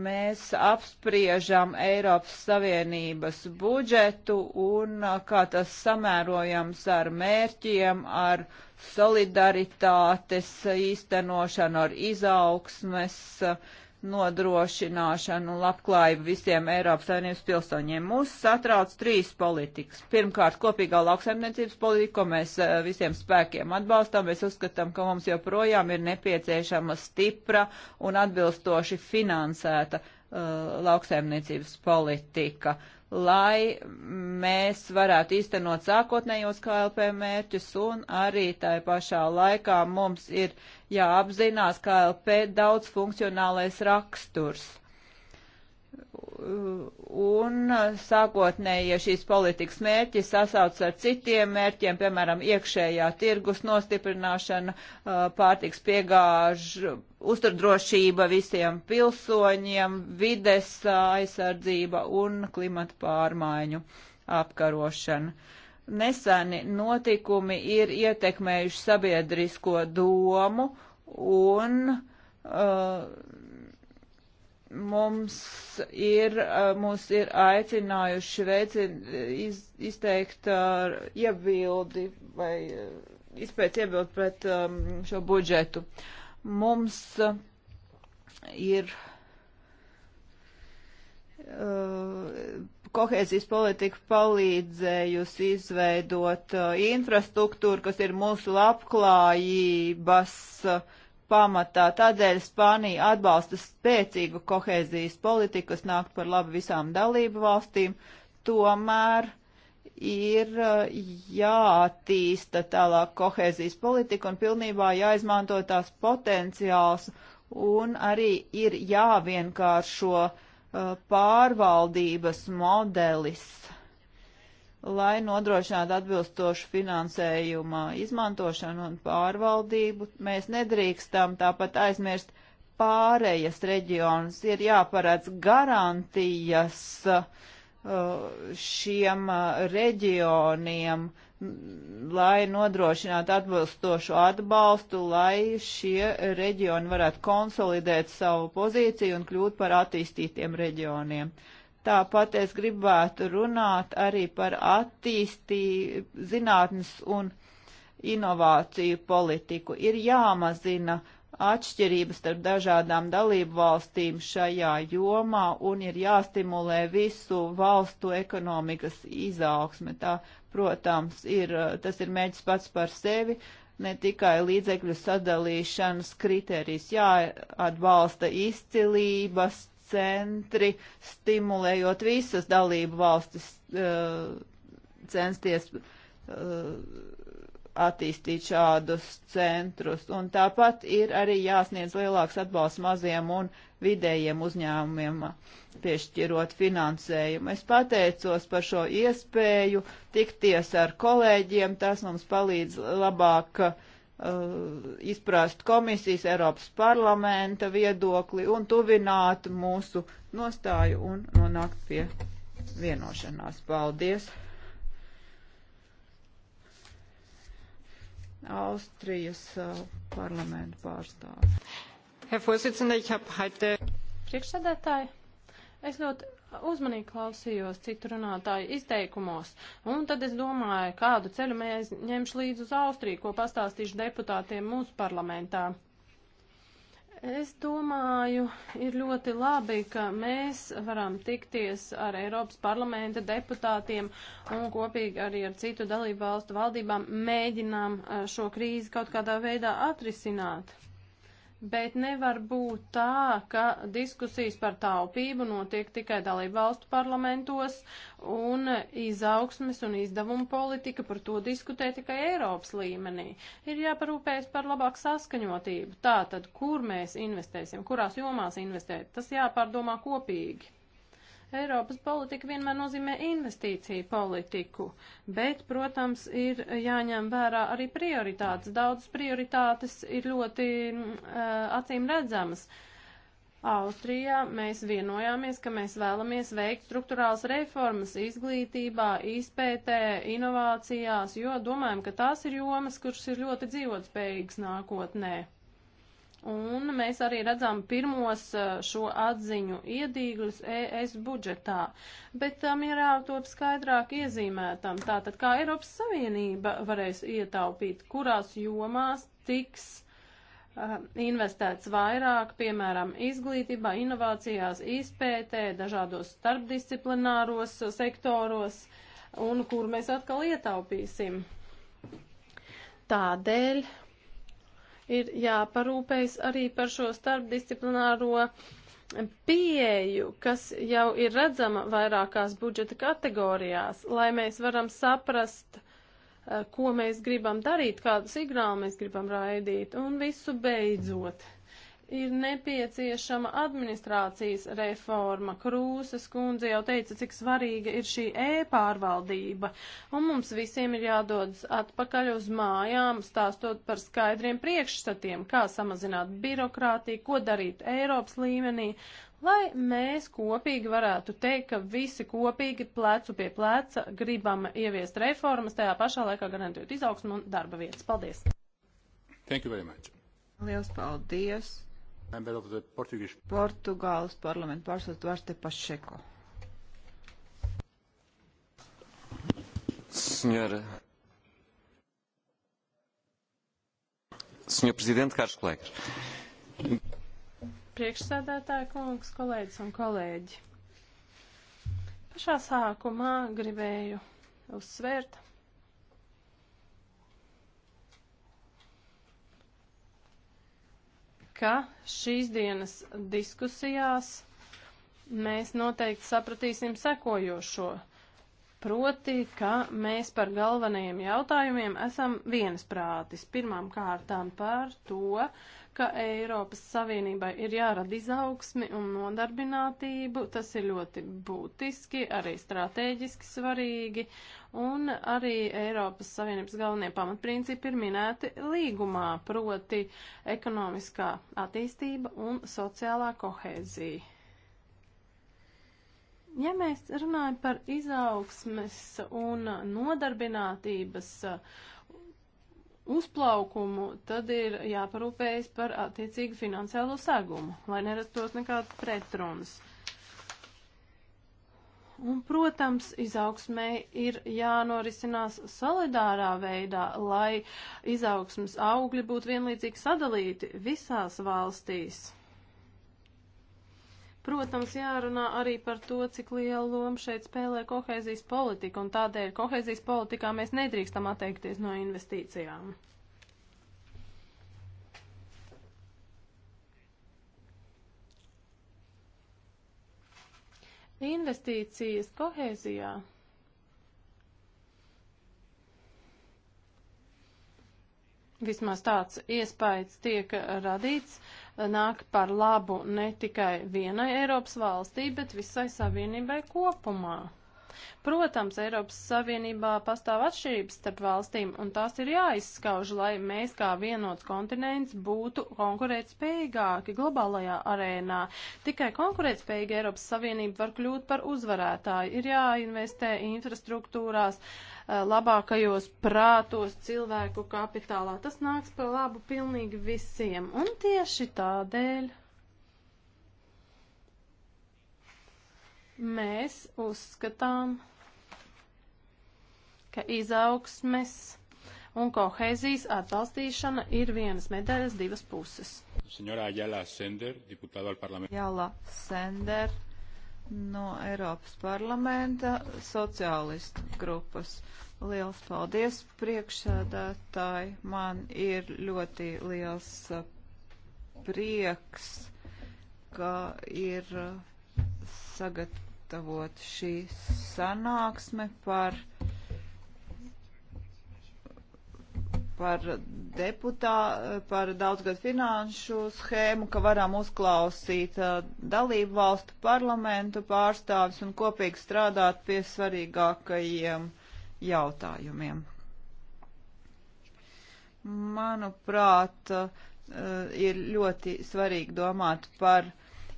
mēs apspriežam Eiropas Savienības budžetu un kā tas samērojams ar mērķiem, ar solidaritātes īstenošanu, ar izaugsmes uh, nodrošināšanu un labklājību visiem Eiropas Savienības pilsoņiem. Mūs satrauc trīs politikas. Pirmkārt, kopīgā lauksaimniecības politika, ko mēs eh, visiem spēkiem atbalstām. Mēs uzskatām, ka mums joprojām ir nepieciešama stipra un atbilstoši finansēta uh, lauksaimniecības politika. Uh, lai mēs varētu īstenot sākotnējos KLP mērķus un arī tai pašā laikā mums ir jāapzinās KLP daudz funkcionālais raksturs. Un sākotnēji ja šīs politikas mērķi sasauc ar citiem mērķiem, piemēram, iekšējā tirgus nostiprināšana, pārtiks piegāžu, uzturdrošība visiem pilsoņiem, vides aizsardzība un klimata pārmaiņu apkarošana. Neseni notikumi ir ietekmējuši sabiedrisko domu un uh, mums ir, mūs ir aicinājuši veicin, iz, izteikt uh, iebildi vai izpēc iebildi pret um, šo budžetu. Mums uh, ir uh, kohēzijas politika palīdzējusi izveidot infrastruktūru, kas ir mūsu labklājības uh, pamatā. Tādēļ Spānija atbalsta spēcīgu kohēzijas politiku, kas nāk par labu visām dalību valstīm. Tomēr ir uh, jātīsta tālāk kohēzijas politika un pilnībā jāizmanto tās potenciāls un arī ir jāvienkāršo uh, pārvaldības modelis lai nodrošinātu atbilstošu finansējuma izmantošanu un pārvaldību. Mēs nedrīkstam tāpat aizmirst pārējas reģionus. Ir jāparedz garantijas uh, šiem uh, reģioniem, lai nodrošinātu atbilstošu atbalstu, lai šie reģioni varētu konsolidēt savu pozīciju un kļūt par attīstītiem reģioniem. Uh, Tāpat es gribētu runāt arī par attīstī, zinātnes un inovāciju politiku. Ir jāmazina atšķirības starp dažādām dalību valstīm šajā jomā un ir jāstimulē visu valstu ekonomikas izaugsme. Tā, protams, ir, tas ir mērķis pats par sevi, ne tikai līdzekļu sadalīšanas kriterijs, jāatbalsta izcilības centri, stimulējot visas dalību valstis uh, censties uh, attīstīt šādus centrus. Un tāpat ir arī jāsniedz lielāks atbalsts maziem un vidējiem uzņēmumiem, piešķirot finansējumu. Es pateicos par šo iespēju tikties ar kolēģiem, tas mums palīdz labāk uh, Uh, izprast komisijas Eiropas parlamenta viedokli un tuvināt mūsu nostāju un nonākt pie vienošanās. Paldies! Austrijas uh, parlamenta pārstāvis. Herr Vorsitzender, ich habe heute. Priekšsēdētāji, es ļoti uzmanīgi klausījos citu runātāju izteikumos, un tad es domāju, kādu ceļu mēs ņemšu līdz uz Austriju, ko pastāstīšu deputātiem mūsu parlamentā. Es domāju, ir ļoti labi, ka mēs varam tikties ar Eiropas parlamenta deputātiem un kopīgi arī ar citu dalību valstu valdībām mēģinām eh, šo krīzi kaut kādā veidā atrisināt bet nevar būt tā, ka diskusijas par taupību notiek tikai dalību valstu parlamentos un izaugsmes un izdevumu politika par to diskutē tikai Eiropas līmenī. Ir jāparūpējas par labāku saskaņotību. Tā tad, kur mēs investēsim, kurās jomās investēt, tas jāpārdomā kopīgi. Eiropas politika vienmēr nozīmē investīciju politiku, bet, protams, ir jāņem vērā arī prioritātes. Daudz prioritātes ir ļoti uh, acīm redzamas. Austrijā mēs vienojāmies, ka mēs vēlamies veikt struktūrāls reformas izglītībā, izpētē, inovācijās, jo domājam, ka tās ir jomas, kuras ir ļoti dzīvotspējīgas nākotnē. Un mēs arī redzam pirmos eh, šo atziņu iedīgļus ES budžetā. Bet tam ir jātop skaidrāk iezīmētam. Tātad, kā Eiropas Savienība varēs ietaupīt, kurās jomās tiks uh, investēts vairāk, piemēram, izglītībā, inovācijās, izpētē, dažādos starpdisciplināros eh, sektoros, un kur mēs atkal ietaupīsim. Tādēļ ir jāparūpējas arī par šo starpdisciplināro pieeju, kas jau ir redzama vairākās budžeta kategorijās, lai mēs varam saprast, eh, ko mēs gribam darīt, kādu signālu mēs gribam raidīt un visu beidzot ir nepieciešama administrācijas reforma. Krūzes kundze jau teica, cik svarīga ir šī e-pārvaldība, un mums visiem ir jādodas atpakaļ uz mājām, stāstot par skaidriem priekšstatiem, kā samazināt birokrātiju, ko darīt Eiropas līmenī, lai mēs kopīgi varētu teikt, ka visi kopīgi plecu pie pleca gribam ieviest reformas, tajā pašā laikā garantējot izaugsmu un darba vietas. Paldies! Thank you very much. Liels paldies! Portugāles parlamentu pārstāvs Dārste Pašeko. Senhora. Senhor Presidente, caros colegas. Priekšsēdētāja kungs, kolēģis un kolēģi. Pašā sākumā gribēju uzsvērt, ka šīs dienas diskusijās mēs noteikti sapratīsim sekojošo. Proti, ka mēs par galvenajiem jautājumiem esam vienasprātis. Pirmām kārtām par to, ka Eiropas Savienībai ir jārada izaugsmi un nodarbinātību. Tas ir ļoti būtiski, arī strateģiski svarīgi. Un arī Eiropas Savienības galvenie pamatprincipi ir minēti līgumā, proti ekonomiskā attīstība un sociālā kohēzija. Ja mēs runājam par izaugsmes un nodarbinātības uh, uzplaukumu, tad ir jāparūpējas par attiecīgu finansiālo segumu, lai nerastos nekādas pretrunas. Un, protams, izaugsmē ir jānorisinās solidārā veidā, lai izaugsmas augļi būtu vienlīdzīgi sadalīti visās valstīs. Protams, jārunā arī par to, cik lielu lomu šeit spēlē kohēzijas politika, un tādēļ kohēzijas politikā mēs nedrīkstam atteikties no investīcijām. Investīcijas kohēzijā vismaz tāds iespējas tiek radīts, uh, nāk par labu ne tikai vienai Eiropas valstī, bet visai savienībai kopumā. Protams, Eiropas Savienībā pastāv atšķirības starp valstīm, un tās ir jāizskauž, lai mēs kā vienots kontinents būtu konkurētspējīgāki globālajā arēnā. Tikai konkurētspējīga Eiropas Savienība var kļūt par uzvarētāju. Ir jāinvestē infrastruktūrās eh, labākajos prātos cilvēku kapitālā. Tas nāks par labu pilnīgi visiem, un tieši tādēļ. Mēs uzskatām, ka izaugsmes un kohēzijas atbalstīšana ir vienas medaļas divas puses. Senora Jala Sender, deputāta al parlamentu. Jala Sender no Eiropas parlamenta sociālistu grupas. Liels paldies priekšsēdētāji. Man ir ļoti liels uh, prieks, ka ir uh, sagatavot sagatavot šī sanāksme par, par deputā, par daudzgad finanšu schēmu, ka varam uzklausīt uh, dalību valstu parlamentu pārstāvis un kopīgi strādāt pie svarīgākajiem jautājumiem. Manuprāt, uh, ir ļoti svarīgi domāt par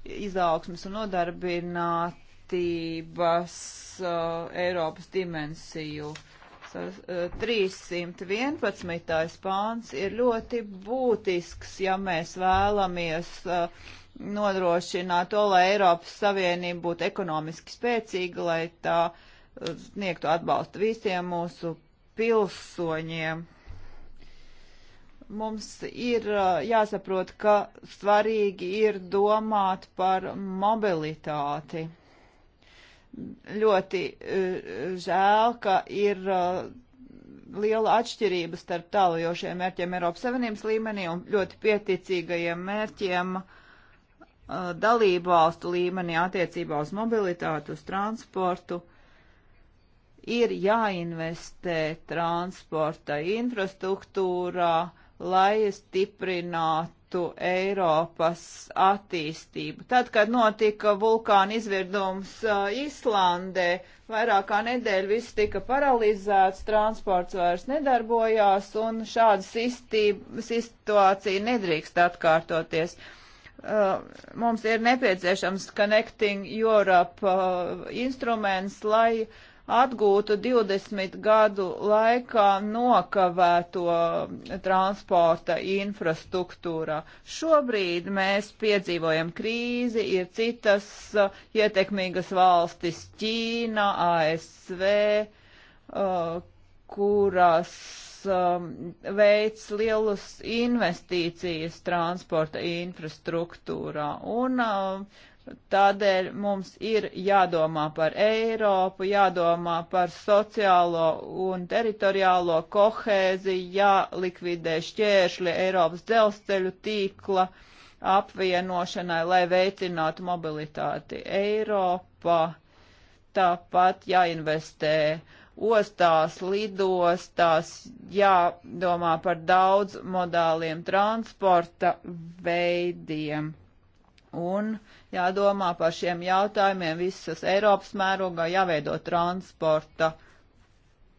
izaugsmas un nodarbināt attīstības uh, Eiropas dimensiju. 311. Uh, pāns ir ļoti būtisks, ja mēs vēlamies uh, nodrošināt to, lai Eiropas Savienība būtu ekonomiski spēcīga, lai tā uh, sniegtu atbalstu visiem mūsu pilsoņiem mums ir uh, jāsaprot, ka svarīgi ir domāt par mobilitāti ļoti eh, žēl, ka ir eh, liela atšķirība starp tālajošiem mērķiem Eiropas Savienības līmenī un ļoti pieticīgajiem mērķiem eh, dalību valstu līmenī attiecībā uz mobilitāti, uz transportu. Ir jāinvestē transporta infrastruktūrā, lai stiprinātu ietekmētu Eiropas attīstību. Tad, kad notika vulkāna izvirdums uh, Islandē, vairāk kā nedēļa viss tika paralizēts, transports vairs nedarbojās un šāda sistība, situācija nedrīkst atkārtoties. Uh, mums ir nepieciešams Connecting Europe uh, instruments, lai uh, atgūtu 20 gadu laikā nokavēto transporta infrastruktūrā. Šobrīd mēs piedzīvojam krīzi, ir citas uh, ietekmīgas valstis - Ķīna, ASV, uh, kuras um, veids lielas investīcijas transporta infrastruktūrā. Un uh, Tādēļ mums ir jādomā par Eiropu, jādomā par sociālo un teritoriālo kohēziju, jālikvidē šķēršļi Eiropas dzelzceļu tīkla apvienošanai, lai veicinātu mobilitāti Eiropā. Tāpat jāinvestē ostās, lidostās, jādomā par daudz modāliem transporta veidiem. Un uh, jādomā par šiem jautājumiem visas Eiropas mērogā, jāveido transporta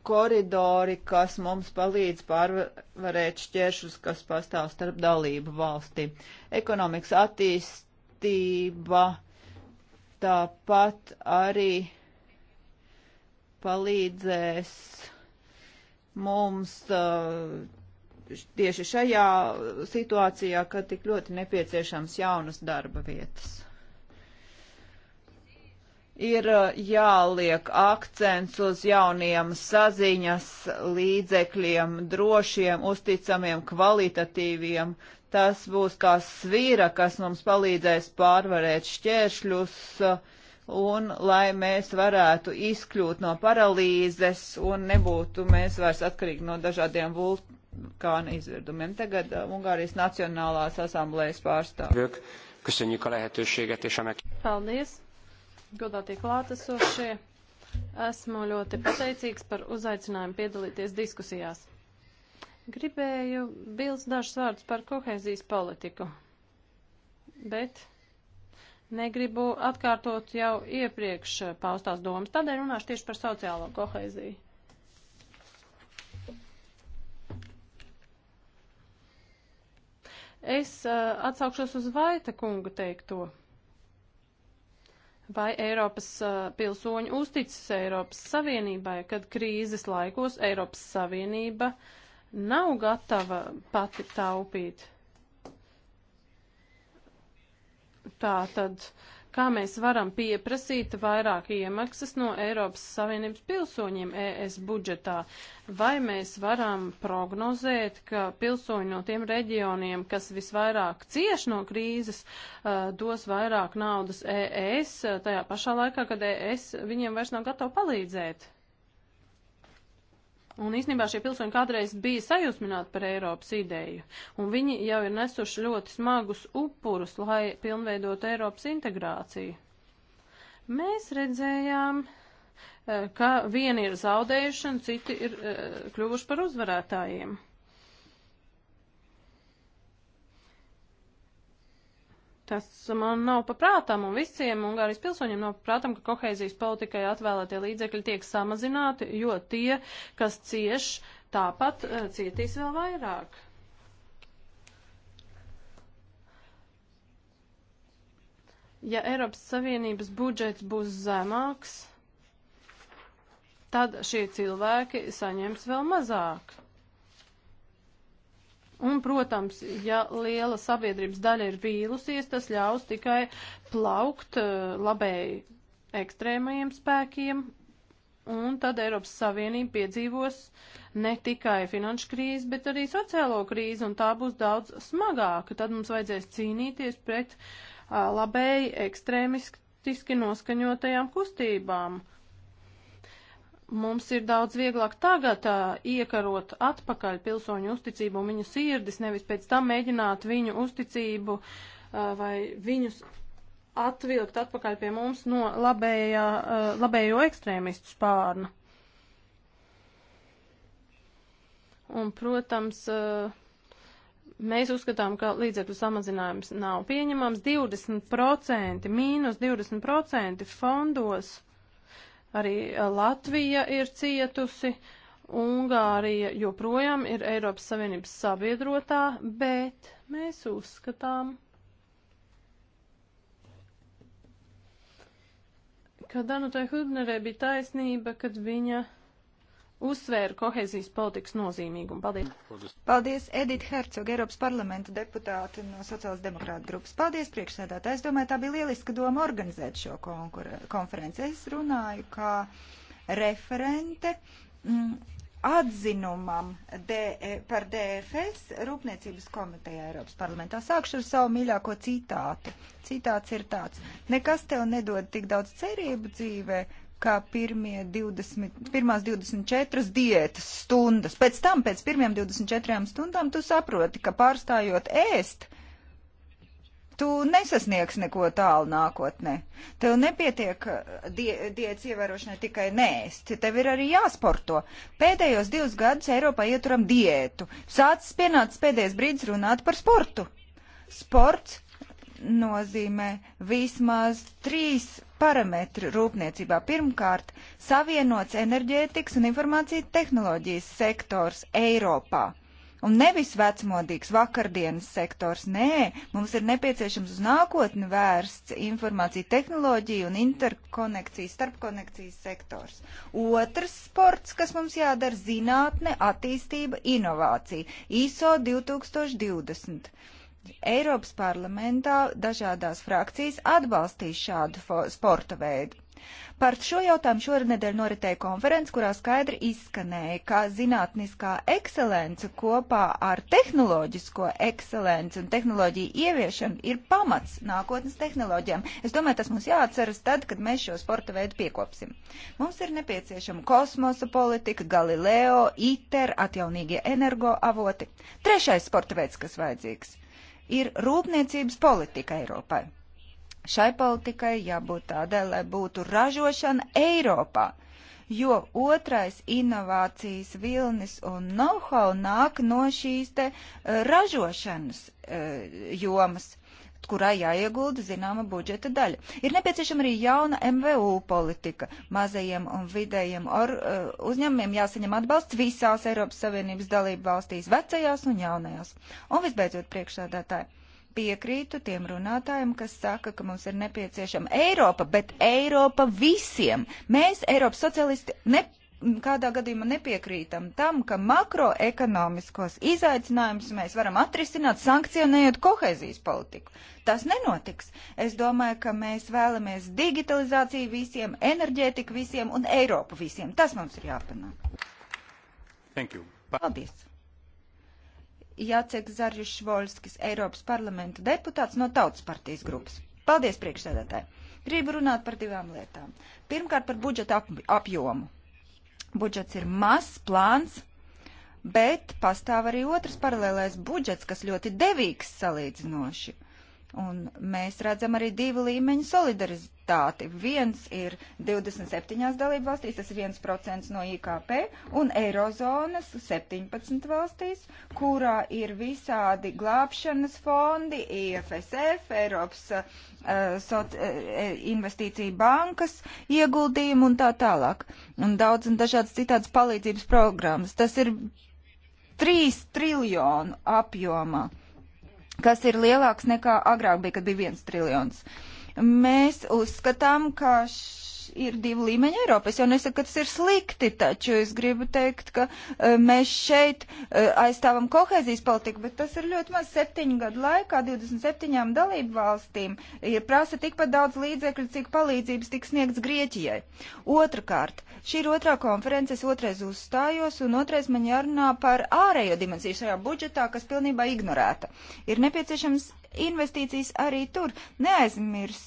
koridori, kas mums palīdz pārvarēt šķēršus, kas pastāv starp dalību valstīm. Ekonomikas attīstība tāpat arī palīdzēs mums uh, tieši šajā situācijā, kad tik ļoti nepieciešams jaunas darba vietas ir uh, jāliek akcents uz jauniem saziņas līdzekļiem, drošiem, uzticamiem, kvalitatīviem. Tas būs kā svīra, kas mums palīdzēs pārvarēt šķēršļus uh, un lai mēs varētu izkļūt no paralīzes un nebūtu mēs vairs atkarīgi no dažādiem vulkāna izvirdumiem. Tagad uh, Ungārijas Nacionālās asamblējas pārstāvja. Köszönjük a lehetőséget és a meg... Paldies! godātie klātesošie. Esmu ļoti pateicīgs par uzaicinājumu piedalīties diskusijās. Gribēju bilst dažus vārdus par kohēzijas politiku, bet negribu atkārtot jau iepriekš paustās domas. Tādēļ runāšu tieši par sociālo kohēziju. Es uh, atsaukšos uz Vaita kunga teikto. Vai Eiropas uh, pilsoņi uzticas Eiropas Savienībai, kad krīzes laikos Eiropas Savienība nav gatava pati taupīt? Tā tad kā mēs varam pieprasīt vairāk iemaksas no Eiropas Savienības pilsoņiem ES budžetā, vai mēs varam prognozēt, ka pilsoņi no tiem reģioniem, kas visvairāk cieš no krīzes, uh, dos vairāk naudas ES, uh, tajā pašā laikā, kad ES viņiem vairs nav gatava palīdzēt. Un īstenībā šie pilsoņi kādreiz bija sajūsmināti par Eiropas ideju, un viņi jau ir nesuši ļoti smagus upurus, lai pilnveidot Eiropas integrāciju. Mēs redzējām, eh, ka vieni ir zaudējuši, un citi ir eh, kļuvuši par uzvarētājiem. Tas man nav paprātām un visiem Ungārijas pilsoņiem nav paprātām, ka kohēzijas politikai atvēlētie līdzekļi tiek samazināti, jo tie, kas cieš, tāpat eh, cietīs vēl vairāk. Ja Eiropas Savienības budžets būs zemāks, tad šie cilvēki saņems vēl mazāk. Un, protams, ja liela sabiedrības daļa ir vīlusies, tas ļaus tikai plaukt eh, labēji ekstrēmajiem spēkiem, un tad Eiropas Savienība piedzīvos ne tikai finanšu krīzi, bet arī sociālo krīzi, un tā būs daudz smagāka. Tad mums vajadzēs cīnīties pret uh, labēji ekstrēmistiski noskaņotajām kustībām. Mums ir daudz vieglāk tagad uh, iekarot atpakaļ pilsoņu uzticību un viņu sirdis, nevis pēc tam mēģināt viņu uzticību uh, vai viņus atvilkt atpakaļ pie mums no labējā, uh, labējo ekstrēmistu spārna. Un, protams, mēs uzskatām, ka līdzekļu samazinājums nav pieņemams. 20% mīnus 20% fondos Arī eh, Latvija ir cietusi. Ungārija joprojām ir Eiropas Savienības sabiedrotā, bet mēs uzskatām, ka Danutai Hudnerē bija taisnība, kad viņa uzsvēra kohēzijas politikas nozīmīgumu. Paldies! Paldies, Edita Hercog, Eiropas parlamenta deputāte no Sociālas demokrāta grupas. Paldies, priekšsēdētāji. Es domāju, tā bija lieliska doma organizēt šo konferenci. Es runāju kā referente. Mm, atzinumam de, par DFS Rūpniecības komitejā Eiropas parlamentā. Sākšu ar savu mīļāko citātu. Citāts ir tāds. Nekas tev nedod tik daudz cerību dzīvē, kā pirmie 20, pirmās 24 diētas stundas. Pēc tam, pēc pirmiem 24 stundām, tu saproti, ka pārstājot ēst, tu nesasniegs neko tālu nākotnē. Tev nepietiek uh, die, diētas ievērošanai tikai nēst, tev ir arī jāsporto. Pēdējos divus gadus Eiropā ieturam diētu. Sācis pienācis pēdējais brīdis runāt par sportu. Sports nozīmē vismaz trīs parametri rūpniecībā. Pirmkārt, savienots enerģētikas un informācijas tehnoloģijas sektors Eiropā. Un nevis vecmodīgs vakardienas sektors, nē, mums ir nepieciešams uz nākotni vērsts informācija tehnoloģija un interkonekcijas, starpkonekcijas sektors. Otrs sports, kas mums jādara, zinātne, attīstība, inovācija. ISO 2020 Eiropas parlamentā dažādās frakcijas atbalstīs šādu sporta veidu. Par šo jautājumu šonadēļ noritēja konference, kurā skaidri izskanēja, ka zinātniskā ekscelence kopā ar tehnoloģisko ekscelenci un tehnoloģiju ieviešanu ir pamats nākotnes tehnoloģijām. Es domāju, tas mums jāatceras tad, kad mēs šo sporta veidu piekopsim. Mums ir nepieciešama kosmosa politika, Galileo, ITER, atjaunīgie energoavoti. Trešais sporta veids, kas vajadzīgs ir rūpniecības politika Eiropai. Šai politikai jābūt tādai, lai būtu ražošana Eiropā, jo otrais inovācijas vilnis un know-how nāk no šīs te eh, ražošanas eh, jomas kurai jāiegulda zināma budžeta daļa. Ir nepieciešama arī jauna MVU politika. Mazajiem un vidējiem or, uh, uzņēmumiem jāsaņem atbalsts visās Eiropas Savienības dalību valstīs, vecajās un jaunajās. Un visbeidzot, priekšsādātāji, piekrītu tiem runātājiem, kas saka, ka mums ir nepieciešama Eiropa, bet Eiropa visiem. Mēs, Eiropas socialisti, ne kādā gadījumā nepiekrītam tam, ka makroekonomiskos izaicinājumus mēs varam atrisināt sankcionējot kohēzijas politiku. Tas nenotiks. Es domāju, ka mēs vēlamies digitalizāciju visiem, enerģētiku visiem un Eiropu visiem. Tas mums ir jāpanāk. Thank you. Paldies. Jācek Zarjušs Volskis, Eiropas parlamenta deputāts no Tautas partijas grupas. Paldies, priekšsēdētāji. Gribu runāt par divām lietām. Pirmkārt, par budžeta ap apjomu budžets ir mazs plāns, bet pastāv arī otrs paralēlais budžets, kas ļoti devīgs salīdzinoši. Un mēs redzam arī divu līmeņu solidaritāti. Viens ir 27 dalību valstīs, tas ir 1% no IKP, un Eirozonas 17 valstīs, kurā ir visādi glābšanas fondi, IFSF, Eiropas uh, soc, uh, investīcija bankas ieguldījumi un tā tālāk. Un daudz un dažādas citādas palīdzības programmas. Tas ir 3 triljonu apjomā. Uh, kas ir lielāks nekā agrāk bija, kad bija viens triljons. Mēs uzskatām, ka š ir divu līmeņu Eiropa. Es jau nesaku, ka tas ir slikti, taču es gribu teikt, ka uh, mēs šeit uh, aizstāvam kohēzijas politiku, bet tas ir ļoti maz. Septiņu gadu laikā 27 dalību valstīm ir prasa tikpat daudz līdzekļu, cik palīdzības tiks sniegts Grieķijai. Otrakārt, šī ir otrā konferences, otrais uzstājos, un otrais man jārunā par ārējo dimensiju šajā budžetā, kas pilnībā ignorēta. Ir nepieciešams investīcijas arī tur. Neaizmirs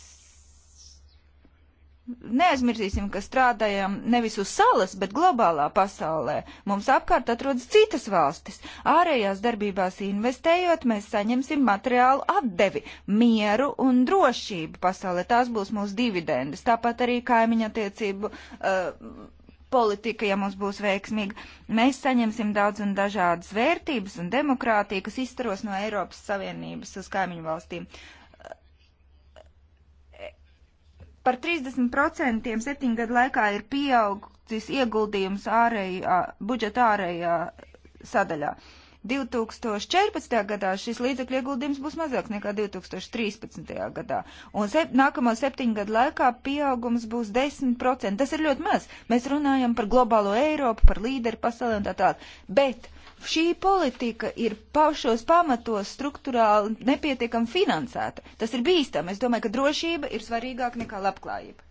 neaizmirsīsim, ka strādājam nevis uz salas, bet globālā pasaulē. Mums apkārt atrodas citas valstis. Ārējās darbībās investējot, mēs saņemsim materiālu atdevi, mieru un drošību pasaulē. Tās būs mūsu dividendes. Tāpat arī kaimiņa attiecību. Uh, Politika, ja mums būs veiksmīga, mēs saņemsim daudz un dažādas vērtības un demokrātiju, kas izturos no Eiropas Savienības uz kaimiņu valstīm. Uh, Par 30% septiņgadu laikā ir pieaudzis ieguldījums ārējā, budžeta ārējā sadaļā. 2014. gadā šis līdzekļu ieguldījums būs mazāks nekā 2013. gadā. Un sep nākamo septiņu gadu laikā pieaugums būs 10%. Tas ir ļoti maz. Mēs runājam par globālo Eiropu, par līderu pasaulē un tā tālāk. Bet Šī politika ir pašos pamatos struktūrāli nepietiekami finansēta. Tas ir bīstami. Es domāju, ka drošība ir svarīgāka nekā labklājība.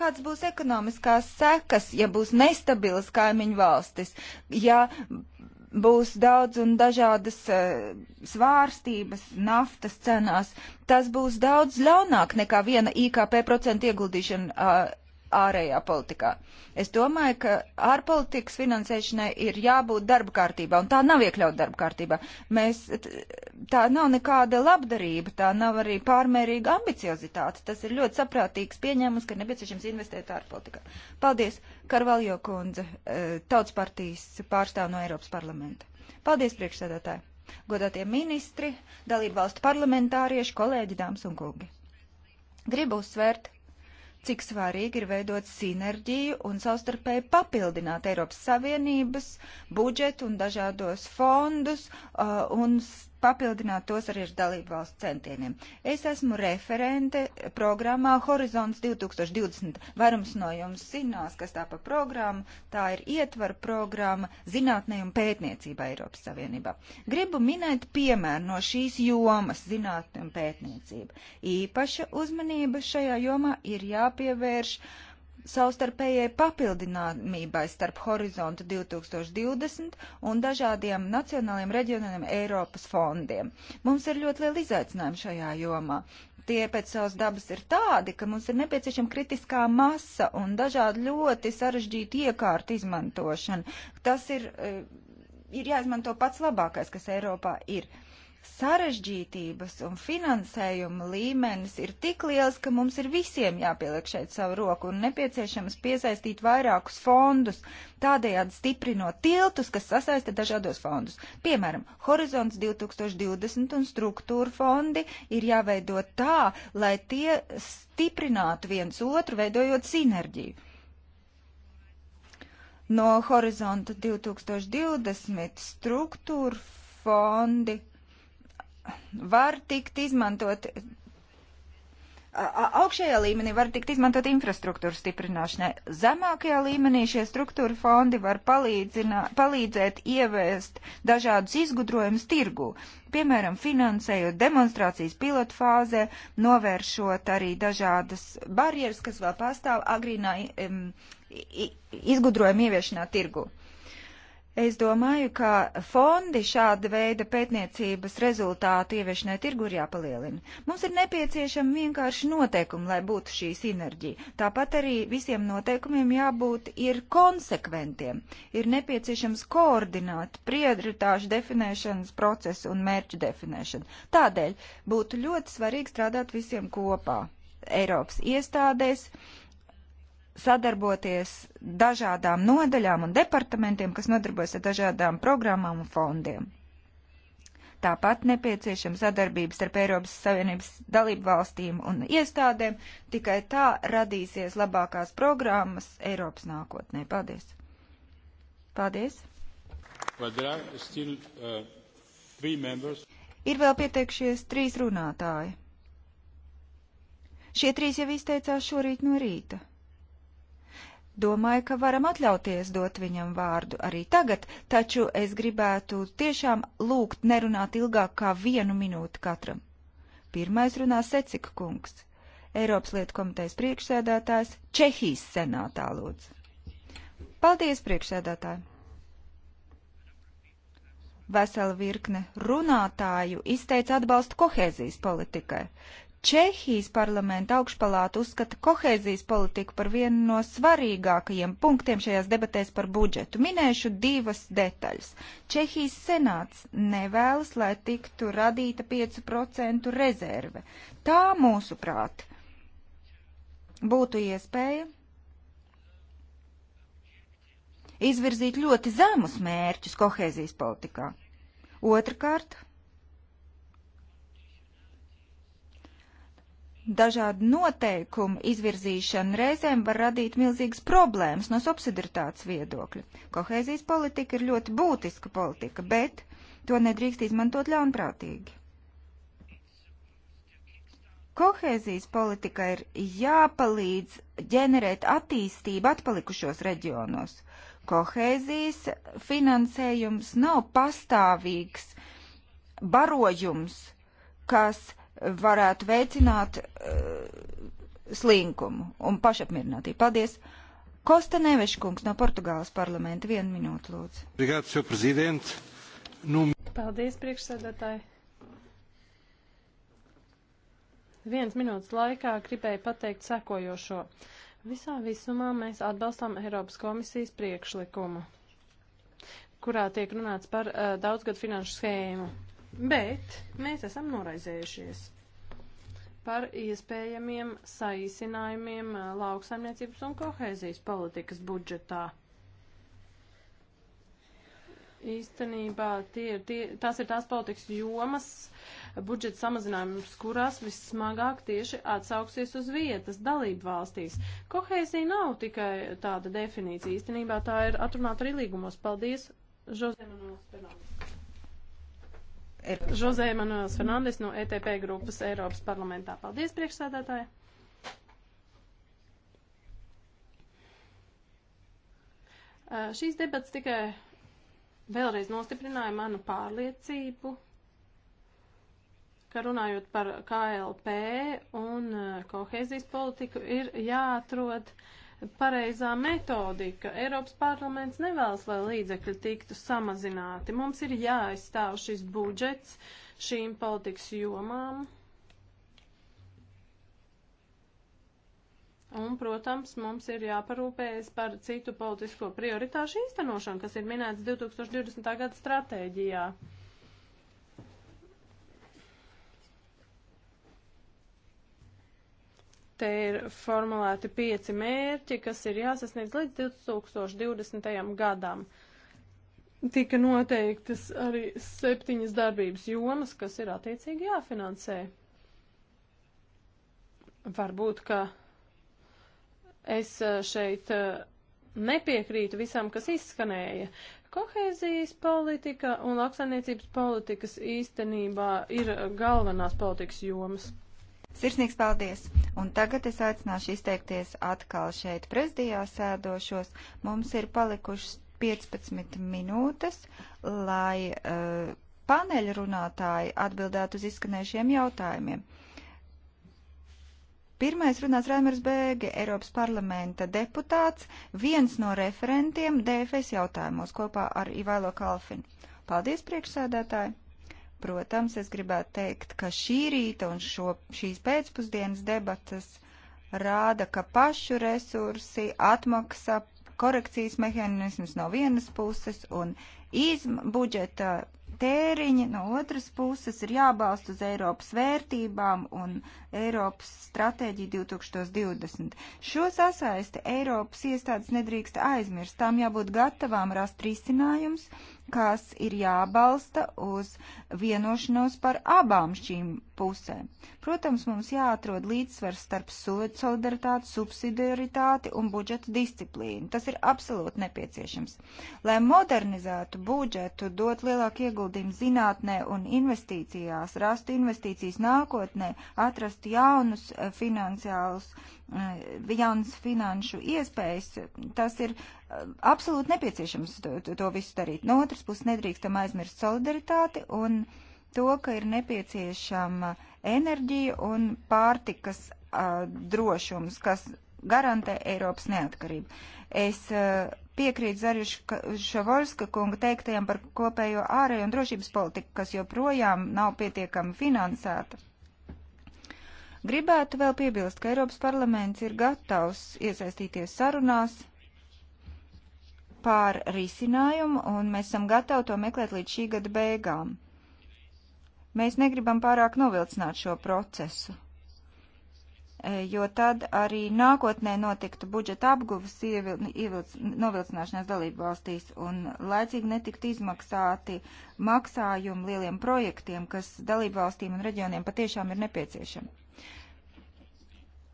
Kāds būs ekonomiskās sekas, ja būs nestabils kaimiņu valstis, ja būs daudz un dažādas uh, svārstības naftas cenās. Tas būs daudz ļaunāk nekā viena IKP procentu ieguldīšana uh, ārējā politikā. Es domāju, ka ārpolitikas finansēšanai ir jābūt darba kārtībā, un tā nav iekļaut darba kārtībā. Mēs, tā nav nekāda labdarība, tā nav arī pārmērīga ambiciozitāte. Tas ir ļoti saprātīgs pieņēmums, ka nepieciešams investēt ārpolitikā. Paldies, Karvaljo kundze, e, Tautas partijas pārstāv no Eiropas parlamenta. Paldies, priekšsēdētāji! godātie ministri, dalību valstu parlamentārieši, kolēģi, dāmas un kungi. Gribu uzsvērt, cik svarīgi ir veidot sinerģiju un savstarpēji papildināt Eiropas Savienības budžetu un dažādos fondus uh, un papildināt tos arī ar dalību valsts centieniem. Es esmu referente programmā Horizons 2020. Varums no jums zinās, kas tā pa programmu, tā ir ietvaru programma zinātnē un pētniecībā Eiropas Savienībā. Gribu minēt piemēru no šīs jomas zinātne un pētniecība. Īpaša uzmanība šajā jomā ir jāpievērš uh, savstarpējai papildinājumībai starp horizontu 2020 un dažādiem nacionāliem reģionāliem Eiropas fondiem. Mums ir ļoti liela izaicinājuma šajā jomā. Tie pēc savas dabas ir tādi, ka mums ir nepieciešama kritiskā masa un dažādi ļoti sarežģīti iekārtu izmantošana. Tas ir, eh, ir jāizmanto pats labākais, kas Eiropā ir. Uh, sarežģītības un finansējuma līmenis ir tik liels, ka mums ir visiem jāpieliek šeit savu roku un nepieciešams piesaistīt vairākus fondus, tādējādi stiprinot tiltus, kas sasaista dažādos fondus. Piemēram, Horizons 2020 un struktūra fondi ir jāveido tā, lai tie stiprinātu viens otru, veidojot sinerģiju. No Horizonta 2020 struktūra fondi var tikt izmantot augšējā līmenī var tikt izmantot infrastruktūru stiprināšanai. Zemākajā līmenī šie struktūra fondi var palīdzēt ieviest dažādus izgudrojumus tirgū, piemēram, finansējot demonstrācijas pilotu fāzē, novēršot arī dažādas barjeras, kas vēl pastāv agrīnā um, izgudrojuma ieviešanā tirgū. Es domāju, ka fondi šāda veida pētniecības rezultātu ieviešanai tirgu ir jāpalielina. Mums ir nepieciešama vienkārši noteikumi, lai būtu šī sinerģija. Tāpat arī visiem noteikumiem jābūt ir konsekventiem. Ir nepieciešams koordināt prioritāšu definēšanas procesu un mērķu definēšanu. Tādēļ būtu ļoti svarīgi strādāt visiem kopā. Eiropas iestādēs, uh, sadarboties dažādām nodaļām un departamentiem, kas nodarbojas ar dažādām programmām un fondiem. Tāpat nepieciešama sadarbības starp Eiropas Savienības dalību valstīm un iestādēm, tikai tā radīsies labākās programmas Eiropas nākotnē. Paldies! Paldies! Still, uh, Ir vēl pieteikšies trīs runātāji. Šie trīs jau izteicās šorīt no rīta. Domāju, ka varam atļauties dot viņam vārdu arī tagad, taču es gribētu tiešām lūgt nerunāt ilgāk kā vienu minūti katram. Pirmais runā Secika kungs, Eiropas lietu komitejas priekšsēdētājs, Čehijas senātā lūdzu. Paldies, priekšsēdētāji! Vesela virkne runātāju izteica atbalstu kohēzijas politikai. Čehijas parlamenta augšpalāta uzskata kohēzijas politiku par vienu no svarīgākajiem punktiem šajās debatēs par budžetu. Minēšu divas detaļas. Čehijas senāts nevēlas, lai tiktu radīta 5% rezerve. Tā mūsuprāt būtu iespēja izvirzīt ļoti zemus mērķus kohēzijas politikā. Otrakārt, dažādu noteikumu izvirzīšana reizēm var radīt milzīgas problēmas no subsidiritātes viedokļa. Kohēzijas politika ir ļoti būtiska politika, bet to nedrīkst izmantot ļaunprātīgi. Kohēzijas politika ir jāpalīdz ģenerēt attīstību atpalikušos reģionos. Kohēzijas finansējums nav pastāvīgs barojums, kas varētu veicināt uh, slinkumu un pašapmierinātību. Paldies! Kosta Neveša kungs no Portugāles parlamenta. Vienu minūtu, lūdzu. Brigāts, nu... Paldies, priekšsēdētāji. Viens minūtes laikā gribēju pateikt sekojošo. Visā visumā mēs atbalstām Eiropas komisijas priekšlikumu, kurā tiek runāts par uh, daudzgad finanšu schēmu. Bet mēs esam noraizējušies par iespējamiem saīsinājumiem eh, lauksaimniecības un kohēzijas politikas budžetā. Īstenībā tie ir, tie, tās ir tās politikas jomas, budžeta samazinājums, kurās vissmagāk tieši atsauksies uz vietas dalību valstīs. Kohēzija nav tikai tāda definīcija, īstenībā tā ir atrunāta arī līgumos. Paldies, Žozemanos Fernandes. Žozē Manuels Fernandes no ETP grupas Eiropas parlamentā. Paldies, priekšsēdētāji! Šīs debats tikai vēlreiz nostiprināja manu pārliecību, ka runājot par KLP un kohēzijas politiku ir jāatrod uh, pareizā metodika. Eiropas parlaments nevēlas, lai līdzekļi tiktu samazināti. Mums ir jāaizstāv šis budžets šīm politikas jomām. Un, protams, mums ir jāparūpējas par citu politisko prioritāšu īstenošanu, kas ir minēts 2020. gada stratēģijā. Te ir formulēti pieci mērķi, kas ir jāsasniedz līdz 2020. gadam. Tika noteiktas arī septiņas darbības jomas, kas ir attiecīgi jāfinansē. Varbūt, ka es eh, šeit eh, nepiekrītu visam, kas izskanēja. Kohēzijas politika un lauksainiecības politikas īstenībā ir galvenās politikas jomas. Sirsnīgs paldies! Un tagad es aicināšu izteikties atkal šeit prezidijā sēdošos. Mums ir palikušas 15 minūtes, lai uh, eh, paneļrunātāji atbildētu uz izskanējušiem jautājumiem. Pirmais runās Rēmers Bēge, Eiropas parlamenta deputāts, viens no referentiem DFS jautājumos kopā ar Ivailo Kalfinu. Paldies, priekšsēdētāji! Protams, es gribētu teikt, ka šī rīta un šo, šīs pēcpusdienas debatas rāda, ka pašu resursi, atmaksa, korekcijas mehānisms no vienas puses un izm budžeta tēriņi no otras puses ir jābalst uz Eiropas vērtībām un Eiropas stratēģiju 2020. Šo sasaisti Eiropas iestādes nedrīkst aizmirst, tām jābūt gatavām rast risinājums, kas ir jābalsta uz vienošanos par abām šīm pusēm. Protams, mums jāatrod līdzsvars starp solidaritāti, subsidiaritāti un budžeta disciplīnu. Tas ir absolūti nepieciešams. Lai modernizētu budžetu, dot lielāku ieguldījumu zinātnē un investīcijās, rastu investīcijas nākotnē, atrast jaunus eh, finansiālus, eh, jaunas finanšu iespējas, tas ir absolūti nepieciešams to, to, to visu darīt. No otras puses nedrīkstam aizmirst solidaritāti un to, ka ir nepieciešama enerģija un pārtikas uh, drošums, kas garantē Eiropas neatkarību. Es uh, piekrītu Zarjuša Šavorska kunga teiktajam par kopējo ārēju un drošības politiku, kas joprojām nav pietiekami finansēta. Gribētu vēl piebilst, ka Eiropas parlaments ir gatavs iesaistīties sarunās par risinājumu, un mēs esam gatavi to meklēt līdz šī gada beigām. Mēs negribam pārāk novilcināt šo procesu, e, jo tad arī nākotnē notiktu budžeta apguvas novilcināšanās dalību valstīs, un laicīgi netiktu izmaksāti maksājumi lieliem projektiem, kas dalību valstīm un reģioniem patiešām ir nepieciešami.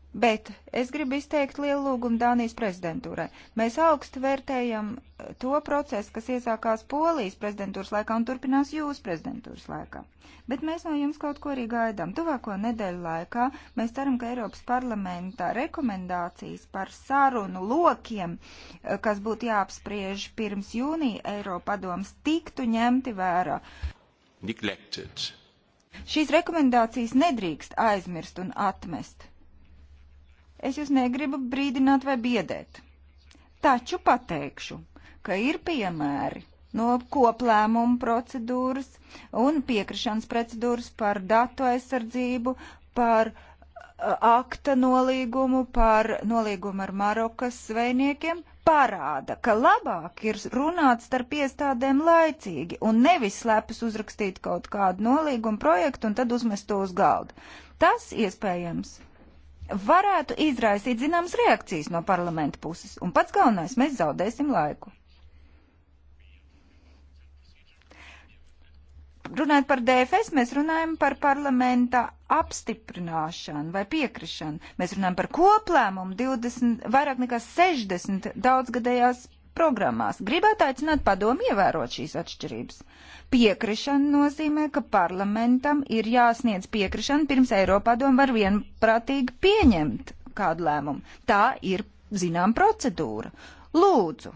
Bet es gribu izteikt lielu lūgumu Dānijas prezidentūrai. Mēs augstu vērtējam eh, to procesu, kas iesākās Polijas prezidentūras laikā un turpinās jūsu prezidentūras laikā. Bet mēs no jums kaut ko arī gaidām. Tuvāko nedēļu laikā mēs ceram, ka Eiropas parlamentā rekomendācijas par sarunu lokiem, eh, kas būtu jāapspriež pirms jūnija Eiropadoms, tiktu ņemti vērā. Neglected. Šīs rekomendācijas nedrīkst aizmirst un atmest Es jūs negribu brīdināt vai biedēt. Taču pateikšu, ka ir piemēri no koplēmuma procedūras un piekrišanas procedūras par datu aizsardzību, par akta nolīgumu, par nolīgumu ar Marokas sveiniekiem, parāda, ka labāk ir runāt starp iestādēm laicīgi un nevis slēpjas uzrakstīt kaut kādu nolīgumu projektu un tad uzmest to uz galda. Tas iespējams varētu izraisīt zināmas reakcijas no parlamenta puses. Un pats galvenais, mēs zaudēsim laiku. Runājot par DFS, mēs runājam par parlamenta apstiprināšanu vai piekrišanu. Mēs runājam par koplēmumu 20, vairāk nekā 60 daudzgadējās programmās. Gribētu aicināt padomu ievērot šīs atšķirības. Piekrišana nozīmē, ka parlamentam ir jāsniedz piekrišana pirms Eiropadoma var vienprātīgi pieņemt kādu lēmumu. Tā ir, zinām, procedūra. Lūdzu!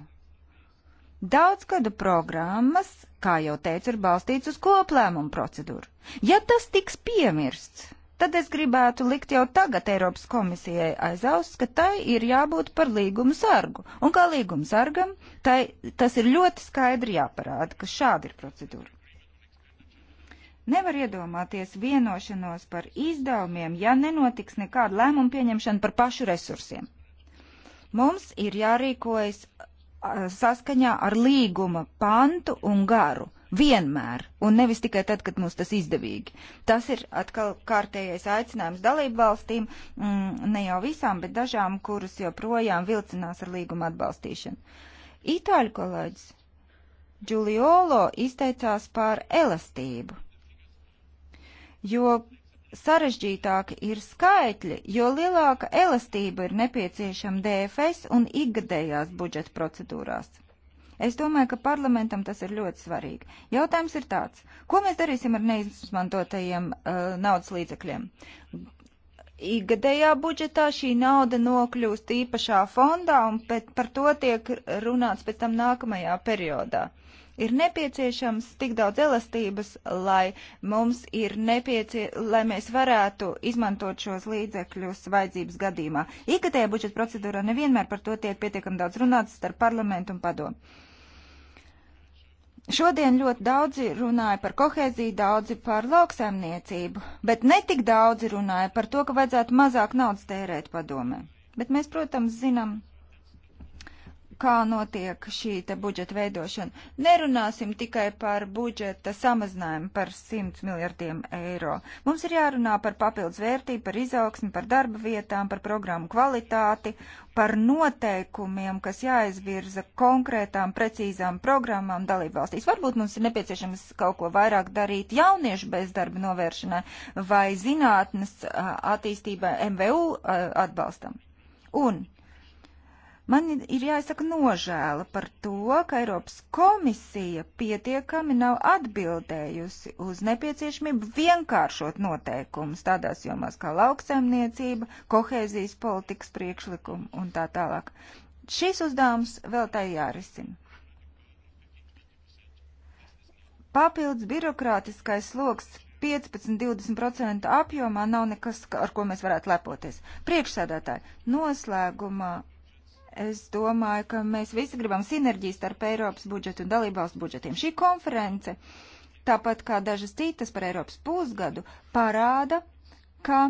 Daudzgadu programmas, kā jau teicu, ir balstīts uz koplēmumu procedūru. Ja tas tiks piemirsts, tad es gribētu likt jau tagad Eiropas komisijai aiz auss, ka tai ir jābūt par līgumu sargu. Un kā līgumu sargam, tai, tas ir ļoti skaidri jāparāda, ka šāda ir procedūra. Nevar iedomāties vienošanos par izdevumiem, ja nenotiks nekāda lēmuma pieņemšana par pašu resursiem. Mums ir jārīkojas saskaņā ar līguma pantu un garu vienmēr, un nevis tikai tad, kad mums tas izdevīgi. Tas ir atkal kārtējais aicinājums dalību valstīm, mm, ne jau visām, bet dažām, kuras joprojām vilcinās ar līguma atbalstīšanu. Itāļu kolēģis Giuliolo izteicās par elastību, jo sarežģītāki ir skaitļi, jo lielāka elastība ir nepieciešama DFS un ikgadējās budžeta procedūrās. Es domāju, ka parlamentam tas ir ļoti svarīgi. Jautājums ir tāds, ko mēs darīsim ar neizmantotajiem uh, naudas līdzekļiem? Ikgadējā budžetā šī nauda nokļūst īpašā fondā un pēc, par to tiek runāts pēc tam nākamajā periodā. Uh, ir nepieciešams tik daudz elastības, lai mums ir nepiecie, lai mēs varētu izmantot šos līdzekļus vajadzības gadījumā. IKT budžeta procedūrā nevienmēr par to tiek pietiekam daudz runāts starp parlamentu un padomu. Šodien ļoti daudzi runāja par kohēziju, daudzi par lauksaimniecību, bet netik daudzi runāja par to, ka vajadzētu mazāk naudas tērēt padomē. Bet mēs, protams, zinām, kā notiek šī te budžeta veidošana. Nerunāsim tikai par budžeta samazinājumu par 100 miljardiem eiro. Mums ir jārunā par papildus vērtību, par izaugsmi, par darba vietām, par programmu kvalitāti, par noteikumiem, kas jāizvirza konkrētām, precīzām programmām dalībvalstīs. Varbūt mums ir nepieciešams kaut ko vairāk darīt jauniešu bezdarba novēršanai vai zinātnes attīstībai MVU atbalstam. Un Man ir jāizsaka nožēla par to, ka Eiropas komisija pietiekami nav atbildējusi uz nepieciešamību vienkāršot noteikumus tādās jomās kā lauksaimniecība, kohēzijas politikas priekšlikumu un tā tālāk. Šis uzdevums vēl tai jārisina. Papildus birokrātiskais sloks 15-20% apjomā nav nekas, ar ko mēs varētu lepoties. Priekšsēdētāji, noslēgumā Es domāju, ka mēs visi gribam sinerģijas starp Eiropas budžetu un dalībvalstu budžetiem. Šī konference, tāpat kā dažas citas par Eiropas pusgadu, parāda, ka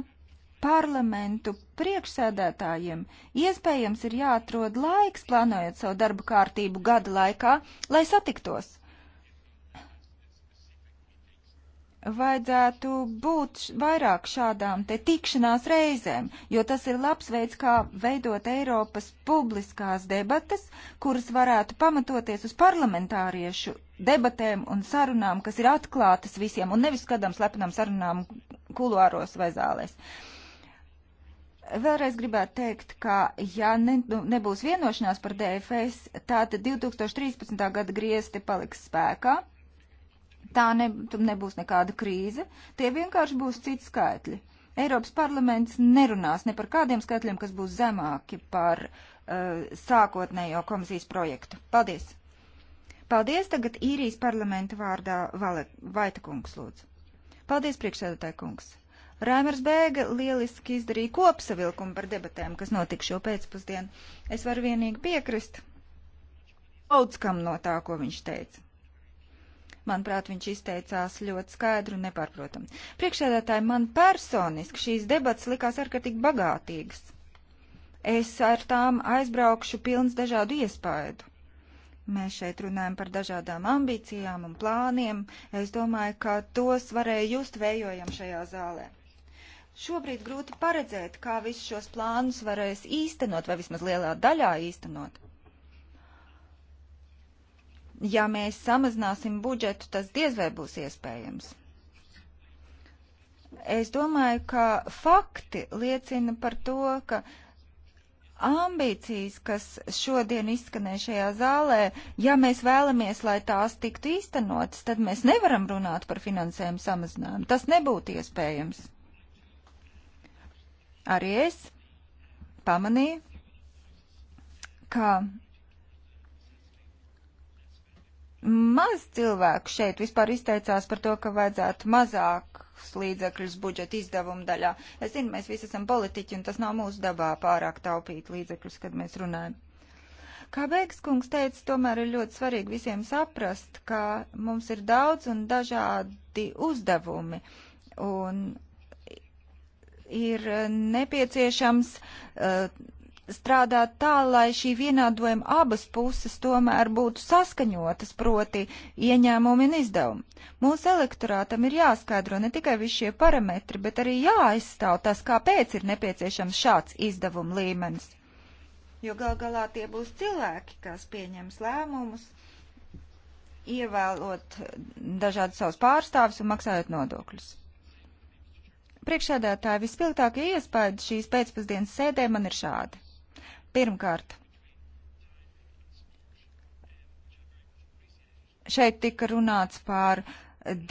parlamentu priekšsēdētājiem iespējams ir jāatrod laiks, plānojot savu darbu kārtību gada laikā, lai satiktos. vajadzētu būt vairāk šādām te tikšanās reizēm, jo tas ir labs veids, kā veidot Eiropas publiskās debatas, kuras varētu pamatoties uz parlamentāriešu debatēm un sarunām, kas ir atklātas visiem un nevis kādām slepenām sarunām kuluāros vai zālēs. Vēlreiz gribētu teikt, ka ja ne, nu, nebūs vienošanās par DFS, tātad 2013. gada griezti paliks spēkā Tā ne, nebūs nekāda krīze, tie vienkārši būs citi skaitļi. Eiropas parlaments nerunās ne par kādiem skaitļiem, kas būs zemāki par uh, sākotnējo komisijas projektu. Paldies! Paldies tagad īrijas parlamenta vārdā Vale, Vaita kungs lūdzu. Paldies priekšsēdētāji kungs. Rēmers Bēga lieliski izdarīja kopsavilkumu par debatēm, kas notika šo pēcpusdienu. Es varu vienīgi piekrist daudz kam no tā, ko viņš teica. Manuprāt, viņš izteicās ļoti skaidru un nepārprotam. Priekšsēdētāji, man personiski šīs debats likās ārkārtīgi bagātīgas. Es ar tām aizbraukšu pilns dažādu iespaidu. Mēs šeit runājam par dažādām ambīcijām un plāniem. Es domāju, ka tos varēja just vējojam šajā zālē. Šobrīd grūti paredzēt, kā visus šos plānus varēs īstenot, vai vismaz lielā daļā īstenot ja mēs samazināsim budžetu, tas diez vai būs iespējams. Es domāju, ka fakti liecina par to, ka ambīcijas, kas šodien izskanē šajā zālē, ja mēs vēlamies, lai tās tiktu īstenotas, tad mēs nevaram runāt par finansējumu samazinājumu. Tas nebūtu iespējams. Arī es pamanīju, ka Maz cilvēku šeit vispār izteicās par to, ka vajadzētu mazākus līdzekļus budžeta izdevumu daļā. Es zinu, mēs visi esam politiķi, un tas nav mūsu dabā pārāk taupīt līdzekļus, kad mēs runājam. Kā Bēgskungs teica, tomēr ir ļoti svarīgi visiem saprast, ka mums ir daudz un dažādi uzdevumi. Un ir nepieciešams uh, strādāt tā, lai šī vienādojuma abas puses tomēr būtu saskaņotas, proti ieņēmumi un izdevumi. Mūsu elektorātam ir jāskaidro ne tikai visi šie parametri, bet arī jāaizstāv tas, kāpēc ir nepieciešams šāds izdevuma līmenis. Jo gal galā tie būs cilvēki, kas pieņems lēmumus, ievēlot dažādus savus pārstāvus un maksājot nodokļus. Priekšsēdētāji vispilgtākie iespējas šīs pēcpusdienas sēdē man ir šādi. Pirmkārt, šeit tika runāts par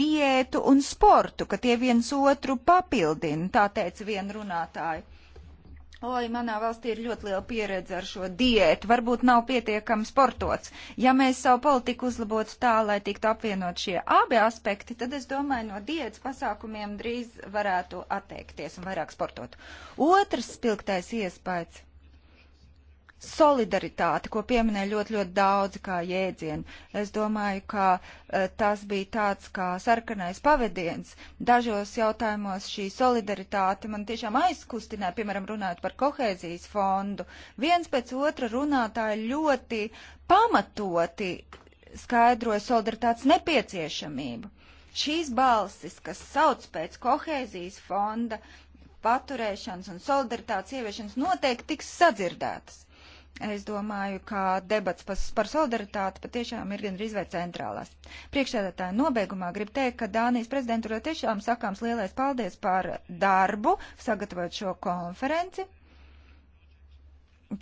diētu un sportu, ka tie viens otru papildina, tā teica viena runātāja. Oi, manā valstī ir ļoti liela pieredze ar šo diētu, varbūt nav pietiekami sportots. Ja mēs savu politiku uzlabotu tā, lai tiktu apvienot šie abi aspekti, tad es domāju, no diētas pasākumiem drīz varētu atteikties un vairāk sportot. Otrs spilgtais iespējas solidaritāti, ko pieminēja ļoti, ļoti daudz kā jēdzienu. Es domāju, ka uh, tas bija tāds kā sarkanais pavadiens. Dažos jautājumos šī solidaritāte man tiešām aizkustināja, piemēram, runājot par kohēzijas fondu. Viens pēc otra runātāji ļoti pamatoti skaidroja solidaritātes nepieciešamību. Šīs balsis, kas sauc pēc kohēzijas fonda paturēšanas un solidaritātes ieviešanas, noteikti tiks sadzirdētas Es domāju, ka debats par solidaritāti patiešām ir gandrīz vai centrālās. Priekšsēdētāji nobeigumā grib teikt, ka Dānijas prezidentūra tiešām sakāms lielais paldies par darbu, sagatavot šo konferenci.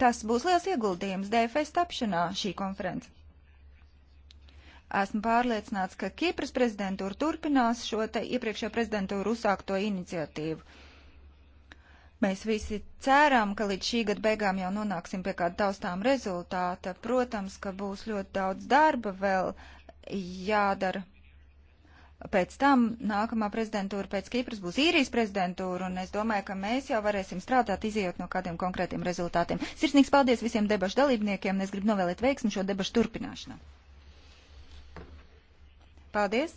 Tas būs liels ieguldījums DFS tapšanā šī konference. Esmu pārliecināts, ka Kipras prezidentūra turpinās šo te iepriekšējo prezidentūru uzsākto iniciatīvu Mēs visi ceram, ka līdz šī gada beigām jau nonāksim pie kāda taustām rezultāta. Protams, ka būs ļoti daudz darba vēl jādara. Pēc tam nākamā prezidentūra pēc Kipras būs īrijas prezidentūra, un es domāju, ka mēs jau varēsim strādāt, izējot no kādiem konkrētiem rezultātiem. Sirsnīgs paldies visiem debašu dalībniekiem, un es gribu novēlēt veiksmi šo debašu turpināšanā. Paldies!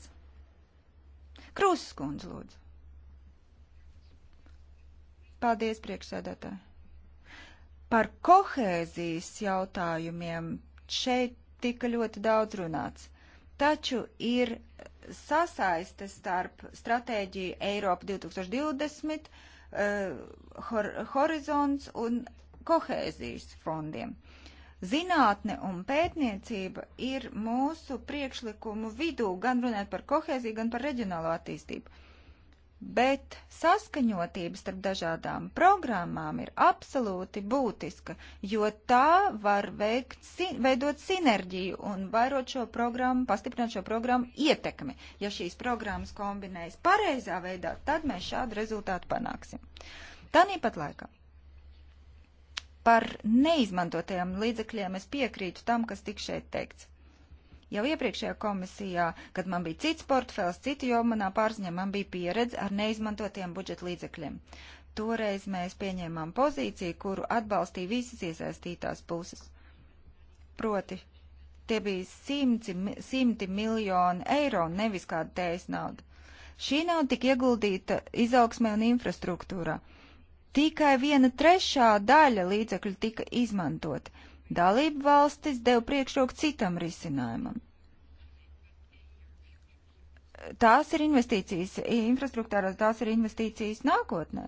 Krūzes kundze, lūdzu. Paldies, priekšsēdētāji. Par kohēzijas jautājumiem šeit tika ļoti daudz runāts. Taču ir sasaiste starp stratēģiju Eiropa 2020, eh, hor horizons un kohēzijas fondiem. Zinātne un pētniecība ir mūsu priekšlikumu vidū, gan runājot par kohēziju, gan par reģionālo attīstību bet saskaņotības starp dažādām programmām ir absolūti būtiska, jo tā var veikt, veidot sinerģiju un vairot šo programmu, pastiprināt šo programmu ietekmi. Ja šīs programmas kombinējas pareizā veidā, tad mēs šādu rezultātu panāksim. Tāpat laikā. Par neizmantotajiem līdzekļiem es piekrītu tam, kas tik šeit teikts. Jau iepriekšējā komisijā, kad man bija cits portfels, cita joma manā pārziņā, man bija pieredze ar neizmantotiem budžeta līdzekļiem. Toreiz mēs pieņēmām pozīciju, kuru atbalstīja visas iesaistītās puses. Proti, tie bija simti, simti miljoni eiro, nevis kāda tējas nauda. Šī nauda tika ieguldīta izaugsmē un infrastruktūrā. Tikai viena trešā daļa līdzekļu tika izmantota. Dalību valstis deva priekšroku citam risinājumam. Tās ir investīcijas infrastruktūrās, tās ir investīcijas nākotnē.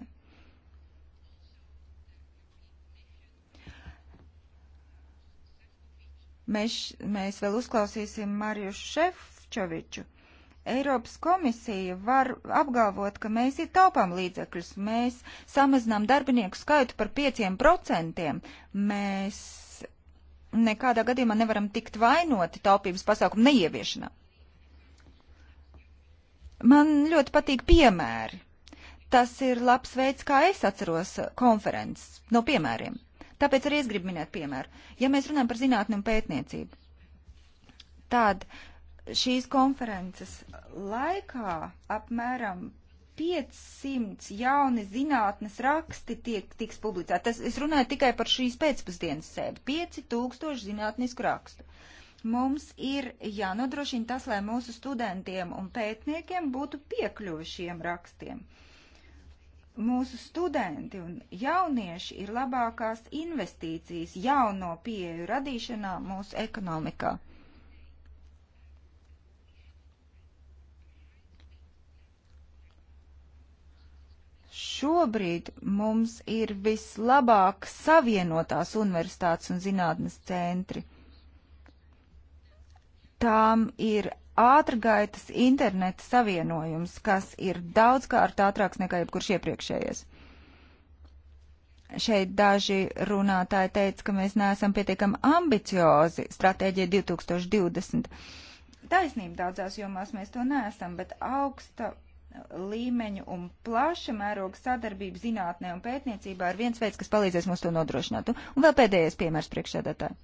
Mēs, mēs vēl uzklausīsim Mariju Šefčoviču. Eiropas komisija var apgalvot, ka mēs ir taupām līdzekļus, mēs samazinām darbinieku skaitu par 5%, mēs nekādā gadījumā nevaram tikt vainoti taupības pasākumu neieviešanā. Man ļoti patīk piemēri. Tas ir labs veids, kā es atceros uh, konferences no piemēriem. Tāpēc arī es gribu minēt piemēru. Ja mēs runājam par zinātni un pētniecību, tad šīs konferences laikā apmēram 500 jauni zinātnes raksti tiek, tiks publicēti. Tas, es runāju tikai par šīs pēcpusdienas sēdi. 5000 zinātnisku rakstu. Mums ir jānodrošina tas, lai mūsu studentiem un pētniekiem būtu piekļuvi šiem rakstiem. Mūsu studenti un jaunieši ir labākās investīcijas jauno pieeju radīšanā mūsu ekonomikā. Šobrīd mums ir vislabāk savienotās universitātes un zinātnes centri. Tām ir ātrgaitas interneta savienojums, kas ir daudzkārt ātrāks nekā jebkurš iepriekšējais. Šeit daži runātāji teica, ka mēs neesam pietiekami ambiciozi stratēģija 2020. Taisnība daudzās jomās mēs to neesam, bet augsta līmeņu un plaša mēroga sadarbība zinātnē un pētniecībā ir viens veids, kas palīdzēs mums to nodrošināt. Un vēl pēdējais piemērs priekšsēdētāji.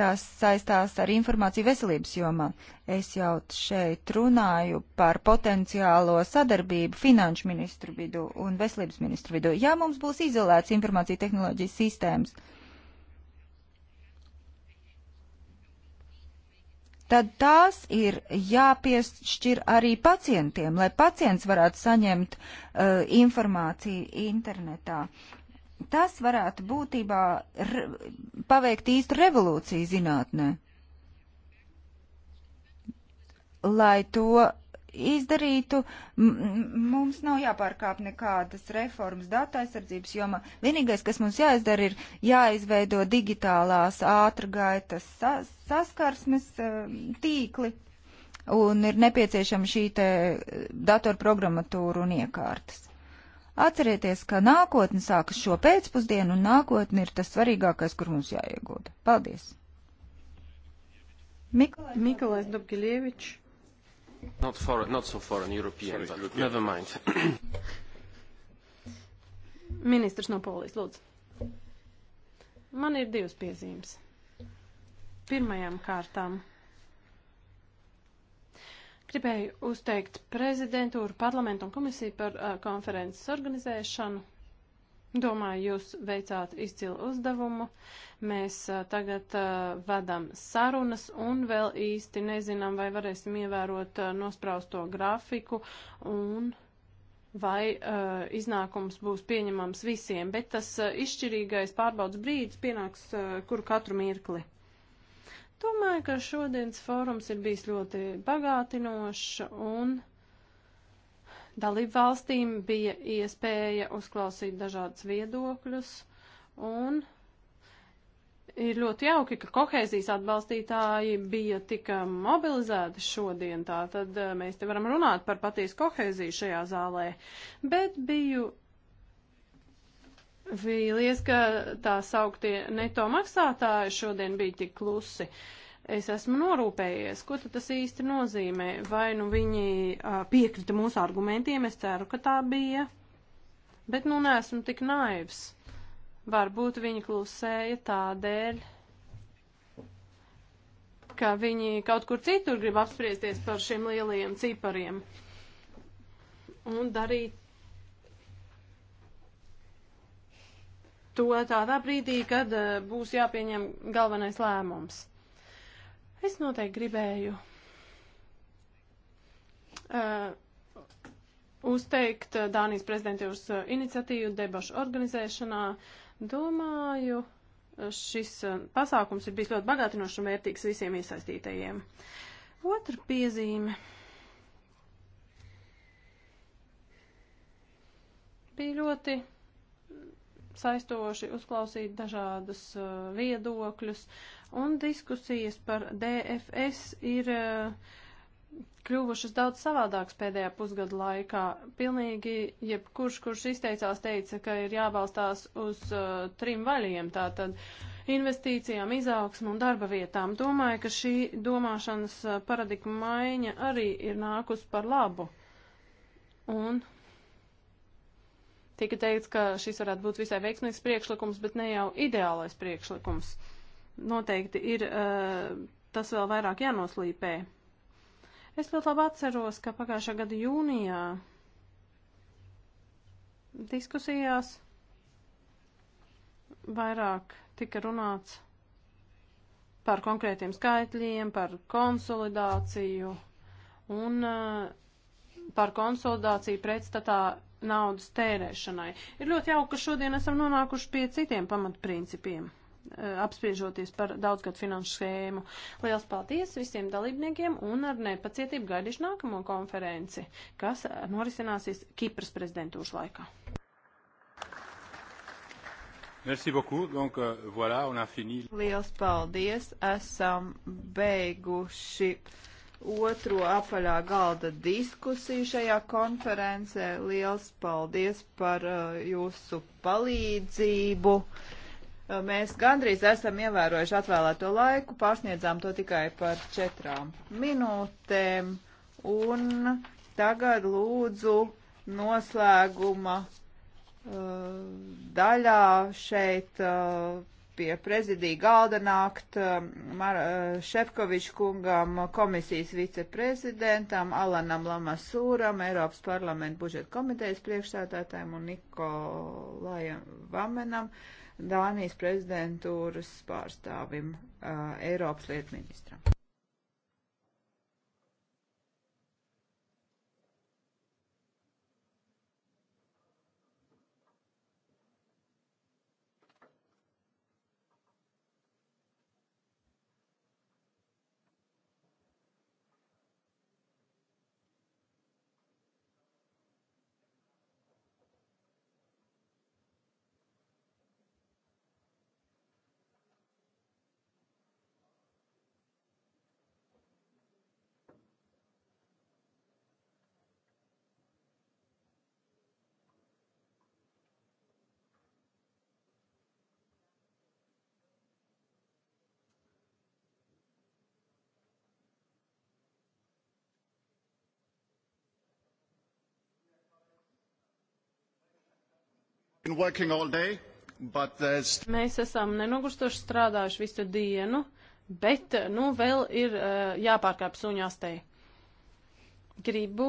Tās saistās ar informāciju veselības jomā. Es jau šeit runāju par potenciālo sadarbību finanšu ministru vidu un veselības ministru vidu. Ja mums būs izolēts informācija tehnoloģijas sistēmas, uh, tad tās ir jāpiešķir arī pacientiem, lai pacients varētu saņemt uh, informāciju internetā. Tas varētu būtībā paveikt īstu revolūciju zinātnē, lai to izdarītu, mums nav jāpārkāp nekādas reformas datu aizsardzības jomā. Vienīgais, kas mums jāizdara, ir jāizveido digitālās ātrgaitas sas saskarsmes eh, tīkli, un ir nepieciešama šī te eh, datorprogrammatūra un iekārtas. Atcerieties, ka nākotne sākas šo pēcpusdienu, un nākotne ir tas svarīgākais, kur mums jāiegūda. Paldies! Mikolais Dobkiļievičs. Not foreign, not so foreign, European, Sorry, but European. never mind. [COUGHS] Ministrs no Polijas, lūdzu. Man ir divas piezīmes. Pirmajām kārtām gribēju uzteikt prezidentūru, parlamentu un komisiju par uh, konferences organizēšanu Domāju, jūs veicāt izcilu uzdevumu. Mēs a, tagad a, vedam sarunas un vēl īsti nezinām, vai varēsim ievērot a, nosprausto grafiku un vai uh, iznākums būs pieņemams visiem, bet tas uh, izšķirīgais pārbaudas brīdis pienāks uh, kuru katru mirkli. Domāju, ka šodienas fórums ir bijis ļoti bagātinošs un Dalību valstīm bija iespēja uzklausīt dažādas viedokļus un ir ļoti jauki, ka kohēzijas atbalstītāji bija tik um, mobilizēti šodien, tā tad uh, mēs te varam runāt par patiesu kohēziju šajā zālē, bet biju vīlies, ka tā sauktie neto maksātāji šodien bija tik klusi. Uh, es esmu norūpējies. Ko tad tas īsti nozīmē? Vai nu viņi uh, piekrita mūsu argumentiem, es ceru, ka tā bija, bet nu nesmu tik naivs. Varbūt viņi klusēja tādēļ, ka viņi kaut kur citur grib apspriesties par šiem lielajiem cipariem un darīt to tādā brīdī, kad uh, būs jāpieņem galvenais lēmums. Es noteikti gribēju uh, uzteikt eh, Dānijas prezidentūras eh, iniciatīvu debašu organizēšanā. Domāju, šis pasākums ir bijis ļoti bagātinošs un vērtīgs visiem iesaistītajiem. Otra piezīme. Bija ļoti saistoši uzklausīt dažādas eh, viedokļus, un diskusijas par DFS ir eh, kļuvušas daudz savādākas pēdējā pusgada laikā. Pilnīgi jebkurš, kurš izteicās, teica, ka ir jābalstās uz uh, trim vaļiem, tātad investīcijām, izaugsmu un darba vietām. Domāju, ka šī domāšanas paradigma maiņa arī ir nākus par labu. Un Tika teikts, ka šis varētu būt visai veiksmīgs priekšlikums, bet ne jau ideālais priekšlikums. Noteikti ir uh, tas vēl vairāk jānoslīpē. Es ļoti labi atceros, ka pagājušā gada jūnijā diskusijās vairāk tika runāts par konkrētiem skaitļiem, par konsolidāciju un uh, par konsolidāciju pretstatā naudas tērēšanai. Ir ļoti jauki, ka šodien esam nonākuši pie citiem pamatprincipiem eh, apspriežoties par daudzgadu finanšu schēmu. Liels paldies visiem dalībniekiem un ar nepacietību gaidīšu nākamo konferenci, kas norisināsies Kipras prezidentūras laikā. Merci beaucoup. Donc, euh, voilà, on a fini. Liels paldies. Esam beiguši otro apaļā galda diskusiju šajā konferencē. Liels paldies par uh, jūsu palīdzību. Uh, mēs gandrīz esam ievērojuši atvēlēto laiku, pārsniedzām to tikai par četrām minūtēm. Un tagad lūdzu noslēguma uh, daļā šeit. Uh, pie prezidija galda nākt um, uh, Šefkoviča kungam, komisijas viceprezidentam, Alanam Lamasūram, Eiropas parlamenta budžeta komitejas priekšsētātājiem un Nikolajam Vamenam, Dānijas prezidentūras pārstāvim, uh, Eiropas lietu ministram. Day, Mēs esam nenogustoši strādājuši visu dienu, bet, nu, vēl ir uh, jāpārkāp suņāstei. Gribu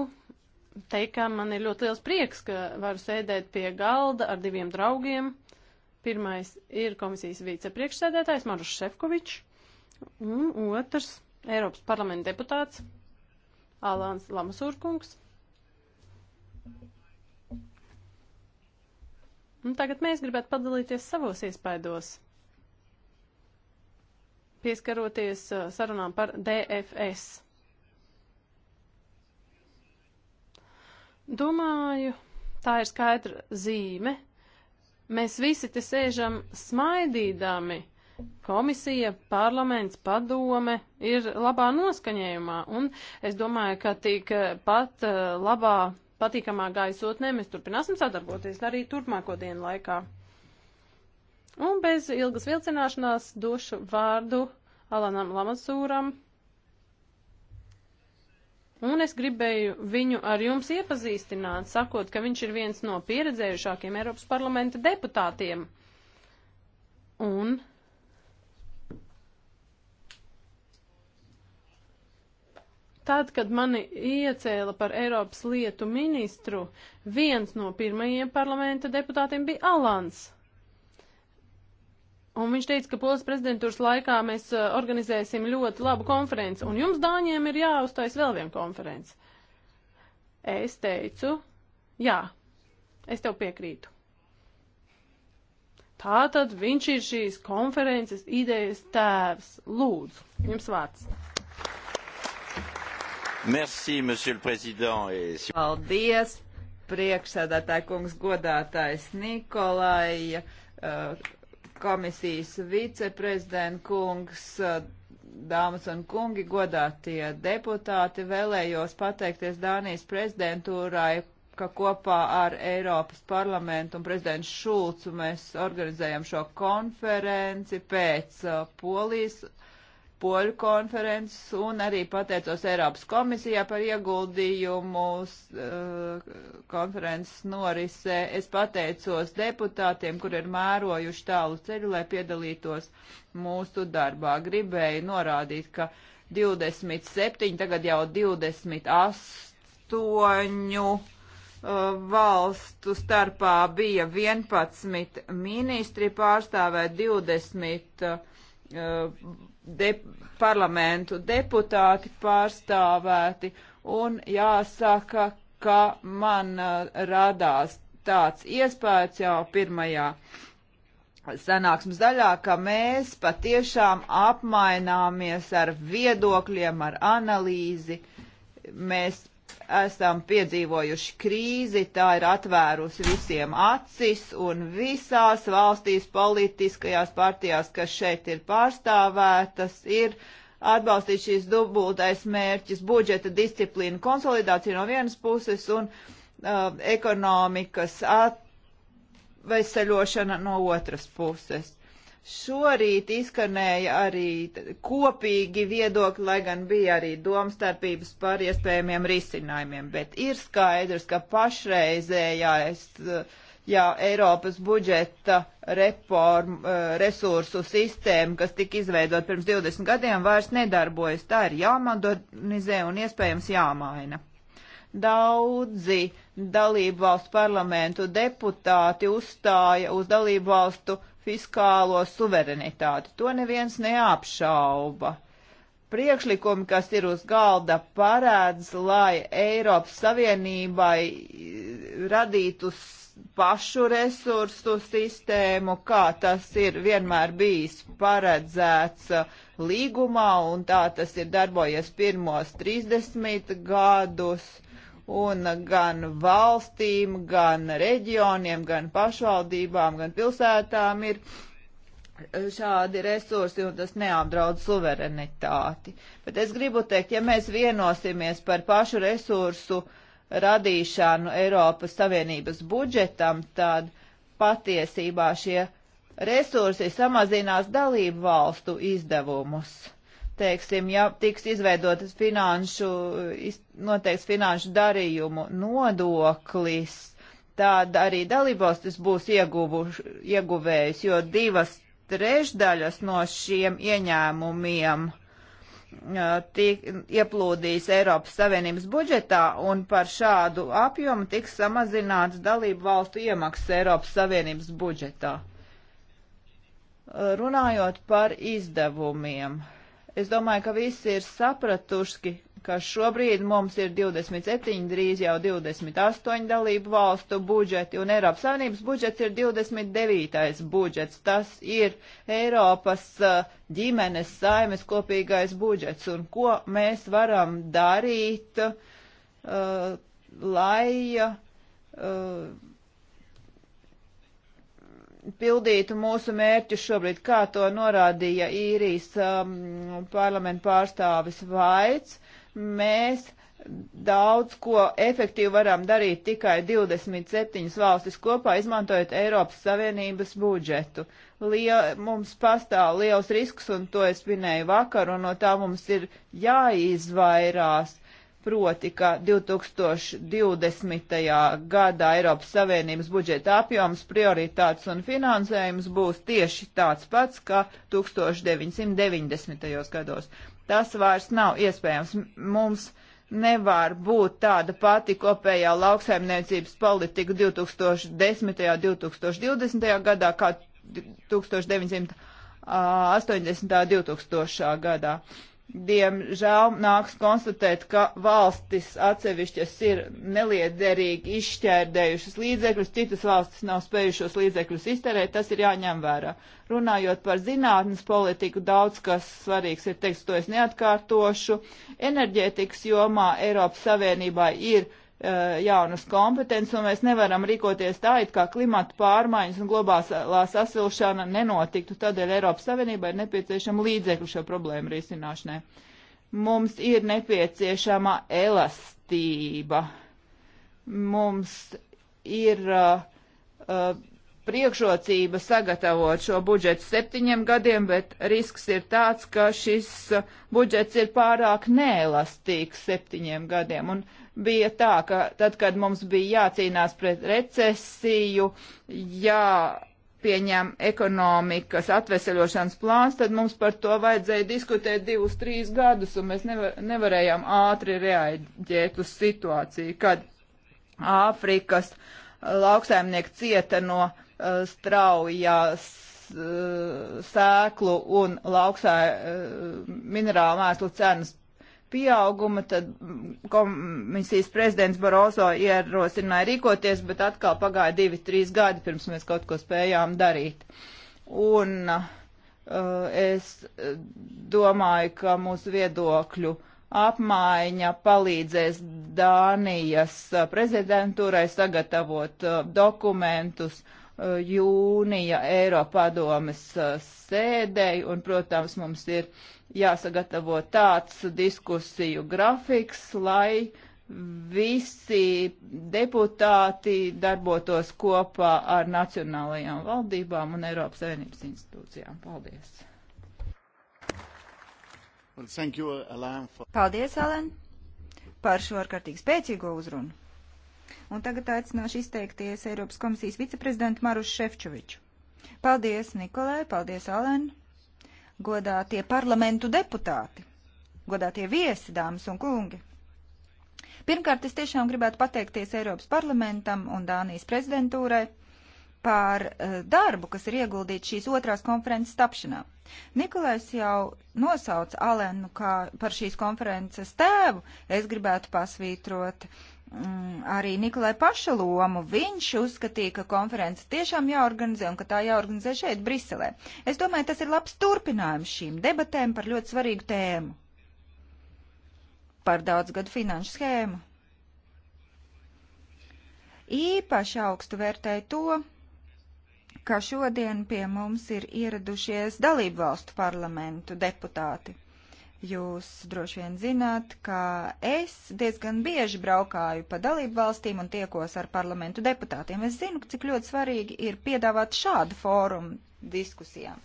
teikt, ka man ir ļoti liels prieks, ka varu sēdēt pie galda ar diviem draugiem. Pirmais ir komisijas vicepriekšsēdētājs Marus Šefkovičs, un otrs Eiropas parlamenta deputāts Alāns Lamasūrkungs. Un nu, tagad mēs gribētu padalīties savos iespaidos, pieskaroties uh, sarunām par DFS. Domāju, tā ir skaidra zīme. Mēs visi te sēžam smaidīdami. Komisija, parlaments, padome ir labā noskaņējumā, un es domāju, ka tik uh, pat uh, labā patīkamā gaisotnē mēs turpināsim sadarboties arī turpmāko dienu laikā. Un bez ilgas vilcināšanās došu vārdu Alanam Lamasūram. Un es gribēju viņu ar jums iepazīstināt, sakot, ka viņš ir viens no pieredzējušākiem Eiropas parlamenta deputātiem. Un Tad, kad mani iecēla par Eiropas lietu ministru, viens no pirmajiem parlamenta deputātiem bija Alans. Un viņš teica, ka polas prezidentūras laikā mēs uh, organizēsim ļoti labu konferenci, un jums, Dāņiem, ir jāuztais vēl viena konference. Es teicu, jā, es tev piekrītu. Tātad viņš ir šīs konferences idejas tēvs. Lūdzu, jums vārds. Merci, monsieur le président. Et... Paldies, priekšsēdētāji kungs, godātais Nikolai, eh, komisijas viceprezident kungs, eh, dāmas un kungi, godātie deputāti, vēlējos pateikties Dānijas prezidentūrai, ka kopā ar Eiropas parlamentu un prezidentu Šulcu mēs organizējam šo konferenci pēc eh, Polijas poļu konferences un arī pateicos Eiropas komisijā par ieguldījumu uh, konferences norise. Es pateicos deputātiem, kur ir mērojuši tālu ceļu, lai piedalītos mūsu darbā. Gribēju norādīt, ka 27, tagad jau 28 uh, eh, valstu starpā bija 11 ministri pārstāvēt 20 uh, eh, de, parlamentu deputāti pārstāvēti, un jāsaka, ka man uh, radās tāds iespējas jau pirmajā sanāksmes daļā, ka mēs patiešām apmaināmies ar viedokļiem, ar analīzi, mēs esam piedzīvojuši krīzi, tā ir atvērusi visiem acis un visās valstīs politiskajās partijās, kas šeit ir pārstāvētas, ir atbalstīt šīs dubultais mērķis - budžeta disciplīna konsolidācija no vienas puses un uh, ekonomikas atveseļošana no otras puses. Šorīt izskanēja arī kopīgi viedokļi, lai gan bija arī domstarpības par iespējamiem risinājumiem, bet ir skaidrs, ka pašreizējais jā, Eiropas budžeta reform, eh, resursu sistēma, kas tika izveidot pirms 20 gadiem, vairs nedarbojas. Tā ir jāmodernizē un iespējams jāmaina. Daudzi dalību valstu parlamentu deputāti uzstāja uz dalību valstu fiskālo suverenitāti. To neviens neapšauba. Priekšlikumi, kas ir uz galda, parādz, lai Eiropas Savienībai radītu pašu resursu sistēmu, kā tas ir vienmēr bijis paredzēts uh, līgumā, un tā tas ir darbojies pirmos 30 gadus un gan valstīm, gan reģioniem, gan pašvaldībām, gan pilsētām ir šādi resursi un tas neapdraud suverenitāti. Bet es gribu teikt, ja mēs vienosimies par pašu resursu radīšanu Eiropas Savienības budžetam, tad patiesībā šie resursi samazinās dalību valstu izdevumus teiksim, ja tiks izveidotas finanšu, noteikts finanšu darījumu nodoklis, tad arī dalībvalstis būs ieguvuš, ieguvējis, jo divas trešdaļas no šiem ieņēmumiem tiek ieplūdīs Eiropas Savienības budžetā un par šādu apjomu tiks samazināts dalību valstu iemaksas Eiropas Savienības budžetā. Runājot par izdevumiem. Es domāju, ka visi ir sapratuši, ka šobrīd mums ir 27, drīz jau 28 dalību valstu budžeti, un Eiropas Savienības budžets ir 29. budžets. Tas ir Eiropas uh, ģimenes saimes kopīgais budžets, un ko mēs varam darīt, uh, lai. Uh, pildītu mūsu mērķus šobrīd, kā to norādīja īrijas um, parlamentu pārstāvis Vaits, mēs daudz ko efektīvi varam darīt tikai 27 valstis kopā, izmantojot Eiropas Savienības budžetu. Lie, mums pastāv liels risks, un to es minēju vakar, un no tā mums ir jāizvairās. Uh, proti, ka 2020. gadā Eiropas Savienības budžeta apjoms, prioritātes un finansējums būs tieši tāds pats, kā 1990. gados. Tas vairs nav iespējams. Mums nevar būt tāda pati kopējā lauksaimniecības politika 2010. un 2020. gadā, kā 1980. un 2000. gadā. Diemžēl nāks konstatēt, ka valstis atsevišķas ir neliederīgi izšķērdējušas līdzekļus, citas valstis nav spējušos līdzekļus iztērēt, tas ir jāņem vērā. Runājot par zinātnes politiku, daudz kas svarīgs ir, teiks, to es neatkārtošu. Enerģētikas jomā Eiropas Savienībā ir Eh, jaunas kompetences, un mēs nevaram rīkoties tā, it kā klimata pārmaiņas un globālā sasilšana nenotiktu. Tādēļ Eiropas Savienībai ir nepieciešama līdzekļu šo problēmu risināšanai. Mums ir nepieciešama elastība. Mums ir uh, uh, priekšrocība sagatavot šo budžetu septiņiem gadiem, bet risks ir tāds, ka šis uh, budžets ir pārāk nēlastīgs septiņiem gadiem. Un bija tā, ka tad, kad mums bija jācīnās pret recesiju, jā, pieņem ekonomikas atveseļošanas plāns, tad mums par to vajadzēja diskutēt divus, trīs gadus, un mēs nevar, nevarējām ātri reaģēt uz situāciju, kad Āfrikas lauksaimnieki cieta no uh, Eh, straujās eh, sēklu un lauksā eh, minerālu mēslu cenas pieauguma, tad mm, komisijas prezidents Baroso ierosināja rīkoties, bet atkal pagāja divi, trīs gadi, pirms mēs kaut ko spējām darīt. Un uh, es domāju, ka mūsu viedokļu apmaiņa palīdzēs Dānijas prezidentūrai sagatavot uh, dokumentus uh, jūnija Eiropadomes uh, sēdēji, un, protams, mums ir jāsagatavo tāds diskusiju grafiks, lai visi deputāti darbotos kopā ar nacionālajām valdībām un Eiropas Savienības institūcijām. Paldies! Well, you, Alan, for... Paldies, Alan, par šo ārkārtīgi spēcīgo uzrunu. Un tagad aicināšu izteikties Eiropas komisijas viceprezidentu Marušu Šefčoviču. Paldies, Nikolai, paldies, Alēn, godātie parlamentu deputāti, godātie viesi, dāmas un kungi. Pirmkārt, es tiešām gribētu pateikties Eiropas parlamentam un Dānijas prezidentūrai par uh, darbu, kas ir ieguldīts šīs otrās konferences tapšanā. Nikolais jau nosauca Alenu kā par šīs konferences tēvu. Es gribētu pasvītrot uh, Mm, arī Nikolai paša lomu. Viņš uzskatīja, ka konference tiešām jāorganizē un ka tā jāorganizē šeit, Briselē. Es domāju, tas ir labs turpinājums šīm debatēm par ļoti svarīgu tēmu - par daudzgadu finanšu schēmu. Īpaši augstu vērtēju to, ka šodien pie mums ir ieradušies dalību valstu parlamentu deputāti. Jūs droši vien zināt, ka es diezgan bieži braukāju pa dalību valstīm un tiekos ar parlamentu deputātiem. Es zinu, cik ļoti svarīgi ir piedāvāt šādu fórumu diskusijām.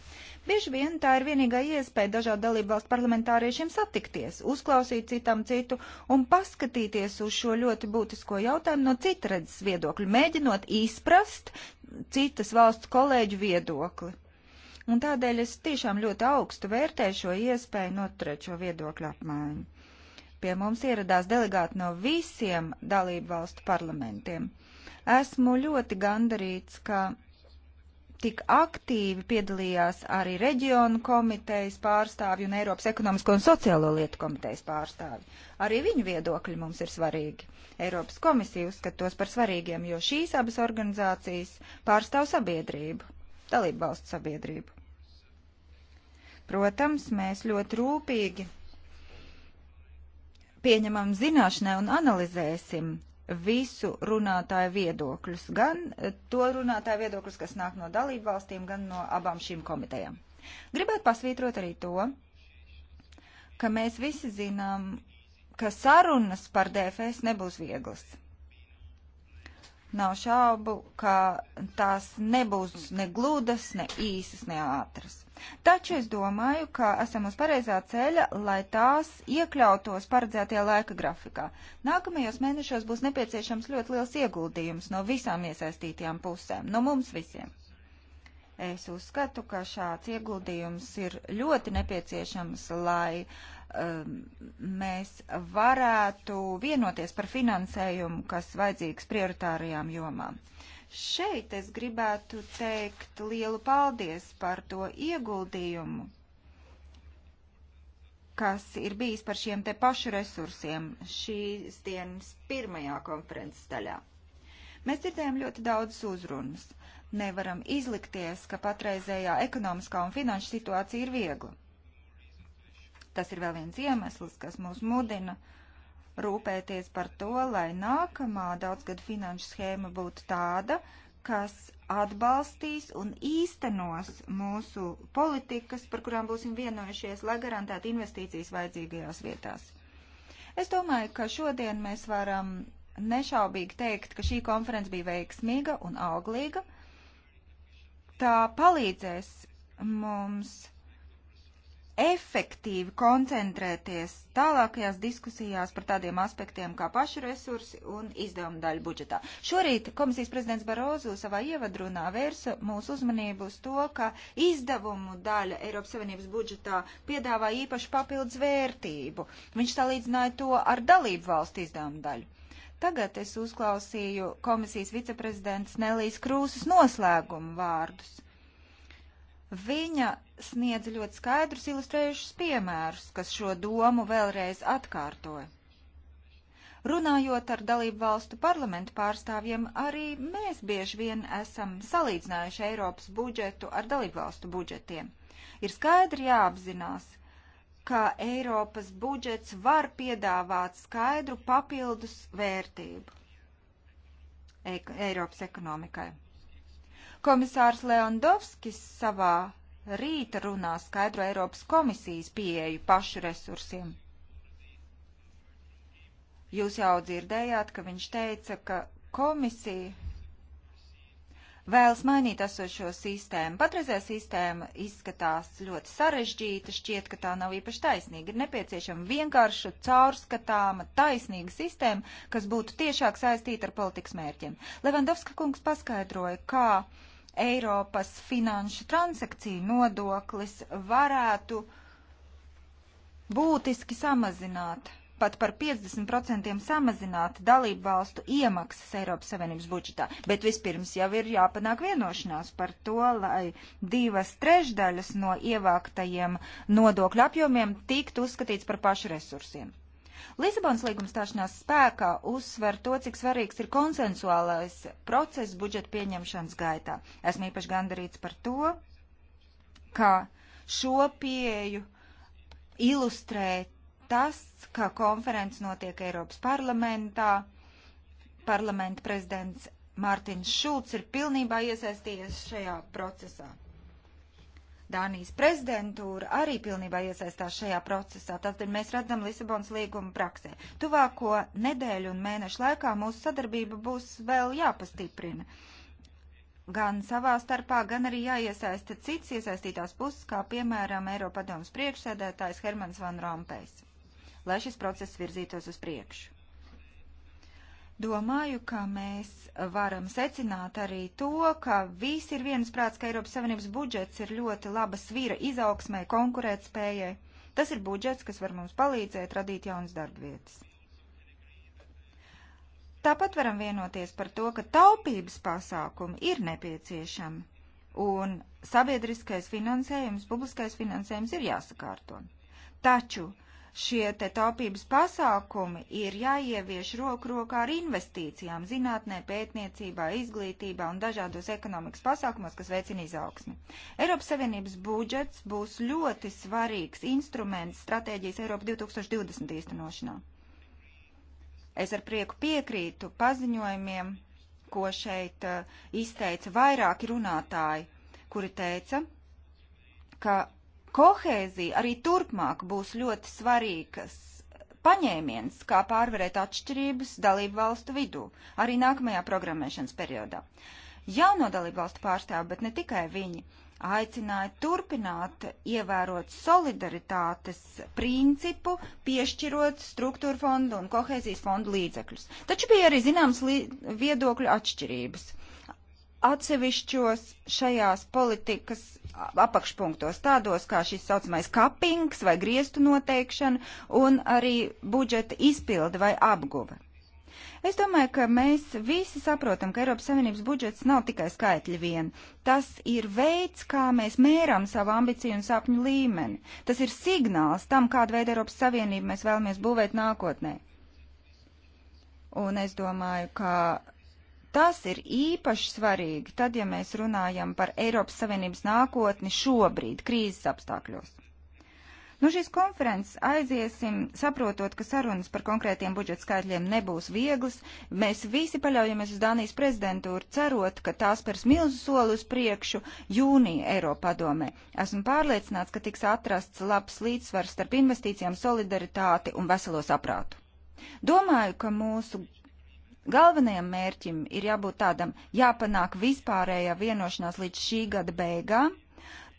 Bieži vien tā ir vienīgā iespēja dažādu dalību valstu parlamentāriešiem satikties, uzklausīt citam citu un paskatīties uz šo ļoti būtisko jautājumu no citredzes viedokļa, mēģinot izprast citas valsts kolēģu viedokli. Un tādēļ es tiešām ļoti augstu vērtēju šo iespēju noturēt šo viedokļu apmaiņu. Pie mums ieradās delegāti no visiem dalību valstu parlamentiem. Esmu ļoti gandarīts, ka tik aktīvi piedalījās arī reģionu komitejas pārstāvji un Eiropas ekonomisko un sociālo lietu komitejas pārstāvji. Arī viņu viedokļi mums ir svarīgi. Eiropas komisija uzskata tos par svarīgiem, jo šīs abas organizācijas pārstāv sabiedrību, dalību valstu sabiedrību. Protams, mēs ļoti rūpīgi pieņemam zināšanai un analizēsim visu runātāju viedokļus, gan eh, to runātāju viedokļus, kas nāk no dalību valstīm, gan no abām šīm komitejām. Gribētu pasvītrot arī to, ka mēs visi zinām, ka sarunas par DFS nebūs vieglas. Nav šaubu, ka tās nebūs ne gludas, ne īsas, ne ātras. Taču es domāju, ka esam uz pareizā ceļa, lai tās iekļautos paredzētajā laika grafikā. Nākamajos mēnešos būs nepieciešams ļoti liels ieguldījums no visām iesaistītajām pusēm, no mums visiem. Es uzskatu, ka šāds ieguldījums ir ļoti nepieciešams, lai um, mēs varētu vienoties par finansējumu, kas vajadzīgs prioritārajām jomām. Šeit es gribētu teikt lielu paldies par to ieguldījumu, kas ir bijis par šiem te pašu resursiem šīs dienas pirmajā konferences daļā. Mēs dzirdējām ļoti daudz uzrunas. Nevaram izlikties, ka patreizējā ekonomiskā un finanšu situācija ir viegla. Tas ir vēl viens iemesls, kas mūs mudina uh, rūpēties par to, lai nākamā daudzgad finanšu schēma būtu tāda, kas atbalstīs un īstenos mūsu politikas, par kurām būsim vienojušies, lai garantētu investīcijas vajadzīgajās vietās. Es domāju, ka šodien mēs varam nešaubīgi teikt, ka šī konference bija veiksmīga un auglīga. Tā palīdzēs mums efektīvi koncentrēties tālākajās diskusijās par tādiem aspektiem kā pašu resursi un izdevuma daļa budžetā. Šorīt komisijas prezidents Barozu savā ievadrunā vērsa mūsu uzmanību uz to, ka izdevumu daļa Eiropas Savienības budžetā piedāvā īpašu papildus vērtību. Viņš salīdzināja to ar dalību valstu izdevumu daļu. Tagad es uzklausīju komisijas viceprezidents Nelijas Krūsas noslēgumu vārdus Viņa sniedza ļoti skaidrus ilustrējušus piemērus, kas šo domu vēlreiz atkārtoja. Runājot ar dalību valstu parlamentu pārstāvjiem, arī mēs bieži vien esam salīdzinājuši Eiropas budžetu ar dalību valstu budžetiem. Ir skaidri jāapzinās, ka Eiropas budžets var piedāvāt skaidru papildus vērtību e- Eiropas ekonomikai. Komisārs Leondovskis savā rīta runā skaidro Eiropas komisijas pieeju pašu resursiem. Jūs jau dzirdējāt, ka viņš teica, ka komisija vēlas mainīt esošo sistēmu. Patreizē sistēma izskatās ļoti sarežģīta, šķiet, ka tā nav īpaši taisnīga. Ir nepieciešama vienkārša, caurskatāma, taisnīga sistēma, kas būtu tiešāk saistīta ar politikas mērķiem. Levandovska kungs paskaidroja, kā Eiropas finanšu transakciju nodoklis varētu būtiski samazināt, pat par 50% samazināt dalību valstu iemaksas Eiropas Savienības budžetā. Bet vispirms jau ir jāpanāk vienošanās par to, lai divas trešdaļas no ievāktajiem nodokļu apjomiem tiktu uzskatīts par pašu resursiem. Lisabonas līguma stāšanās spēkā uzsver to, cik svarīgs ir konsensuālais process budžeta pieņemšanas gaitā. Esmu īpaši gandarīts par to, ka šo pieeju ilustrē tas, ka konferences notiek Eiropas parlamentā. Parlamenta prezidents Mārtiņš Šulcs ir pilnībā iesaistījies šajā procesā. Dānijas prezidentūra arī pilnībā iesaistās šajā procesā. Tātad mēs redzam Lisabonas līgumu praksē. Tuvāko nedēļu un mēnešu laikā mūsu sadarbība būs vēl jāpastiprina. Gan savā starpā, gan arī jāiesaista cits iesaistītās puses, kā piemēram Eiropadomas priekšsēdētājs Hermans Van Rompējs, lai šis process virzītos uz priekšu. Domāju, ka mēs varam secināt arī to, ka visi ir viensprāts, ka Eiropas Savienības budžets ir ļoti laba svīra izaugsmai, konkurētspējai. Tas ir budžets, kas var mums palīdzēt radīt jaunas darba vietas. Tāpat varam vienoties par to, ka taupības pasākumi ir nepieciešami un sabiedriskais finansējums, publiskais finansējums ir jāsakārto. Taču šie te taupības pasākumi ir jāievieš roku rokā ar investīcijām zinātnē, pētniecībā, izglītībā un dažādos ekonomikas pasākumos, kas veicina izaugsmi. Eiropas Savienības budžets būs ļoti svarīgs instruments stratēģijas Eiropa 2020 īstenošanā. Es ar prieku piekrītu paziņojumiem, ko šeit uh, izteica vairāki runātāji, kuri teica, ka Kohēzija arī turpmāk būs ļoti svarīgas paņēmiens, kā pārvarēt atšķirības dalību valstu vidū, arī nākamajā programmēšanas periodā. Jauno dalību valstu pārstāvi, bet ne tikai viņi, aicināja turpināt ievērot solidaritātes principu, piešķirot struktūra fondu un kohēzijas fondu līdzekļus. Taču bija arī zināms viedokļu atšķirības atsevišķos šajās politikas apakšpunktos, tādos kā šis saucamais kapings vai griestu noteikšana un arī budžeta izpilde vai apguva. Es domāju, ka mēs visi saprotam, ka Eiropas Savienības budžets nav tikai skaitļi vien. Tas ir veids, kā mēs mēram savu ambiciju un sapņu līmeni. Tas ir signāls tam, kādu veidu Eiropas Savienību mēs vēlamies būvēt nākotnē. Un es domāju, ka Tas ir īpaši svarīgi tad, ja mēs runājam par Eiropas Savienības nākotni šobrīd, krīzes apstākļos. No nu, šīs konferences aiziesim, saprotot, ka sarunas par konkrētiem budžeta skaitļiem nebūs vieglas. Mēs visi paļaujamies uz Dānijas prezidentūru, cerot, ka tās pers milzu soli uz priekšu jūnija Eiropa padomē. Esmu pārliecināts, ka tiks atrasts labs līdzsvars starp investīcijām, solidaritāti un veselo saprātu. Domāju, ka mūsu Galvenajam mērķim ir jābūt tādam jāpanāk vispārējā vienošanās līdz šī gada beigām,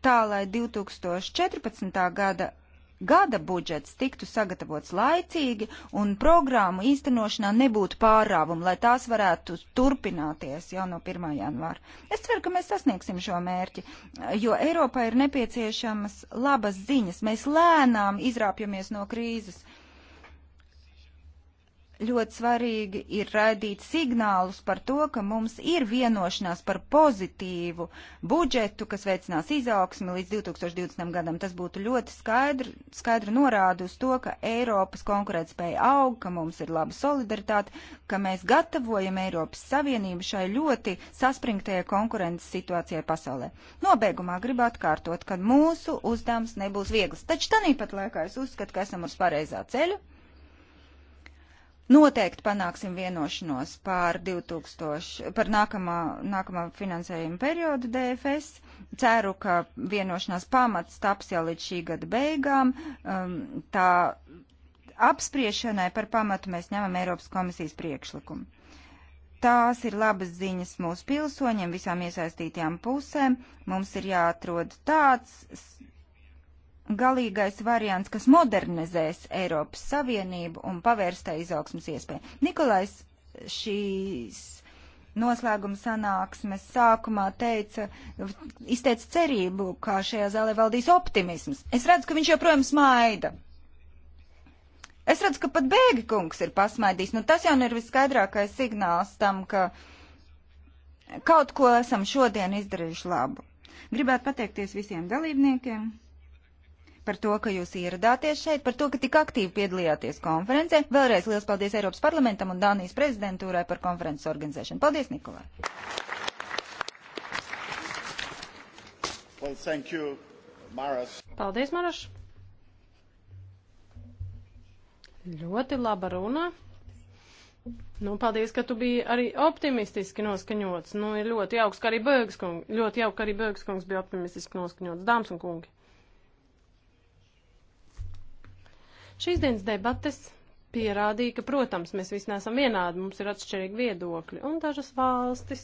tā lai 2014. gada gada budžets tiktu sagatavots laicīgi un programmu īstenošanā nebūtu pārāvumu, lai tās varētu turpināties jau no 1. janvāra. Es ceru, ka mēs sasniegsim šo mērķi, jo Eiropā ir nepieciešamas labas ziņas. Mēs lēnām izrāpjamies no krīzes ļoti svarīgi ir raidīt signālus par to, ka mums ir vienošanās par pozitīvu budžetu, kas veicinās izaugsmi līdz 2020. gadam. Tas būtu ļoti skaidri, skaidri norāda uz to, ka Eiropas konkurētspēja aug, ka mums ir laba solidaritāte, ka mēs gatavojam Eiropas Savienību šai ļoti saspringtajai konkurences situācijai pasaulē. Nobeigumā gribu atkārtot, ka mūsu uzdevums nebūs viegls. Taču tanīpat laikā es uzskatu, ka esam uz pareizā ceļa Noteikti panāksim vienošanos pār 2000, par nākamā, nākamā finansējuma periodu DFS. Ceru, ka vienošanās pamats taps jau līdz šī gada beigām. Um, tā apspriešanai par pamatu mēs ņemam Eiropas komisijas priekšlikumu. Tās ir labas ziņas mūsu pilsoņiem, visām iesaistītajām pusēm. Mums ir jāatrod tāds galīgais variants, kas modernizēs Eiropas Savienību un pavērs tai izaugsmas iespēju. Nikolais šīs noslēguma sanāksmes sākumā teica, izteica cerību, kā šajā zālē valdīs optimisms. Es redzu, ka viņš joprojām smaida. Es redzu, ka pat bēgi kungs ir pasmaidījis. Nu, tas jau ir viskaidrākais signāls tam, ka kaut ko esam šodien izdarījuši labu. Gribētu pateikties visiem dalībniekiem par to, ka jūs ieradāties šeit, par to, ka tik aktīvi piedalījāties konferencē. Vēlreiz liels paldies Eiropas parlamentam un Dānijas prezidentūrai par konferences organizēšanu. Paldies, Nikolai! Well, thank you, Maras. Paldies, Maras! Ļoti laba runa. Nu, paldies, ka tu biji arī optimistiski noskaņots. Nu, ir ļoti jauks, ka arī Bēgskungs, ļoti jauks, ka arī Bēgskungs bija optimistiski noskaņots. Dāmas un kungi! Šīs dienas debates pierādīja, ka, protams, mēs visi neesam vienādi, mums ir atšķirīgi viedokļi, un dažas valstis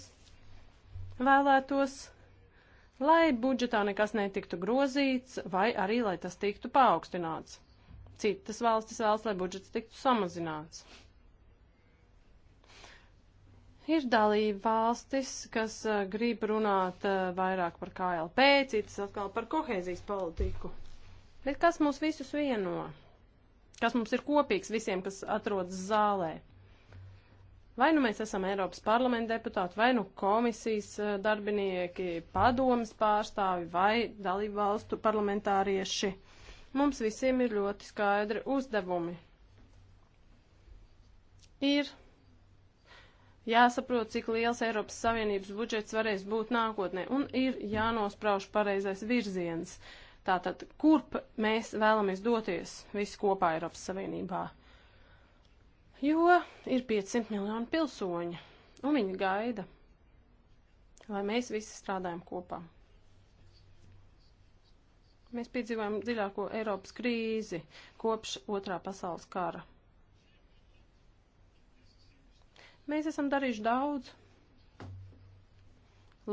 vēlētos, lai budžetā nekas netiktu grozīts, vai arī, lai tas tiktu paaugstināts. Citas valstis vēlas, lai budžets tiktu samazināts. Ir dalība valstis, kas uh, grib runāt uh, vairāk par KLP, citas atkal par kohēzijas politiku. Bet kas mūs visus vieno? No? kas mums ir kopīgs visiem, kas atrodas zālē. Vai nu mēs esam Eiropas parlamenta deputāti, vai nu komisijas e, darbinieki, padomas pārstāvi, vai dalību valstu parlamentārieši. Mums visiem ir ļoti skaidri uzdevumi. Ir jāsaprot, cik liels Eiropas Savienības budžets varēs būt nākotnē, un ir jānosprauž pareizais virziens. Uh, Tātad, kurp mēs vēlamies doties visi kopā Eiropas Savienībā? Jo ir 500 miljoni pilsoņi, un viņi gaida, lai mēs visi strādājam kopā. Mēs piedzīvojam dziļāko Eiropas krīzi kopš otrā pasaules kara. Mēs esam darījuši daudz,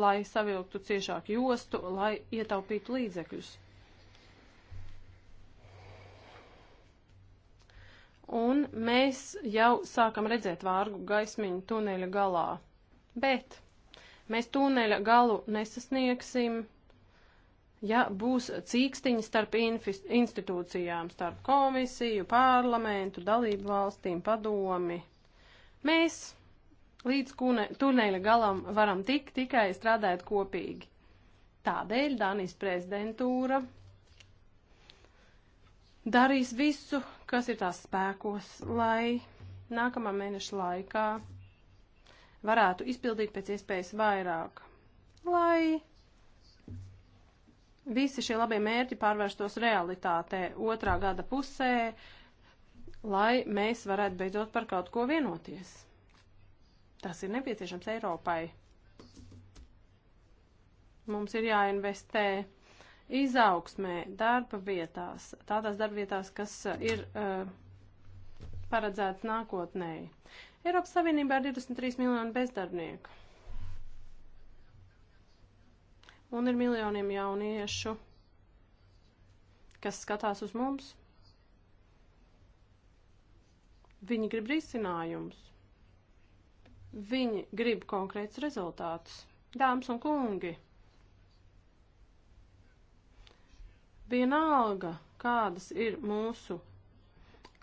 lai savilktu ciešāku jostu, lai ietaupītu līdzekļus. un mēs jau sākam redzēt vārgu gaismiņu tuneļa galā. Bet mēs tuneļa galu nesasniegsim, ja būs cīkstiņi starp institūcijām, starp komisiju, parlamentu, dalību valstīm, padomi. Mēs līdz tuneļa galam varam tikt tikai strādājot kopīgi. Tādēļ Danijas prezidentūra darīs visu, kas ir tās spēkos, lai nākamā mēneša laikā varētu izpildīt pēc iespējas vairāk, lai visi šie labie mērķi pārvērstos realitātē otrā gada pusē, lai mēs varētu beidzot par kaut ko vienoties. Tas ir nepieciešams Eiropai. Mums ir jāinvestē izaugsmē, darba vietās, tādās darba vietās, kas uh, ir uh, paredzēts nākotnēji. Eiropas Savienībā ir 23 miljoni bezdarbnieku. Un ir miljoniem jauniešu, kas skatās uz mums. Viņi grib risinājumus. Viņi grib konkrēts rezultātus. Dāmas un kungi! Vienalga, kādas ir mūsu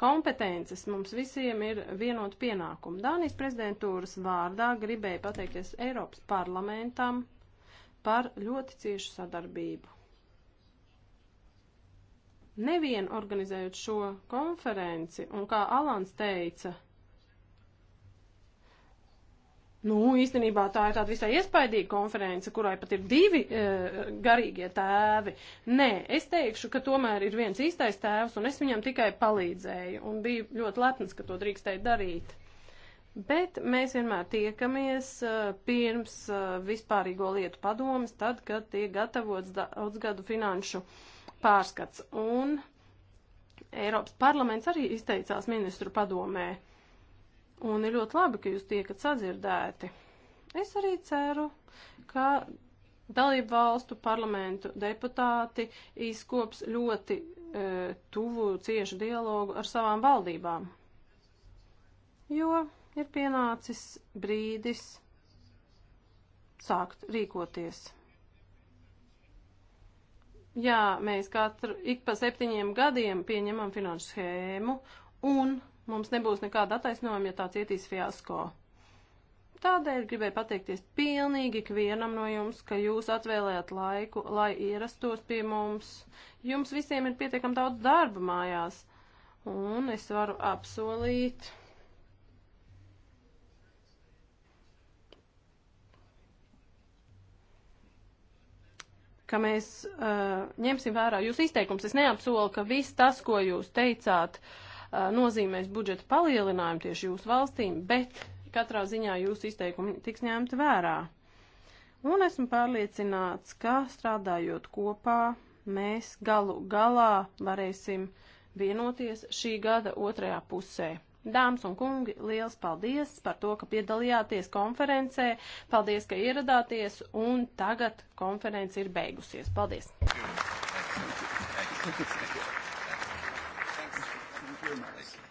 kompetences, mums visiem ir vienot pienākumu. Dānijas prezidentūras vārdā gribēju pateikties Eiropas parlamentam par ļoti ciešu sadarbību. Nevien organizējot šo konferenci, un kā Alans teica, Nu, īstenībā tā ir tāda visai iespaidīga konference, kurai pat ir divi e, garīgie tēvi. Nē, es teikšu, ka tomēr ir viens īstais tēvs, un es viņam tikai palīdzēju, un biju ļoti lepns, ka to drīkstēju darīt. Bet mēs vienmēr tiekamies e, pirms e, vispārīgo lietu padomas, tad, kad tiek gatavots daudzgadu finanšu pārskats. Un Eiropas parlaments arī izteicās ministru padomē. Un ir ļoti labi, ka jūs tiekat sadzirdēti. Es arī ceru, ka dalību valstu parlamentu deputāti izkops ļoti e, tuvu ciešu dialogu ar savām valdībām. Jo ir pienācis brīdis sākt rīkoties. Jā, mēs katru ik pa septiņiem gadiem pieņemam finanšu schēmu un Mums nebūs nekāda attaisnojuma, ja tā cietīs fiasko. Tādēļ gribēju pateikties pilnīgi ikvienam no jums, ka jūs atvēlējāt laiku, lai ierastos pie mums. Jums visiem ir pietiekam daudz darba mājās, un es varu apsolīt. ka mēs uh, ņemsim vērā jūsu izteikums. Es neapsolu, ka viss tas, ko jūs teicāt, uh, nozīmēs budžeta palielinājumu tieši jūsu valstīm, bet katrā ziņā jūsu izteikumi tiks ņemti vērā. Un esmu pārliecināts, ka strādājot kopā, mēs galu galā varēsim vienoties šī gada otrajā pusē. Dāmas un kungi, liels paldies par to, ka piedalījāties konferencē, paldies, ka ieradāties, un tagad konference ir beigusies. Paldies! Thank you. Thank you. Thank you. Thank you permanece.